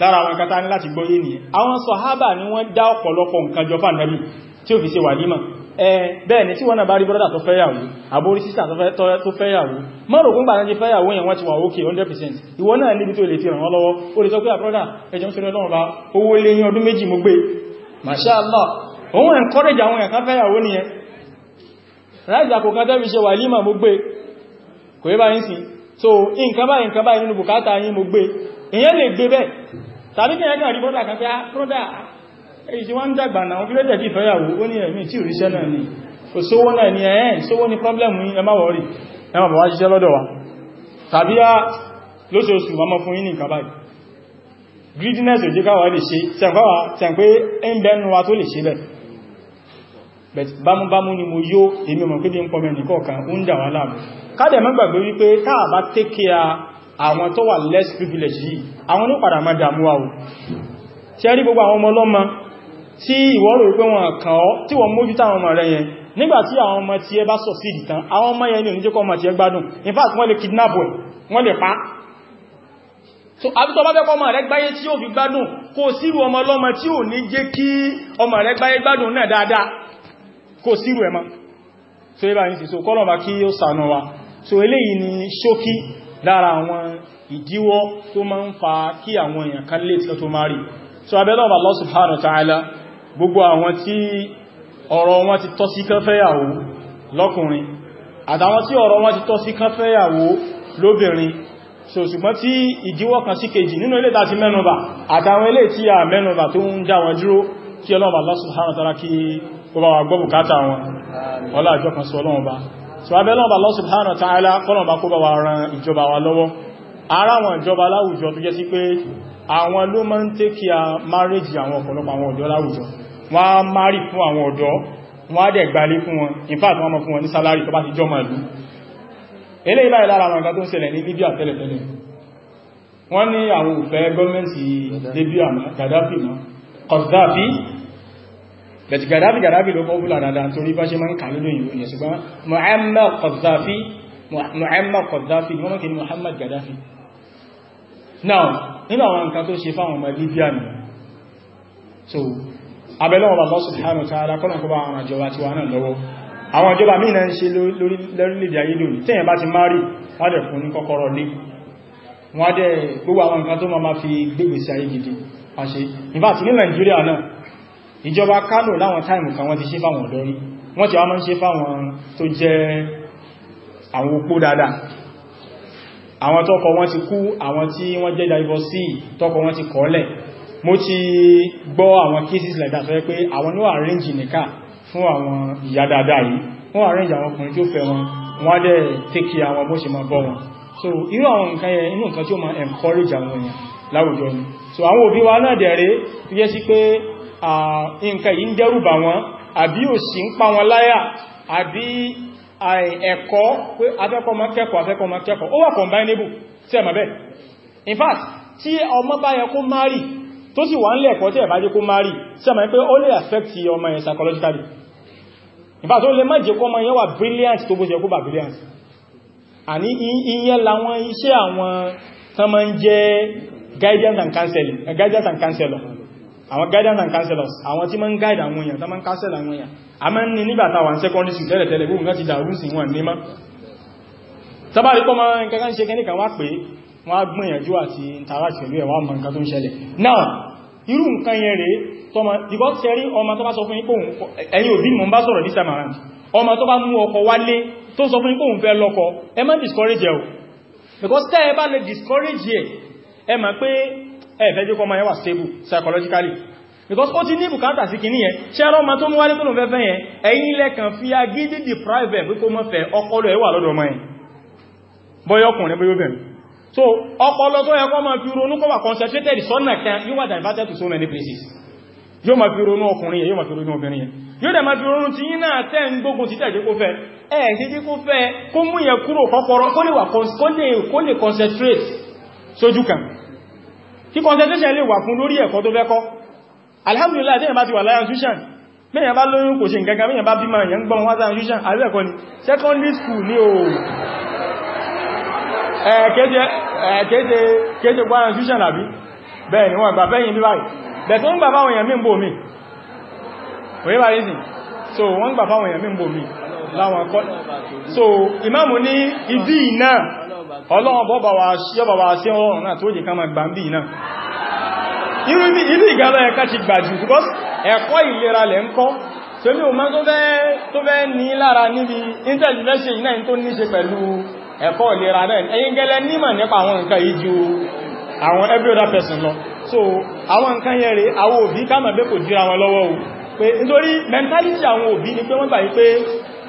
lára àwọn kátà ní láti gbọ́yé ní àwọn sọ̀hábà ni wọ́n dá ọ̀pọ̀lọpọ̀ nǹkan jọ fún Ànábì tí ó fi ṣe wàlímà bẹ́ẹ̀ ni tí wọ́n náà bá rí brọ́dà tó fẹ́yàwó àbórí sísà tó fẹ́yàwó mọ́rùn-ún gbà náà ti fẹ́yàwó yẹn wọ́n ti wà ókè 100% ìwọ náà níbi tó lè fi ràn wọ́n lọ́wọ́ ó lè sọ pé àbrọ́dà ẹjọ́ ń sọ lọ́wọ́ bá owó lé ní ọdún méjì mo gbé Masha Allah òun encourage àwọn ẹ̀kan fẹ́yàwó nìyẹn ráìzà kò kan tẹ́bí ṣe wàlímà mo gbé kò yẹ bá yín sí so nǹkan báyìí nǹkan báyìí nínú bùkátà yín mo gbé èyàn lè gbé bẹ́ẹ̀ tàbí kí ẹgbẹ́ àríbọ́dà kan pé á kúrọ́dà èyí tí wọ́n ń dàgbà náà kí lẹ́jẹ̀ tí ìfẹ́yàwó ó ní ẹ̀mí tí òríṣẹ́ náà ni kò sówó náà ni ẹ̀ẹ́ sówó ní pọ́blẹ̀mù ẹ má wọ́rí ẹ má bọ̀wá ṣiṣẹ́ lọ́dọ̀ wa tàbí á ah, lóṣooṣù ma mọ́ fún yín nǹkan báyìí greediness òjé káwà lè ṣe tẹ̀m pé ń bẹnu wa tó lè ṣe bẹ̀ but bámúbámú ni mo yó èmi mọ̀ pé bí ń pọmẹ nìkọ̀ọ̀kan ó ń dà wá láàmú ká dẹ̀ mọ́ gbàgbé wípé táà bá take care àwọn tó wà less privilege yìí àwọn ló padà máa dàmúwà o tí a rí gbogbo àwọn ọmọ ọlọ́mọ tí ìwọ rò pé wọn kàn ọ́ tí wọ́n mójú táwọn ọmọ rẹ̀ yẹn nígbàtí àwọn ọmọ tí ẹ bá succeed tán àwọn ọmọ yẹn ní jẹ́ ọmọ tí ẹ gbádùn so àbí tó bá fẹ́ kọ́ ọmọ rẹ̀ gbáyé tí ó fi gbádùn kò sírù ọmọ ọlọ́mọ tí ò ní jẹ́ kí ọmọ rẹ̀ gbáyé gbádùn lára àwọn ìdíwọ́ tó máa ń fa kí àwọn èèyàn kan lè tó máa rí so abẹ́lọ́ Allah subhanahu wa ta'ala gbogbo àwọn tí ọ̀rọ̀ wọn ti tọ́ sí kán fẹ́yàwó lọ́kùnrin àtàwọn tí ọ̀rọ̀ wọn ti tọ́ sí kán lóbìnrin so ṣùgbọ́n tí ìdíwọ́ kan sí kejì nínú ilé tàti mẹ́nubà àtàwọn ilé tí a mẹ́nubà tó ń já wọn dúró kí Ọlọ́run Allah subhanahu wa kí ó bá wọn ọlá àjọ kan sí Ọlọ́run so abẹ́lọ́ba Allah subhanahu wa ta'ala kọ́lọ̀bá kó bá wa ran ìjọba wa lọ́wọ́ ara wọn ìjọba láwùjọ tó jẹ́ sí pé àwọn ló máa ń take care marriage àwọn ọ̀pọ̀lọpọ̀ àwọn ọ̀dọ́ láwùjọ wọ́n á marry fún àwọn ọ̀dọ́ wọ́n á dẹ̀ gbalé fún wọn in fact wọ́n mọ̀ fún wọn ní salary tó bá ti jọ mọ̀ ìlú eléyìí báyìí lára àwọn Libya tẹ́lẹ̀tẹ́lẹ̀ wọ́n ní àwọn òfẹ́ gọ́ọ̀mẹ́ntì Libya Gaddafi mọ́ Qaddafi bẹ̀tì Gaddafi Gaddafi ló kọ́ wúlà dáadáa torí bá ṣe máa ń kà nínú ìlú ní ṣùgbọ́n Muammar Qaddafi Muammar Qaddafi ni wọ́n mọ́kí ní Muhammad Gaddafi now nínú àwọn nǹkan tó ṣe fáwọn ọmọ Libya ni so abẹ́lọ́wọ́ bá lọ́sùn subhanahu wa ta'ala kọ́nà kọ́ bá àwọn àjọba tí wọ́n náà lọ́wọ́ àwọn ìjọba míì náà ń ṣe lórílẹ̀-èdè ayé ìjọba Kánò láwọn táìmù kan wọ́n ti ṣe fáwọn ọ̀dọ́ rí wọ́n ti wá mọ́ ṣe fáwọn tó jẹ́ àwọn opó dáadáa àwọn tọ́kọ wọn ti kú àwọn tí wọ́n jẹ́ divorcee tọ́kọ wọn ti kọ́lẹ̀ mo ti gbọ́ àwọn cases like that sọ pé àwọn ló arrange nìka fún àwọn ìyá dáadáa yìí wọ́n arrange àwọn ọkùnrin tí ó fẹ́ wọn wọ́n dẹ̀ take care àwọn bó ṣe máa bọ́ wọn so irú àwọn nǹkan yẹn inú nǹkan tí ó máa encourage àwọn èèyàn láwùjọ ni so àwọn òbí wa náà dẹ̀ rèé tó jẹ́ sí pé nǹkan yìí ń dẹ́rùbà wọn àbí òṣì ń pa wọn láyà àbí ẹ̀kọ́ pé afẹ́kọ́ ma kẹ́kọ̀ọ́ afẹ́kọ́ ma kẹ́kọ̀ọ́ ó wà combinable tí ẹ̀mà bẹ́ẹ̀ in fact tí ọmọ bá yẹ kó márì tó sì wà ń lẹ́ẹ̀kọ́ tí ẹ̀bá jẹ́ kó márì tí ẹ̀mà pé ó lè affect ọmọ yẹn psychologically in fact ó lè má jẹ́ kó ọmọ yẹn wà brilliant tó bó jẹ́ kó bà brilliant àní ìyẹn làwọn iṣẹ́ àwọn tán máa ń jẹ́ guidance and counseling guidance and counselor àwọn guidance and counselors àwọn tí ma ń guide àwọn èèyàn tó ma ń counsel àwọn èèyàn a ma ń ní nígbàtà wà ní secondary school tẹ́lẹ̀ tẹ́lẹ̀ gbogbo nǹkan ti dàrú sí wọn ní má tàbárí pọ́ ma ń kankan ṣe kẹ́nìkan wá pé wọ́n á gbìyànjú àti interact pẹ̀lú mọ̀ nǹkan tó ń now irú nǹkan yẹn rèé tọmọ ìbọ́ tẹ́rí ọmọ tó bá sọ fún ipò ẹ̀yìn òbí this time around ọmọ tó bá mú ọkọ wálé tó sọ fún discourage ẹ̀ because tẹ́ ẹ bá discourage ẹ̀ ẹ mọ̀ ẹ̀fẹ́ jẹ́ kọ́ ma yẹwà stable psychologically because ó ti ní bùkátà sí kìíní yẹn ṣe ẹ̀rọ ma tó mú wálé kónú fẹ́fẹ́ yẹn ẹ̀yìn lẹ́kàn fi agídí deprive ẹ̀ pípò mọ́fẹ́ ọpọlọ ẹ̀wà lọ́dọ̀ ọmọ yẹn bọ́yọ́ ọkùnrin bọ́yọ́ bẹ̀rẹ̀ so ọpọlọ tó yẹ kó ma fi ronú kó wà concentrated sọ́nà kan yóò wà diverted to so many places yóò ma fi ronú ọkùnrin yẹn yóò ma fi ronú obìnrin yẹn yóò dẹ̀ ma fi ronú tí yí náà tẹ́ ń gbógun títẹ̀ jẹ́ kó fẹ́ ẹ̀ sí jẹ́ kó fẹ́ kó mú yẹ kúrò kọ́kọ́rọ́ kó lè concentrate sójú kan kí concentration lè wà fún lórí ẹ̀kọ́ tó fẹ́ kọ́ alhamdulillah tí èyàn bá ti wà láyé institution mẹ́yàn bá lóyún kò ṣe nǹkankan mẹ́yàn bá bímọ èyàn gbọ́n wá sáà institution àríwẹ̀kọ́ ni secondary school ní o kéje gbọ́n institution àbí bẹ́ẹ̀ ni wọ́n gbà fẹ́yìn bíbáyìí bẹ̀ tó ń gbà fáwọn èyàn mímbò mi òye so wọ́n gbà fáwọn èyàn mímbò so imáàmù ní ọlọ́run bọ́ bá wa sí ọba wa sí ọrùn náà tó jì ká ma gbà ń bí náà irú ilú ìgbàlọ́ ẹ̀ká ti gbà jù because ẹ̀kọ́ ìlera lẹ̀ ń kọ́ tó ní o máa tó fẹ́ ní lára níbi intervention náà tó ní every other person so àwọn nǹkan yẹn rẹ̀ àwọn òbí ká mọ̀ pé kò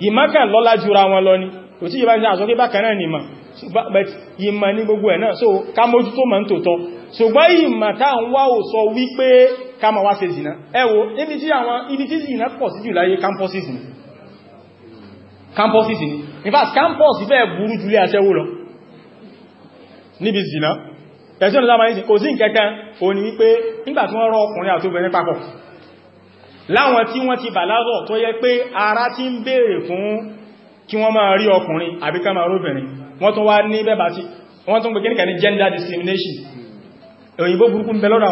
ìmọ̀kàn lọ́lá jura wọn lọ ni kò tí ìbá ní àṣọ́kí bákan náà ni ìmọ̀ but ìmọ̀ ní gbogbo ẹ̀ náà so ká mójú tó mọ̀ ń tòótọ́ ṣùgbọ́n ìmọ̀ tá ń wá ò sọ wípé ká ma wá ṣe zìnà ẹ wò ibi tí àwọn ibi tí zìnà pọ̀ sí jù láyé campuses ni campuses ni in fact campus bẹ́ẹ̀ burú jùlé aṣẹ́wó lọ níbi zìnà ẹ̀sùn ìlàmà ìsìn láwọn tí wọ́n ti bàlágọ̀ tó yẹ pé ara ti ń béèrè fún kí wọ́n máa rí ọkùnrin àbí ká máa róbìnrin wọ́n tún wá ní bẹ́bà tí wọ́n tún gbẹ̀kẹ́ ní gender discrimination òyìnbó burúkú ń bẹ lọ́dọ̀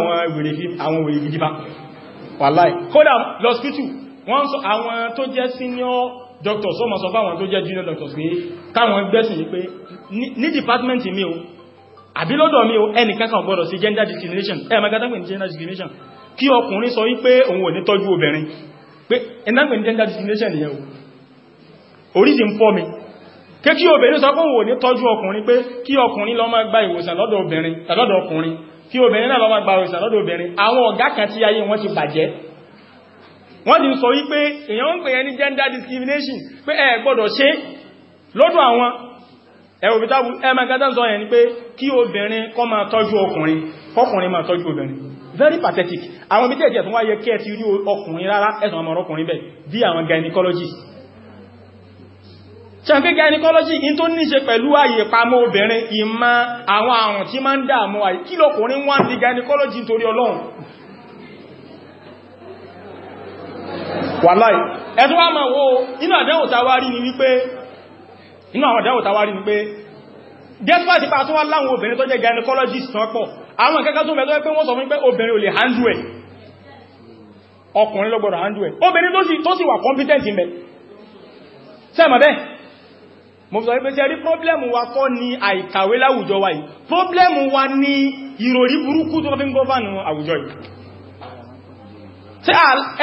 àwọn wèrè gidiba wàláì kódà lọ́spítù wọ́n sọ àwọn tó jẹ́ senior doctors wọ́n ma sọ fáwọn tó jẹ́ junior doctors pé káwọn gbẹ́sìn pé ní department mi o àbí lọ́dọ̀ mi o ẹnìkankan gender discrimination ẹ̀ magadagbẹ̀ ní gender discrimination kí ọkùnrin sọ wípé òun ò ní tọ́jú obìnrin pé ẹ̀nàgbẹ̀ gender discrimination nìyẹn o oríṣi ń fọ́ mi ké kí obìnrin sọ fún òun ò ní tọ́jú ọkùnrin pé kí ọkùnrin lọ máa gba ìwòsàn lọ́dọ̀ obìnrin lọ́dọ̀ ọkùnrin kí gba ti sọ sọ ni pé kí obìnrin very pathetic àwọn bí tẹ́ẹ̀tẹ́ tún wáyé kẹ́ ti rí ọkùnrin rárá ẹ̀sùn ọmọ ọkùnrin bẹ́ẹ̀ bí àwọn gynecologist ṣàǹkẹ́ gynecology in tó ní ṣe pẹ̀lú ààyè pamọ́ obìnrin ìmá àwọn àrùn tí máa ń dààmú àyè kí lọ́kùnrin wá ní gynecology nítorí ọlọ́run wàláì ẹ̀tún wá máa wo inú àdáwò tàwárí ni wípé inú àwọn àdáwò tàwárí ni pé despite pa gynecologist tán àwọn kẹ́kẹ́ tó mẹ́tọ́ pé wọ́n sọ fún pé obìnrin ò lè handú ẹ̀ ọkùnrin ló gbọ́dọ̀ handú ẹ̀ obìnrin tó sì wà competent mẹ́ sẹ́mọ̀ bẹ́ mo sọ pé sẹ́rí pọ́blẹ́mù wa kọ́ ni àìkàwé láwùjọ wa yìí pọ́blẹ́mù wa ni ìròrí burúkú tó fi ń gọ́fànù àwùjọ yìí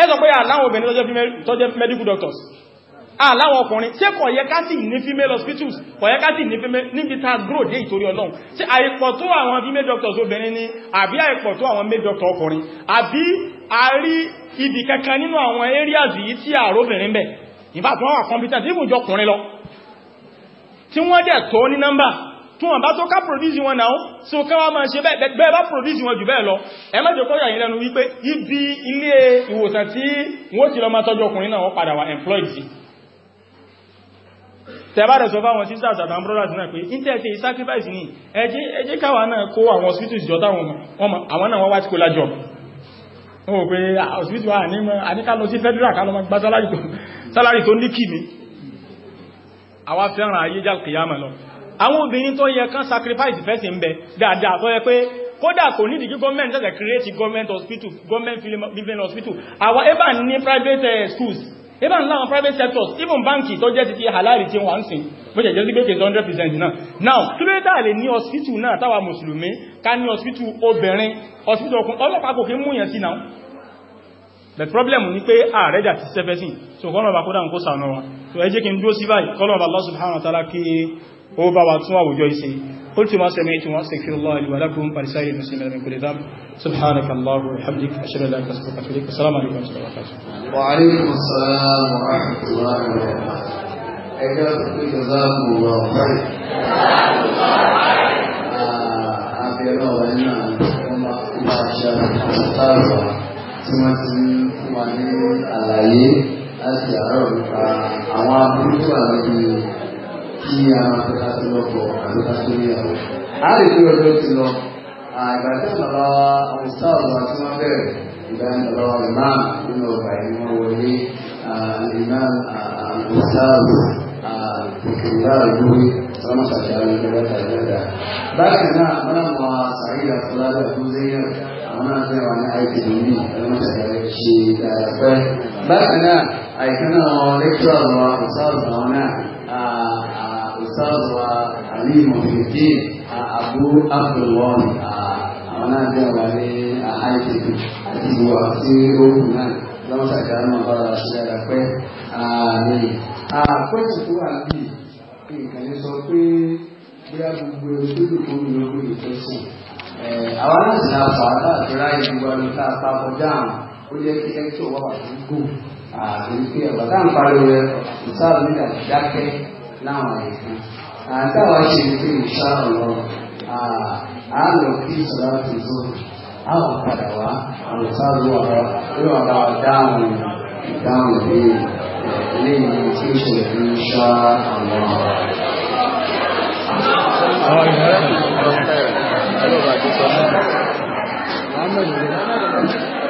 ẹ sọ doctors aláwọ̀ ọkùnrin tí kò yẹ ká sì ní female hospitals kò yẹ ká sì ní female níbi ta grow dé ìtorí ọlọ́run tí àìpọ̀ tó àwọn female doctors obìnrin ni àbí àìpọ̀ tó àwọn male doctor ọkùnrin àbí a rí ibi kankan nínú àwọn areas yìí tí àróbìnrin bẹ̀ ìbátan wà competent even jọ ọkùnrin lọ tí wọ́n produce wọn náà so káwà máa ṣe produce wọn jù bẹ́ẹ̀ lọ ẹ má jẹ́ ibi ilé ìwòsàn tí wọ́n ti lọ máa tọ́jú ọkùnrin náà tẹbàrẹ̀ sọ fáwọn sisters àtàwọn brothers náà pé intẹ́ẹ̀tẹ́ sacrifice ní ẹ jẹ́ káwa náà kó àwọn hospitals jọ táwọn àwọn náà wọ́n wá tí kó lájọ o pé hospital wà ní àníkàlọ sí federal kálọ máa gba sálárì tó ní kìí mi àwa fẹ́ràn ayé jà kìyàmà lọ àwọn obìnrin tó yẹ kán sacrifice fẹ́sì ń bẹ dáadáa tó yẹ pé kódà kò nídìí kí government ṣẹ̀ṣẹ̀ create government hospital government filling hospital àwa ẹbà ní private eh, schools even now láwọn private sectors even banki tó jẹ́ ti ti halari tí wọ́n ń sìn bó jẹ́ jẹ́ sí pé kìí 100% náà now kí ló dáa lè ní hospital náà táwa mùsùlùmí ká ní hospital obìnrin hospital ọkùn ọlọ́pàá kò kí mú yẹn sí náà the problem ni pé ààrẹ jà ti sẹ́fẹ́sìn so kọ́nà ọba kódà ń kó sànà wọn so ẹ jẹ́ kí n dúó sí báyìí kọ́nà ọba Allah subhanahu wa ta'ala kí ó bá wa tún àwùjọ ìsìn قلت ما سمعت واستغفر الله لي ولكم ولسائر المسلمين من كل ذنب سبحانك اللهم وبحمدك اشهد ان لا اله الا انت استغفرك واتوب اليك السلام عليكم ورحمه الله وبركاته وعليكم السلام ورحمه الله وبركاته جزاكم الله خير آه، tí a máa fẹ́ láti lọ́pọ̀ àti láti rí àwọn. a lè fi ọjọ́ ti lọ àgbà tí bàbá àwọn sáàbù àti wọn bẹ̀rẹ̀ ìgbà ní bàbá wa imam nínú ọgbà yìí wọn wọlé imam àwọn sáàbù ìgbà ìlúwé sọmọ ṣàṣàrò ìjọba tàbílẹ̀dà bákan náà mọ́nàmọ́ sàríyà fúlàdà fún zẹ́yìn àwọn náà fẹ́ wà ní àìkèdèmí ọmọ ṣàṣàrò ṣe dáadáa bákan náà àìkánná àwọn lẹ́kítọ́ àwọn ọ̀sáàbù àwọn náà ustaz wa alimu fikin ah, abu abdullahi ah, àwọn náà jẹ́ wà ní àìkèkè ah, àti ìwà sí ogun náà lọ́wọ́ sàkà náà bára ṣe dára pé ààrẹ àpẹ́jì tó wà bí a ní sọ pé bóyá gbogbo ẹni tó lè kó nínú ogun ìfẹ́sìn eh, àwọn náà sì náà fà á láti ráyè gbogbo ẹni tá a pa kọjá àwọn ó yẹ kí ẹjọ́ wà wà ní gò àti pé ọ̀gá tá à ń pariwo ẹ̀ ọ̀sán nígbà dákẹ́ láwọn ẹ̀kan àtàwọn ṣe ń pè ìṣá ọ̀rọ̀ àálò kí ìṣọ̀lá ti tó àwọn padà wá àwọn ọ̀rọ̀ ló wà bá dáhùn ìdáhùn bí eléyìí tí ó ṣẹlẹ̀ ní ìṣá ọ̀rọ̀.